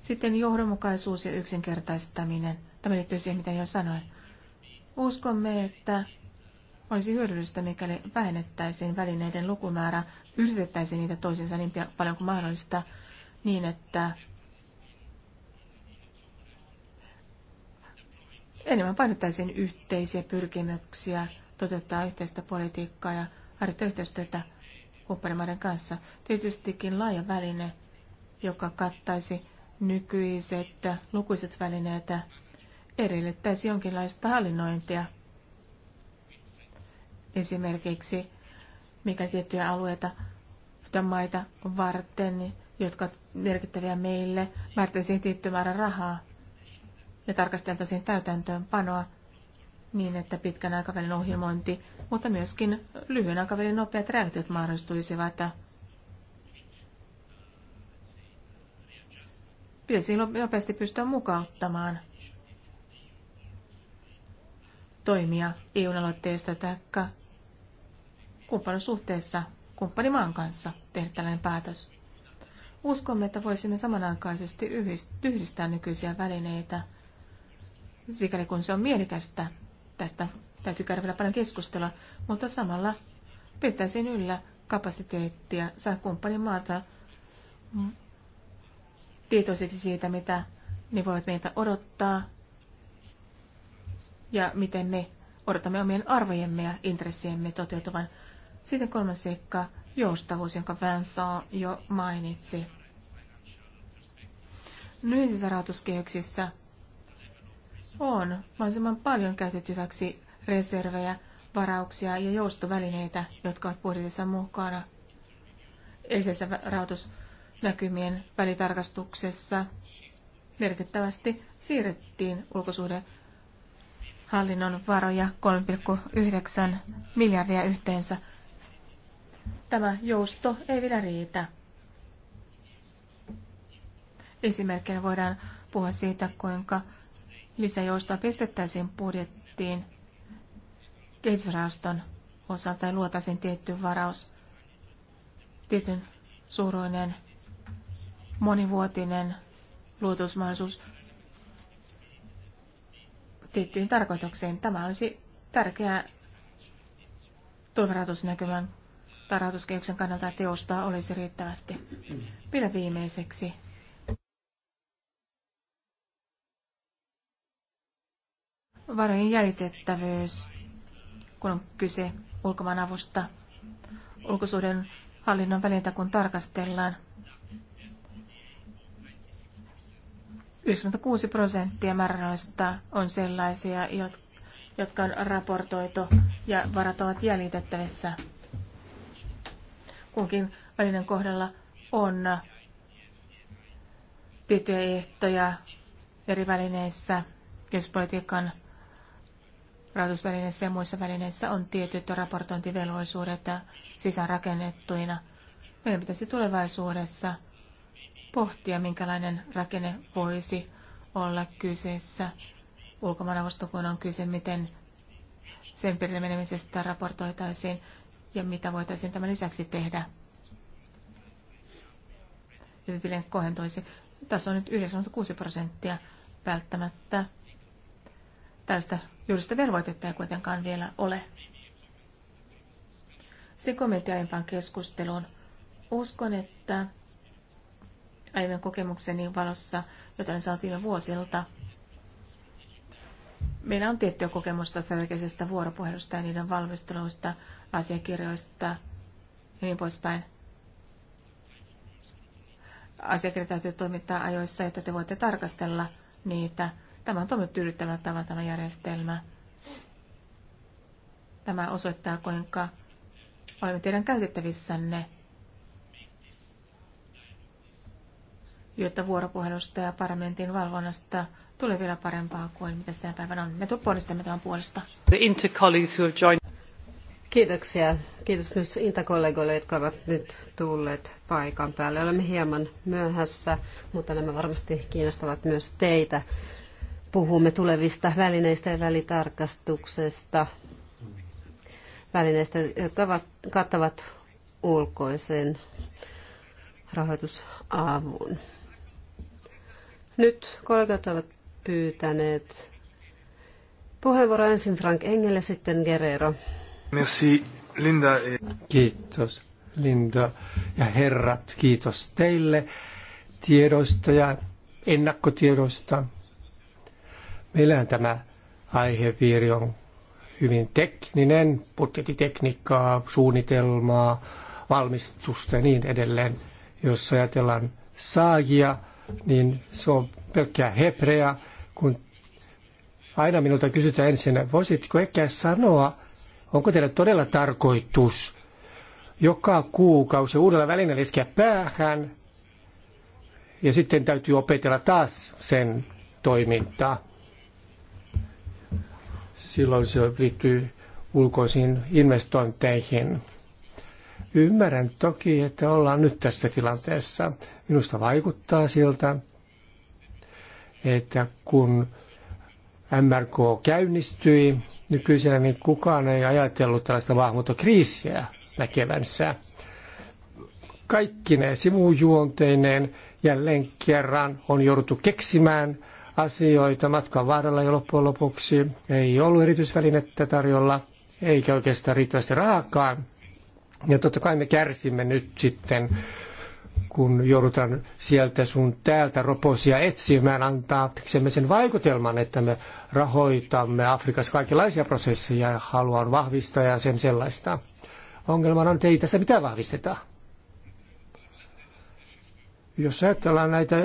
Sitten johdonmukaisuus ja yksinkertaistaminen. Tämä liittyy siihen, mitä jo sanoin. Uskomme, että olisi hyödyllistä, mikäli vähennettäisiin välineiden lukumäärä, yritettäisiin niitä toisiinsa niin paljon kuin mahdollista, niin että enemmän painottaisiin yhteisiä pyrkimyksiä toteuttaa yhteistä politiikkaa ja harjoittaa yhteistyötä kumppanimaiden kanssa. Tietystikin laaja väline, joka kattaisi nykyiset lukuiset välineet erillittäisi jonkinlaista hallinnointia. Esimerkiksi mikä tiettyjä alueita tai maita varten, jotka ovat merkittäviä meille, määrittäisiin tietty määrä rahaa ja tarkasteltaisiin täytäntöönpanoa niin, että pitkän aikavälin ohjelmointi, mutta myöskin lyhyen aikavälin nopeat reaktiot mahdollistuisivat pitäisi nopeasti pystyä mukauttamaan toimia EU-aloitteesta tai kumppanuussuhteessa kumppanimaan kanssa tehdä tällainen päätös. Uskomme, että voisimme samanaikaisesti yhdistää nykyisiä välineitä, sikäli kun se on mielikästä. Tästä täytyy käydä vielä paljon keskustella, mutta samalla pitäisin yllä kapasiteettia saada kumppanimaata tietoiseksi siitä, mitä ne voivat meiltä odottaa ja miten me odotamme omien arvojemme ja intressiemme toteutuvan. Sitten kolmas seikka, joustavuus, jonka Vincent jo mainitsi. Nykyisissä rahoituskehyksissä on mahdollisimman paljon käytetyväksi reservejä, varauksia ja joustovälineitä, jotka ovat budjetissa mukana. Edellisessä rahoitus näkymien välitarkastuksessa merkittävästi siirrettiin ulkosuhde hallinnon varoja 3,9 miljardia yhteensä. Tämä jousto ei vielä riitä. Esimerkkinä voidaan puhua siitä, kuinka lisäjoustoa pistettäisiin budjettiin kehitysrahaston osalta ja luotaisiin tietty varaus, tietyn suuruinen monivuotinen luotusmahdollisuus tiettyyn tarkoitukseen. Tämä olisi tärkeää tulvarahoitusnäkymän tai rahoituskehyksen kannalta teostaa olisi riittävästi. Vielä viimeiseksi. Varojen jäljitettävyys, kun on kyse ulkomaanavusta, ulkosuuden hallinnon väliltä kun tarkastellaan – 96 prosenttia määrärahoista on sellaisia, jotka on raportoitu ja varat ovat jäljitettävissä. Kunkin välinen kohdalla on tiettyjä ehtoja eri välineissä, kehityspolitiikan rahoitusvälineissä ja muissa välineissä on tietyt raportointivelvollisuudet sisäänrakennettuina. Meidän pitäisi tulevaisuudessa – pohtia, minkälainen rakenne voisi olla kyseessä. Ulkomaanavustus, kun on kyse, miten sen perille menemisestä raportoitaisiin ja mitä voitaisiin tämän lisäksi tehdä. Joten kohentuisi. Tässä on nyt 96 prosenttia välttämättä. Tällaista juridista velvoitetta ei kuitenkaan vielä ole. Se kommentti aiempaan keskusteluun. Uskon, että aiemmin kokemukseni valossa, jota ne saatiin jo vuosilta. Meillä on tiettyä kokemusta tällaisesta vuoropuhelusta ja niiden valmisteluista, asiakirjoista ja niin poispäin. Asiakirjat täytyy toimittaa ajoissa, jotta te voitte tarkastella niitä. Tämä on toiminut tyydyttävällä tavalla tämä järjestelmä. Tämä osoittaa, kuinka olemme teidän käytettävissänne – jotta vuoropuhelusta ja parlamentin valvonnasta tulee vielä parempaa kuin mitä sitä päivänä on. Me ponnistamme tämän puolesta. Kiitoksia. Kiitos myös interkollegoille, jotka ovat nyt tulleet paikan päälle. Olemme hieman myöhässä, mutta nämä varmasti kiinnostavat myös teitä. Puhumme tulevista välineistä ja välitarkastuksesta. Välineistä, jotka ovat, kattavat ulkoisen rahoitusavun. Nyt kollegat ovat pyytäneet puheenvuoro ensin Frank Engelle, sitten Guerrero. Merci, Linda. E- Kiitos, Linda ja herrat. Kiitos teille tiedoista ja ennakkotiedoista. Meillähän tämä aihepiiri on hyvin tekninen, budjettitekniikkaa, suunnitelmaa, valmistusta ja niin edelleen. Jos ajatellaan saajia, niin se on pelkkää hebrea, kun aina minulta kysytään ensin, voisitko ehkä sanoa, onko teillä todella tarkoitus joka kuukausi uudella välineellä iskeä päähän, ja sitten täytyy opetella taas sen toimintaa. Silloin se liittyy ulkoisiin investointeihin. Ymmärrän toki, että ollaan nyt tässä tilanteessa. Minusta vaikuttaa siltä, että kun MRK käynnistyi nykyisenä, niin kukaan ei ajatellut tällaista maahanmuuttokriisiä näkevänsä. Kaikki ne sivujuonteineen jälleen kerran on jouduttu keksimään asioita matkan varrella ja loppujen lopuksi ei ollut erityisvälinettä tarjolla, eikä oikeastaan riittävästi rahakaan. Ja totta kai me kärsimme nyt sitten kun joudutaan sieltä sun täältä roposia etsimään, antaaksemme sen vaikutelman, että me rahoitamme Afrikassa kaikenlaisia prosesseja ja haluan vahvistaa ja sen sellaista. Ongelmana on, että ei tässä mitään vahvisteta. Jos ajatellaan näitä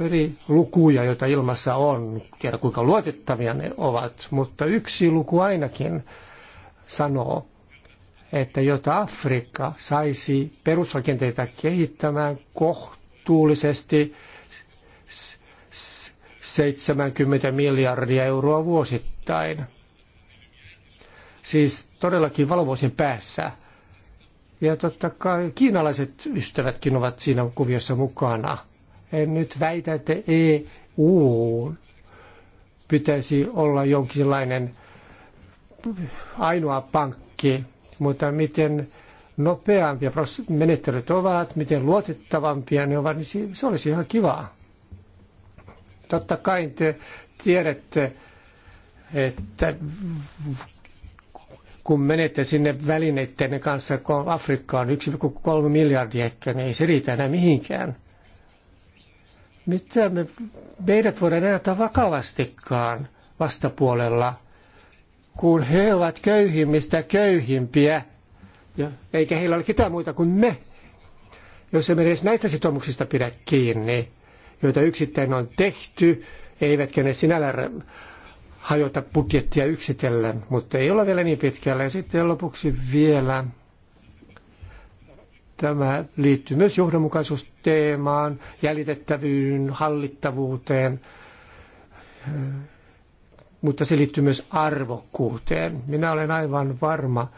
eri lukuja, joita ilmassa on, tiedä kuinka luotettavia ne ovat, mutta yksi luku ainakin sanoo, että jotta Afrikka saisi perusrakenteita kehittämään kohtuullisesti 70 miljardia euroa vuosittain. Siis todellakin valovuosien päässä. Ja totta kai kiinalaiset ystävätkin ovat siinä kuviossa mukana. En nyt väitä, että EU pitäisi olla jonkinlainen ainoa pankki, mutta miten nopeampia menettelyt ovat, miten luotettavampia ne ovat, niin se olisi ihan kivaa. Totta kai te tiedätte, että kun menette sinne välineiden kanssa, kun Afrikkaan 1,3 miljardia niin ei se riitä enää mihinkään. Mitä me, meidät voidaan näyttää vakavastikaan vastapuolella – kun he ovat köyhimmistä köyhimpiä, ja, eikä heillä ole ketään muuta kuin me, jos emme edes näistä sitoumuksista pidä kiinni, joita yksittäin on tehty, eivätkä ne sinällään hajota budjettia yksitellen, mutta ei olla vielä niin pitkällä. Ja sitten lopuksi vielä tämä liittyy myös johdonmukaisuusteemaan, jäljitettävyyn, hallittavuuteen, mutta se liittyy myös arvokkuuteen. Minä olen aivan varma,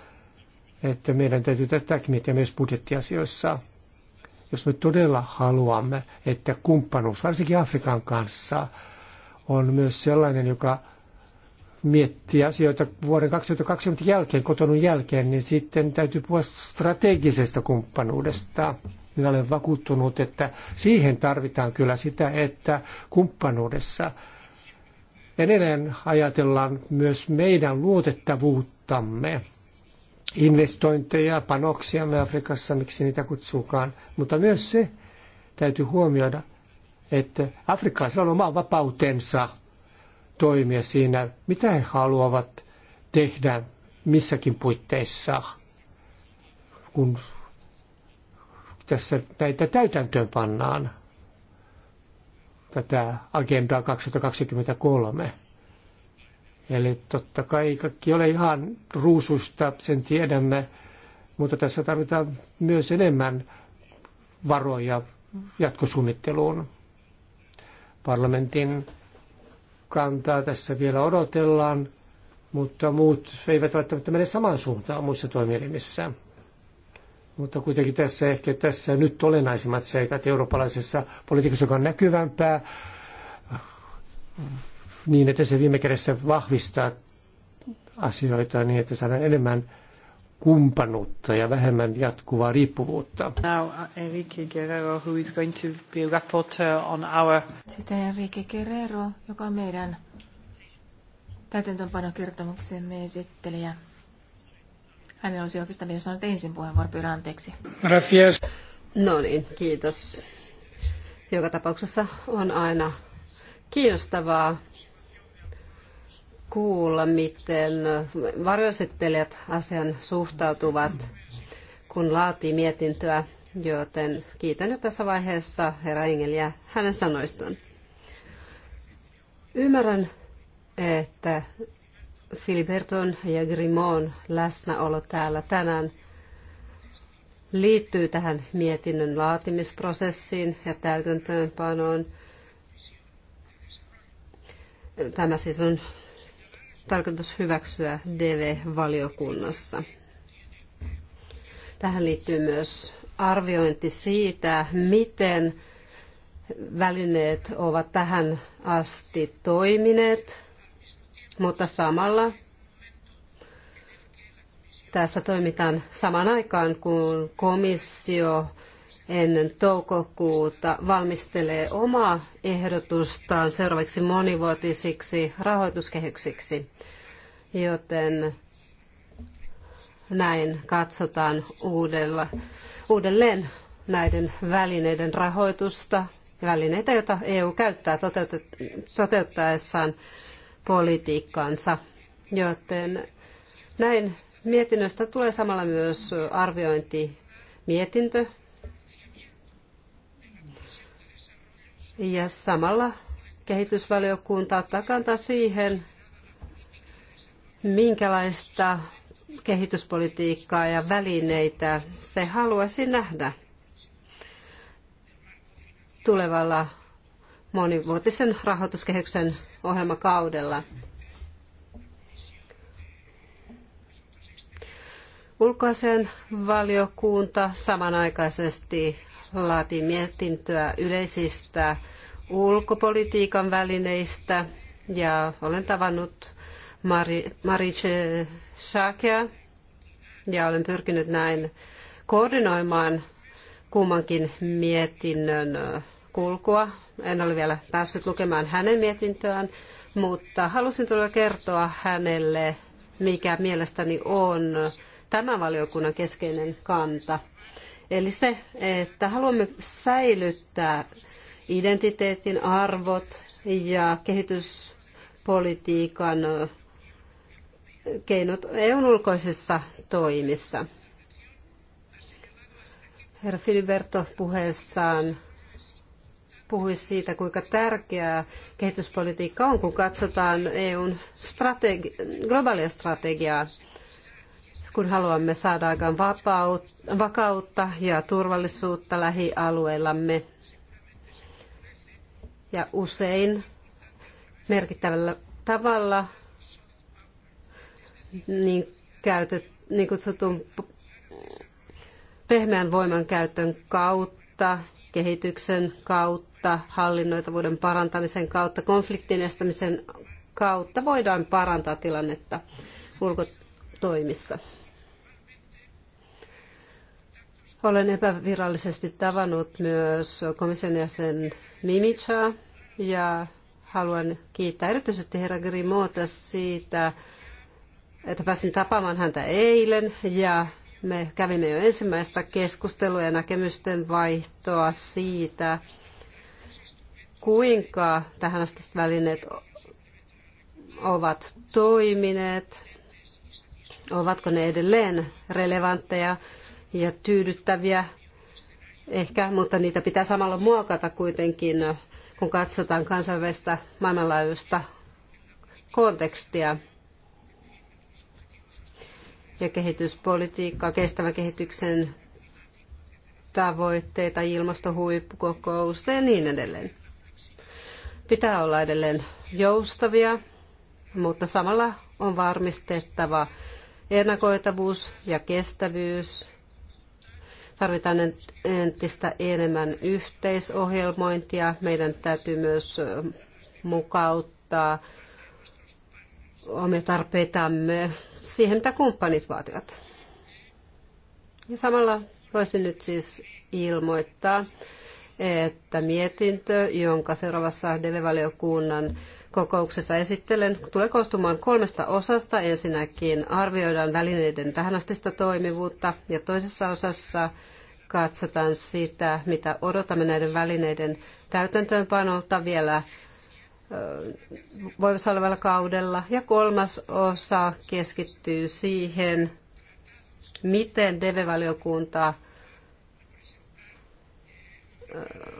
että meidän täytyy tätäkin miettiä myös budjettiasioissa. Jos me todella haluamme, että kumppanuus, varsinkin Afrikan kanssa, on myös sellainen, joka miettii asioita vuoden 2020 jälkeen, kotonun jälkeen, niin sitten täytyy puhua strategisesta kumppanuudesta. Minä olen vakuuttunut, että siihen tarvitaan kyllä sitä, että kumppanuudessa – edelleen ajatellaan myös meidän luotettavuuttamme, investointeja, panoksiamme Afrikassa, miksi niitä kutsukaan, mutta myös se täytyy huomioida, että afrikkalaisilla on oma vapautensa toimia siinä, mitä he haluavat tehdä missäkin puitteissa, kun tässä näitä täytäntöön pannaan tätä agendaa 2023. Eli totta kai kaikki ole ihan ruusuista, sen tiedämme, mutta tässä tarvitaan myös enemmän varoja jatkosuunnitteluun. Parlamentin kantaa tässä vielä odotellaan, mutta muut eivät välttämättä mene samaan suuntaan muissa toimielimissä. Mutta kuitenkin tässä ehkä tässä nyt olennaisimmat seikat eurooppalaisessa politiikassa, joka on näkyvämpää, niin että se viime kädessä vahvistaa asioita niin, että saadaan enemmän kumppanuutta ja vähemmän jatkuvaa riippuvuutta. Now uh, Enrique Guerrero, who is going to be a rapporteur on our... Sitten Enrique Guerrero, joka on meidän täytäntöönpanokertomuksemme esittelijä. Hänellä olisi oikeastaan minä saanut ensin puheenvuoro, pyydän anteeksi. Gracias. No niin, kiitos. Joka tapauksessa on aina kiinnostavaa kuulla, miten varjoesittelijät asian suhtautuvat, kun laatii mietintöä, joten kiitän jo tässä vaiheessa herra Engeliä hänen sanoistaan. Ymmärrän, että Filiberton ja Grimon läsnäolo täällä tänään liittyy tähän mietinnön laatimisprosessiin ja täytäntöönpanoon. Tämä siis on tarkoitus hyväksyä DV-valiokunnassa. Tähän liittyy myös arviointi siitä, miten välineet ovat tähän asti toimineet mutta samalla tässä toimitaan saman aikaan, kun komissio ennen toukokuuta valmistelee omaa ehdotustaan seuraavaksi monivuotisiksi rahoituskehyksiksi, joten näin katsotaan uudella, uudelleen näiden välineiden rahoitusta, välineitä, joita EU käyttää toteuttaessaan politiikkaansa. Joten näin mietinnöstä tulee samalla myös arviointi mietintö. Ja samalla kehitysvaliokunta ottaa kantaa siihen, minkälaista kehityspolitiikkaa ja välineitä se haluaisi nähdä tulevalla monivuotisen rahoituskehyksen ohjelmakaudella. Ulkoisen valiokunta samanaikaisesti laati mietintöä yleisistä ulkopolitiikan välineistä ja olen tavannut Marie Marice ja olen pyrkinyt näin koordinoimaan kummankin mietinnön kulkua en ole vielä päässyt lukemaan hänen mietintöään, mutta halusin tulla kertoa hänelle, mikä mielestäni on tämän valiokunnan keskeinen kanta. Eli se, että haluamme säilyttää identiteetin arvot ja kehityspolitiikan keinot EUn ulkoisissa toimissa. Herra Filiberto puheessaan puhui siitä, kuinka tärkeää kehityspolitiikka on, kun katsotaan EUn strategi- globaalia strategiaa, kun haluamme saada aikaan vapaut- vakautta ja turvallisuutta lähialueillamme. Ja usein merkittävällä tavalla niin, käytet, niin kutsutun pehmeän voiman käytön kautta, kehityksen kautta, kautta, hallinnoitavuuden parantamisen kautta, konfliktin estämisen kautta voidaan parantaa tilannetta ulkotoimissa. Olen epävirallisesti tavannut myös komission jäsen Mimichaa ja haluan kiittää erityisesti herra Grimota siitä, että pääsin tapaamaan häntä eilen ja me kävimme jo ensimmäistä keskustelua ja näkemysten vaihtoa siitä, kuinka tähän asti välineet ovat toimineet, ovatko ne edelleen relevantteja ja tyydyttäviä ehkä, mutta niitä pitää samalla muokata kuitenkin, kun katsotaan kansainvälistä maailmanlaajuista kontekstia ja kehityspolitiikkaa, kestävän kehityksen tavoitteita, ilmastohuippukokousta ja niin edelleen. Pitää olla edelleen joustavia, mutta samalla on varmistettava ennakoitavuus ja kestävyys. Tarvitaan entistä enemmän yhteisohjelmointia. Meidän täytyy myös mukauttaa omia tarpeitamme siihen, mitä kumppanit vaativat. Ja samalla voisin nyt siis ilmoittaa, että mietintö, jonka seuraavassa DV-valiokunnan kokouksessa esittelen, tulee koostumaan kolmesta osasta. Ensinnäkin arvioidaan välineiden tähänastista toimivuutta ja toisessa osassa katsotaan sitä, mitä odotamme näiden välineiden täytäntöönpanolta vielä voimassa olevalla kaudella. Ja kolmas osa keskittyy siihen, miten DV-valiokunta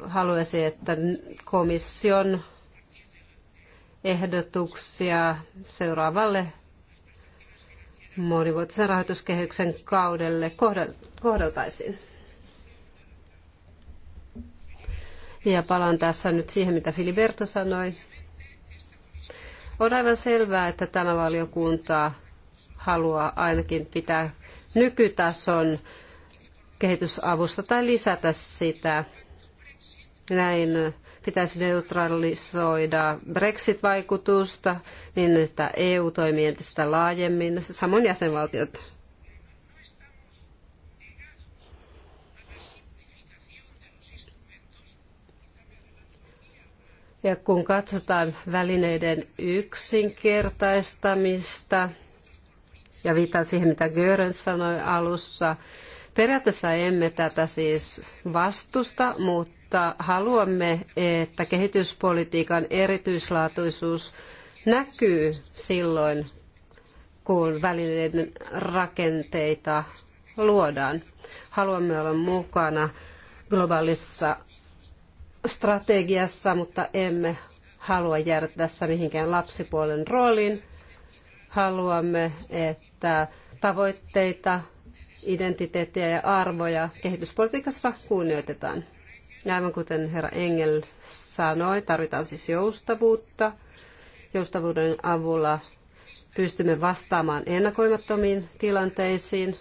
haluaisi, että komission ehdotuksia seuraavalle monivuotisen rahoituskehyksen kaudelle kohdeltaisiin. Ja palaan tässä nyt siihen, mitä Filiberto sanoi. On aivan selvää, että tämä valiokunta haluaa ainakin pitää nykytason kehitysavusta tai lisätä sitä. Näin pitäisi neutralisoida Brexit-vaikutusta niin, että EU toimii entistä laajemmin, samoin jäsenvaltiot. Ja kun katsotaan välineiden yksinkertaistamista, ja viitaan siihen, mitä Gören sanoi alussa, Periaatteessa emme tätä siis vastusta, mutta haluamme, että kehityspolitiikan erityislaatuisuus näkyy silloin, kun välineiden rakenteita luodaan. Haluamme olla mukana globaalissa strategiassa, mutta emme halua jäädä tässä mihinkään lapsipuolen rooliin. Haluamme, että tavoitteita identiteettiä ja arvoja kehityspolitiikassa kunnioitetaan. Ja aivan kuten herra Engel sanoi, tarvitaan siis joustavuutta. Joustavuuden avulla pystymme vastaamaan ennakoimattomiin tilanteisiin.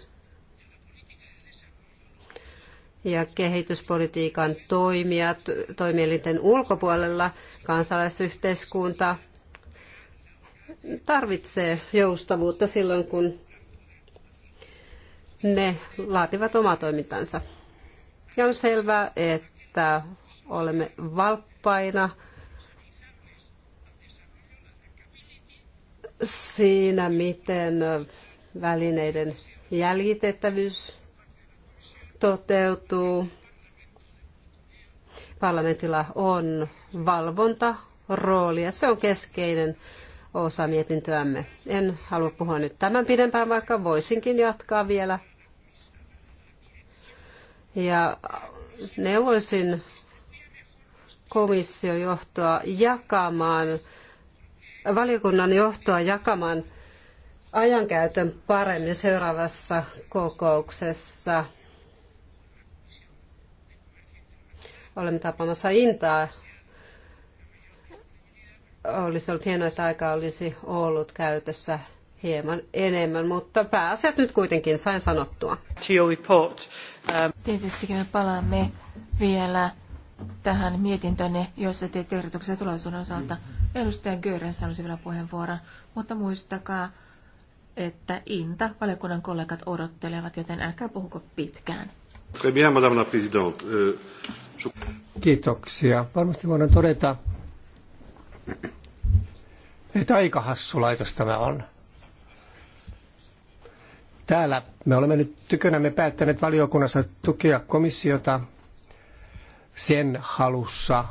Ja kehityspolitiikan toimijat toimielinten ulkopuolella, kansalaisyhteiskunta, tarvitsee joustavuutta silloin, kun ne laativat omaa toimintansa. Ja on selvää, että olemme valppaina siinä, miten välineiden jäljitettävyys toteutuu. Parlamentilla on valvonta rooli ja se on keskeinen osa mietintöämme. En halua puhua nyt tämän pidempään, vaikka voisinkin jatkaa vielä ja neuvoisin komissiojohtoa jakamaan, valiokunnan johtoa jakamaan ajankäytön paremmin seuraavassa kokouksessa. Olemme tapaamassa Intaa. Olisi ollut hienoa, että aika olisi ollut käytössä hieman enemmän, mutta pääasiat nyt kuitenkin sain sanottua. Um, Tietysti me palaamme vielä tähän mietintönne, jossa teet ehdotuksia tulevaisuuden osalta. Edustaja Görens sanoisi vielä puheenvuoron, mutta muistakaa, että Inta, valiokunnan kollegat odottelevat, joten älkää puhuko pitkään. Très bien, madame la présidente. Euh, Kiitoksia. Varmasti voidaan todeta, että aika hassu laitos tämä on. Täällä me olemme nyt tykönämme päättäneet valiokunnassa tukea komissiota sen halussa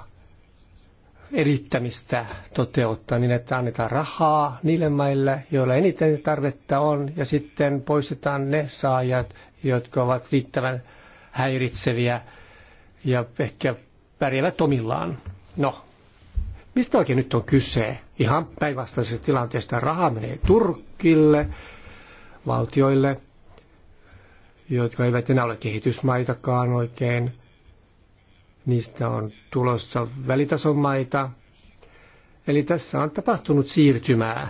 erittämistä toteuttaa niin, että annetaan rahaa niille maille, joilla eniten tarvetta on, ja sitten poistetaan ne saajat, jotka ovat riittävän häiritseviä ja ehkä pärjäävät omillaan. No, mistä oikein nyt on kyse? Ihan päinvastaisesta tilanteesta rahaa menee Turkille, valtioille, jotka eivät enää ole kehitysmaitakaan oikein. Niistä on tulossa välitason maita. Eli tässä on tapahtunut siirtymää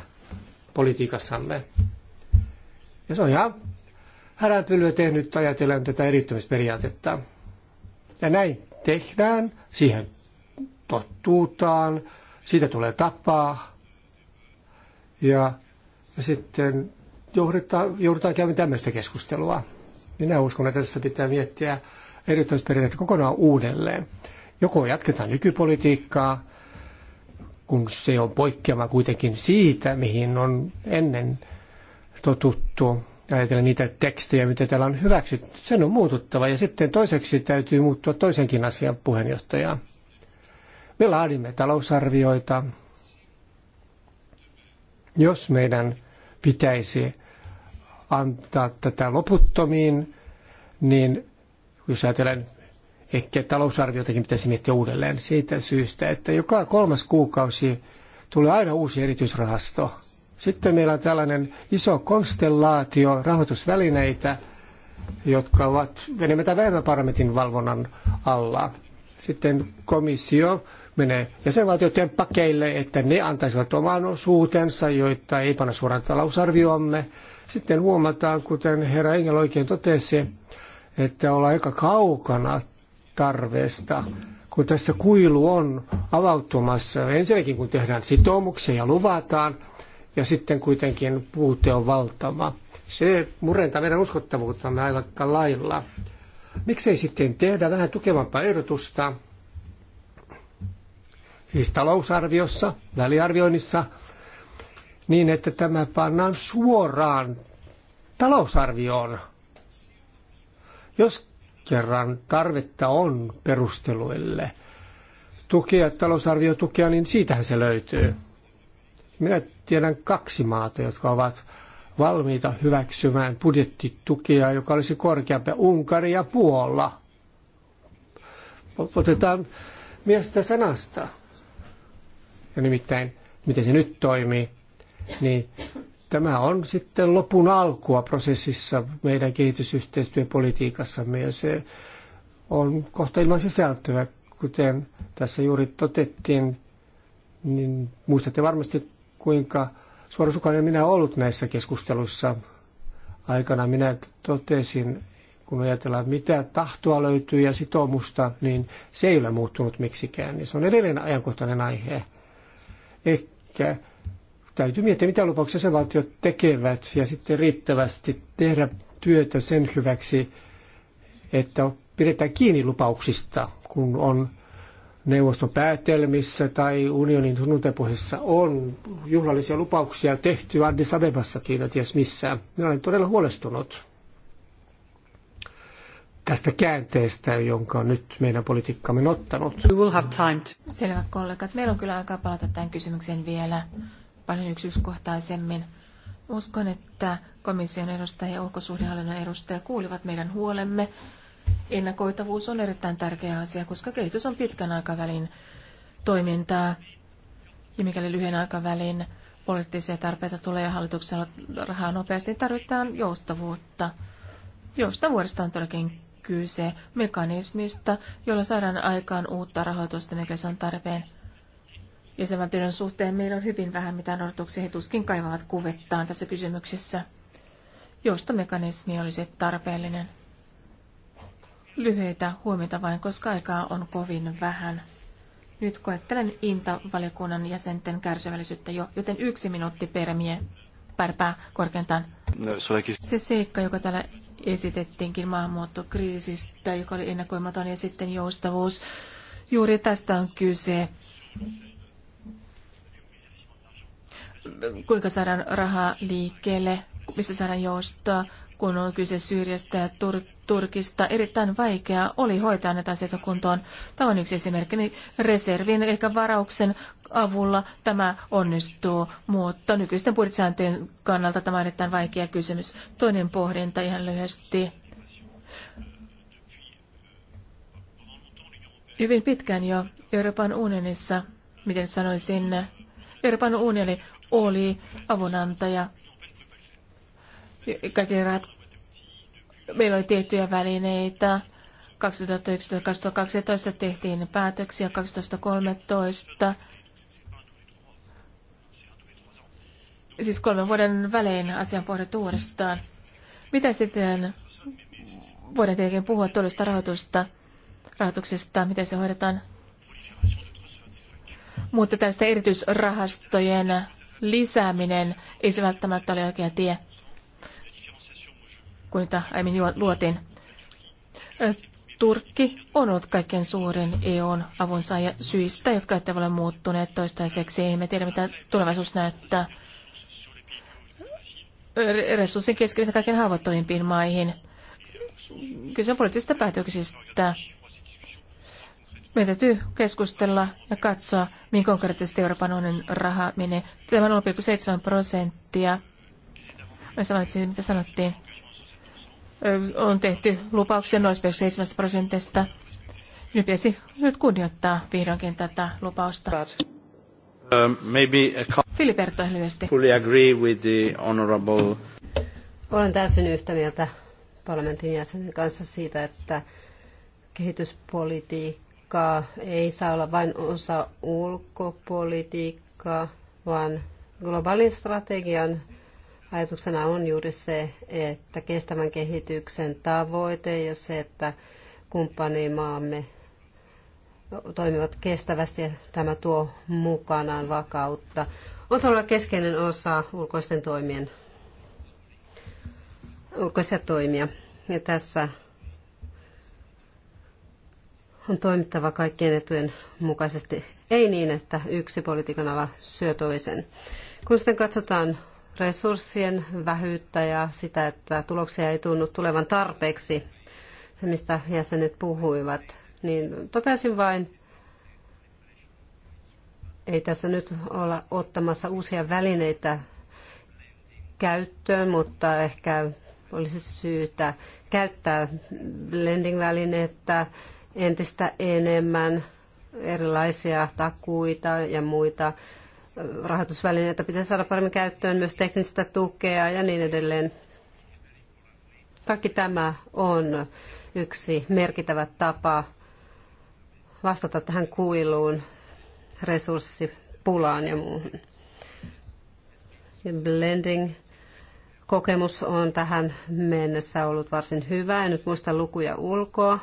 politiikassamme. Ja se on ihan häräpylyä tehnyt ajatellen tätä erittymisperiaatetta. Ja näin tehdään, siihen tottuutaan, siitä tulee tapaa. Ja, ja sitten joudutaan, joudutaan käymään tämmöistä keskustelua. Minä uskon, että tässä pitää miettiä eriyttämisperiaatteet kokonaan uudelleen. Joko jatketaan nykypolitiikkaa, kun se on poikkeama kuitenkin siitä, mihin on ennen totuttu. Ajatellen niitä tekstejä, mitä täällä on hyväksytty. Sen on muututtava ja sitten toiseksi täytyy muuttua toisenkin asian puheenjohtajaa. Me laadimme talousarvioita. Jos meidän pitäisi antaa tätä loputtomiin, niin jos ajatellaan ehkä talousarviotakin pitäisi miettiä uudelleen siitä syystä, että joka kolmas kuukausi tulee aina uusi erityisrahasto. Sitten meillä on tällainen iso konstellaatio rahoitusvälineitä, jotka ovat enemmän tai vähemmän parlamentin valvonnan alla. Sitten komissio menee jäsenvaltioiden pakeille, että ne antaisivat oman osuutensa, joita ei panna suoraan talousarvioomme. Sitten huomataan, kuten herra Engel oikein totesi, että ollaan aika kaukana tarveesta, kun tässä kuilu on avautumassa. Ensinnäkin kun tehdään sitoumuksia ja luvataan, ja sitten kuitenkin puute on valtava. Se murentaa meidän uskottavuuttamme aika lailla. Miksei sitten tehdä vähän tukevampaa ehdotusta, siis talousarviossa, väliarvioinnissa – niin, että tämä pannaan suoraan talousarvioon. Jos kerran tarvetta on perusteluille tukea, talousarviotukea, niin siitähän se löytyy. Minä tiedän kaksi maata, jotka ovat valmiita hyväksymään budjettitukea, joka olisi korkeampi, Unkari ja Puola. Otetaan miestä sanasta. Ja nimittäin, miten se nyt toimii, niin tämä on sitten lopun alkua prosessissa meidän kehitysyhteistyöpolitiikassamme ja se on kohta ilman sisältöä, kuten tässä juuri totettiin, niin muistatte varmasti kuinka suorasukainen minä ollut näissä keskusteluissa aikana. Minä totesin, kun ajatellaan mitä tahtoa löytyy ja sitoumusta, niin se ei ole muuttunut miksikään. se on edelleen ajankohtainen aihe. Ehkä täytyy miettiä, mitä lupauksia jäsenvaltiot tekevät ja sitten riittävästi tehdä työtä sen hyväksi, että pidetään kiinni lupauksista, kun on neuvoston päätelmissä tai unionin sunnuntaipuheessa on juhlallisia lupauksia tehty Addis Abebassakin, ja ties missään. Minä olen todella huolestunut tästä käänteestä, jonka nyt meidän politiikkamme on ottanut. We will have time to... Selvä kollegat, meillä on kyllä aikaa palata tämän kysymykseen vielä paljon yksityiskohtaisemmin. Uskon, että komission edustaja ja ulkosuhdehallinnon edustaja kuulivat meidän huolemme. Ennakoitavuus on erittäin tärkeä asia, koska kehitys on pitkän aikavälin toimintaa. Ja mikäli lyhyen aikavälin poliittisia tarpeita tulee hallituksella rahaa nopeasti, niin tarvitaan joustavuutta. Joustavuudesta on todellakin kyse mekanismista, jolla saadaan aikaan uutta rahoitusta, mikä se on tarpeen työn suhteen meillä on hyvin vähän mitään odotuksia. He tuskin kaivavat kuvettaan tässä kysymyksessä. Joustomekanismi olisi tarpeellinen. Lyhyitä huomiota vain, koska aikaa on kovin vähän. Nyt koettelen Inta-valiokunnan jäsenten kärsivällisyyttä jo, joten yksi minuutti per mie, per pää korkeintaan. No, se seikka, joka täällä esitettiinkin maahanmuuttokriisistä, joka oli ennakoimaton, ja sitten joustavuus. Juuri tästä on kyse kuinka saadaan rahaa liikkeelle, mistä saadaan joustoa, kun on kyse Syyriasta ja Tur- Turkista. Erittäin vaikeaa oli hoitaa näitä asioita kuntoon. Tämä on yksi esimerkki. Reservin eli varauksen avulla tämä onnistuu, mutta nykyisten budjettisääntöjen kannalta tämä on erittäin vaikea kysymys. Toinen pohdinta ihan lyhyesti. Hyvin pitkään jo Euroopan unionissa, miten sanoisin, Euroopan unioni oli avunantaja. Kaikki meillä oli tiettyjä välineitä. 2011-2012 tehtiin päätöksiä, 2013 siis kolmen vuoden välein asian pohdittu uudestaan. Mitä sitten voidaan tietenkin puhua tuollaista rahoitusta, rahoituksesta, miten se hoidetaan? Mutta tästä erityisrahastojen lisääminen ei se välttämättä ole oikea tie, kun niitä aiemmin luotiin. Turkki on ollut kaikkein suurin EUn avunsaaja syistä, jotka eivät ole muuttuneet toistaiseksi. Emme tiedä, mitä tulevaisuus näyttää. Resurssin keskivintä kaikkein haavoittuvimpiin maihin. Kyse on poliittisista päätöksistä meidän täytyy keskustella ja katsoa, mihin konkreettisesti Euroopan unionin raha menee. Tämä 0,7 prosenttia, sanoin, mitä sanottiin, on tehty lupauksia 0,7 prosentista. Nyt pitäisi nyt kunnioittaa vihdoinkin tätä lupausta. Uh, Filiberto lyhyesti. Olen täysin yhtä mieltä parlamentin jäsenen kanssa siitä, että kehityspolitiikka politiikkaa ei saa olla vain osa ulkopolitiikkaa, vaan globaalin strategian ajatuksena on juuri se, että kestävän kehityksen tavoite ja se, että kumppanimaamme toimivat kestävästi ja tämä tuo mukanaan vakautta, on todella keskeinen osa ulkoisten toimien, ulkoisia toimia. Ja tässä on toimittava kaikkien etujen mukaisesti, ei niin, että yksi politiikan ala syö toisen. Kun sitten katsotaan resurssien vähyyttä ja sitä, että tuloksia ei tunnu tulevan tarpeeksi, se mistä jäsenet puhuivat, niin totesin vain, ei tässä nyt olla ottamassa uusia välineitä käyttöön, mutta ehkä olisi syytä käyttää lending-välinettä, entistä enemmän erilaisia takuita ja muita rahoitusvälineitä pitää saada paremmin käyttöön, myös teknistä tukea ja niin edelleen. Kaikki tämä on yksi merkittävä tapa vastata tähän kuiluun, resurssipulaan ja muuhun. Ja blending kokemus on tähän mennessä ollut varsin hyvä. En nyt muista lukuja ulkoa,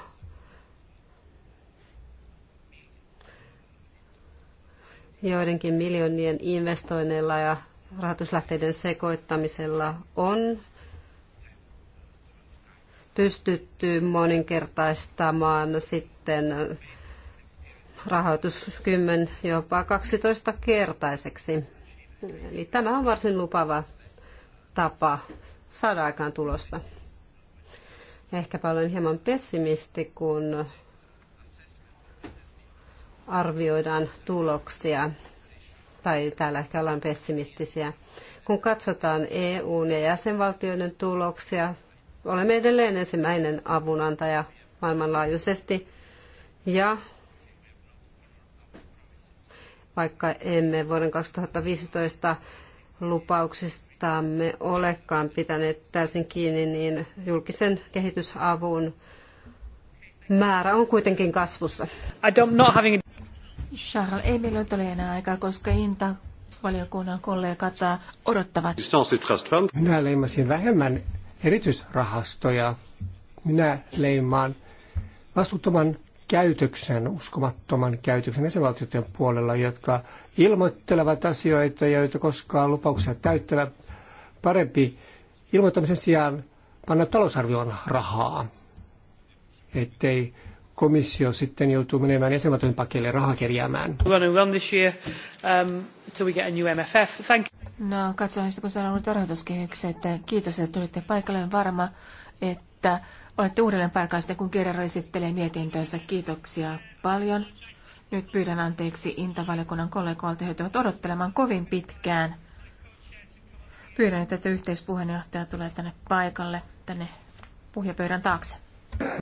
joidenkin miljoonien investoinneilla ja rahoituslähteiden sekoittamisella on pystytty moninkertaistamaan sitten rahoitus 10 jopa 12 kertaiseksi. Eli tämä on varsin lupava tapa saada aikaan tulosta. Ehkäpä olen hieman pessimisti, kun arvioidaan tuloksia, tai täällä ehkä ollaan pessimistisiä. Kun katsotaan EUn ja jäsenvaltioiden tuloksia, olemme edelleen ensimmäinen avunantaja maailmanlaajuisesti, ja vaikka emme vuoden 2015 lupauksistamme olekaan pitäneet täysin kiinni, niin julkisen kehitysavun määrä on kuitenkin kasvussa. I don't not having... Charles, ei meillä ole enää aikaa, koska Inta valiokunnan kollegat äh, odottavat. Minä leimasin vähemmän erityisrahastoja. Minä leimaan vastuuttoman käytöksen, uskomattoman käytöksen jäsenvaltioiden puolella, jotka ilmoittelevat asioita, joita koskaan lupauksia täyttävät. Parempi ilmoittamisen sijaan panna talousarvioon rahaa, ettei komissio sitten joutuu menemään jäsenvaltion pakille rahaa kerjäämään. Um, no, katsoin sitä, kun sanoin uudet että Kiitos, että tulitte paikalle. Olen varma, että olette uudelleen paikalla sitten, kun kerran esittelee mietintönsä. Kiitoksia paljon. Nyt pyydän anteeksi Intavaliokunnan kollegoilta, he ovat odottelemaan kovin pitkään. Pyydän, että yhteispuheenjohtaja tulee tänne paikalle, tänne puhujapöydän taakse.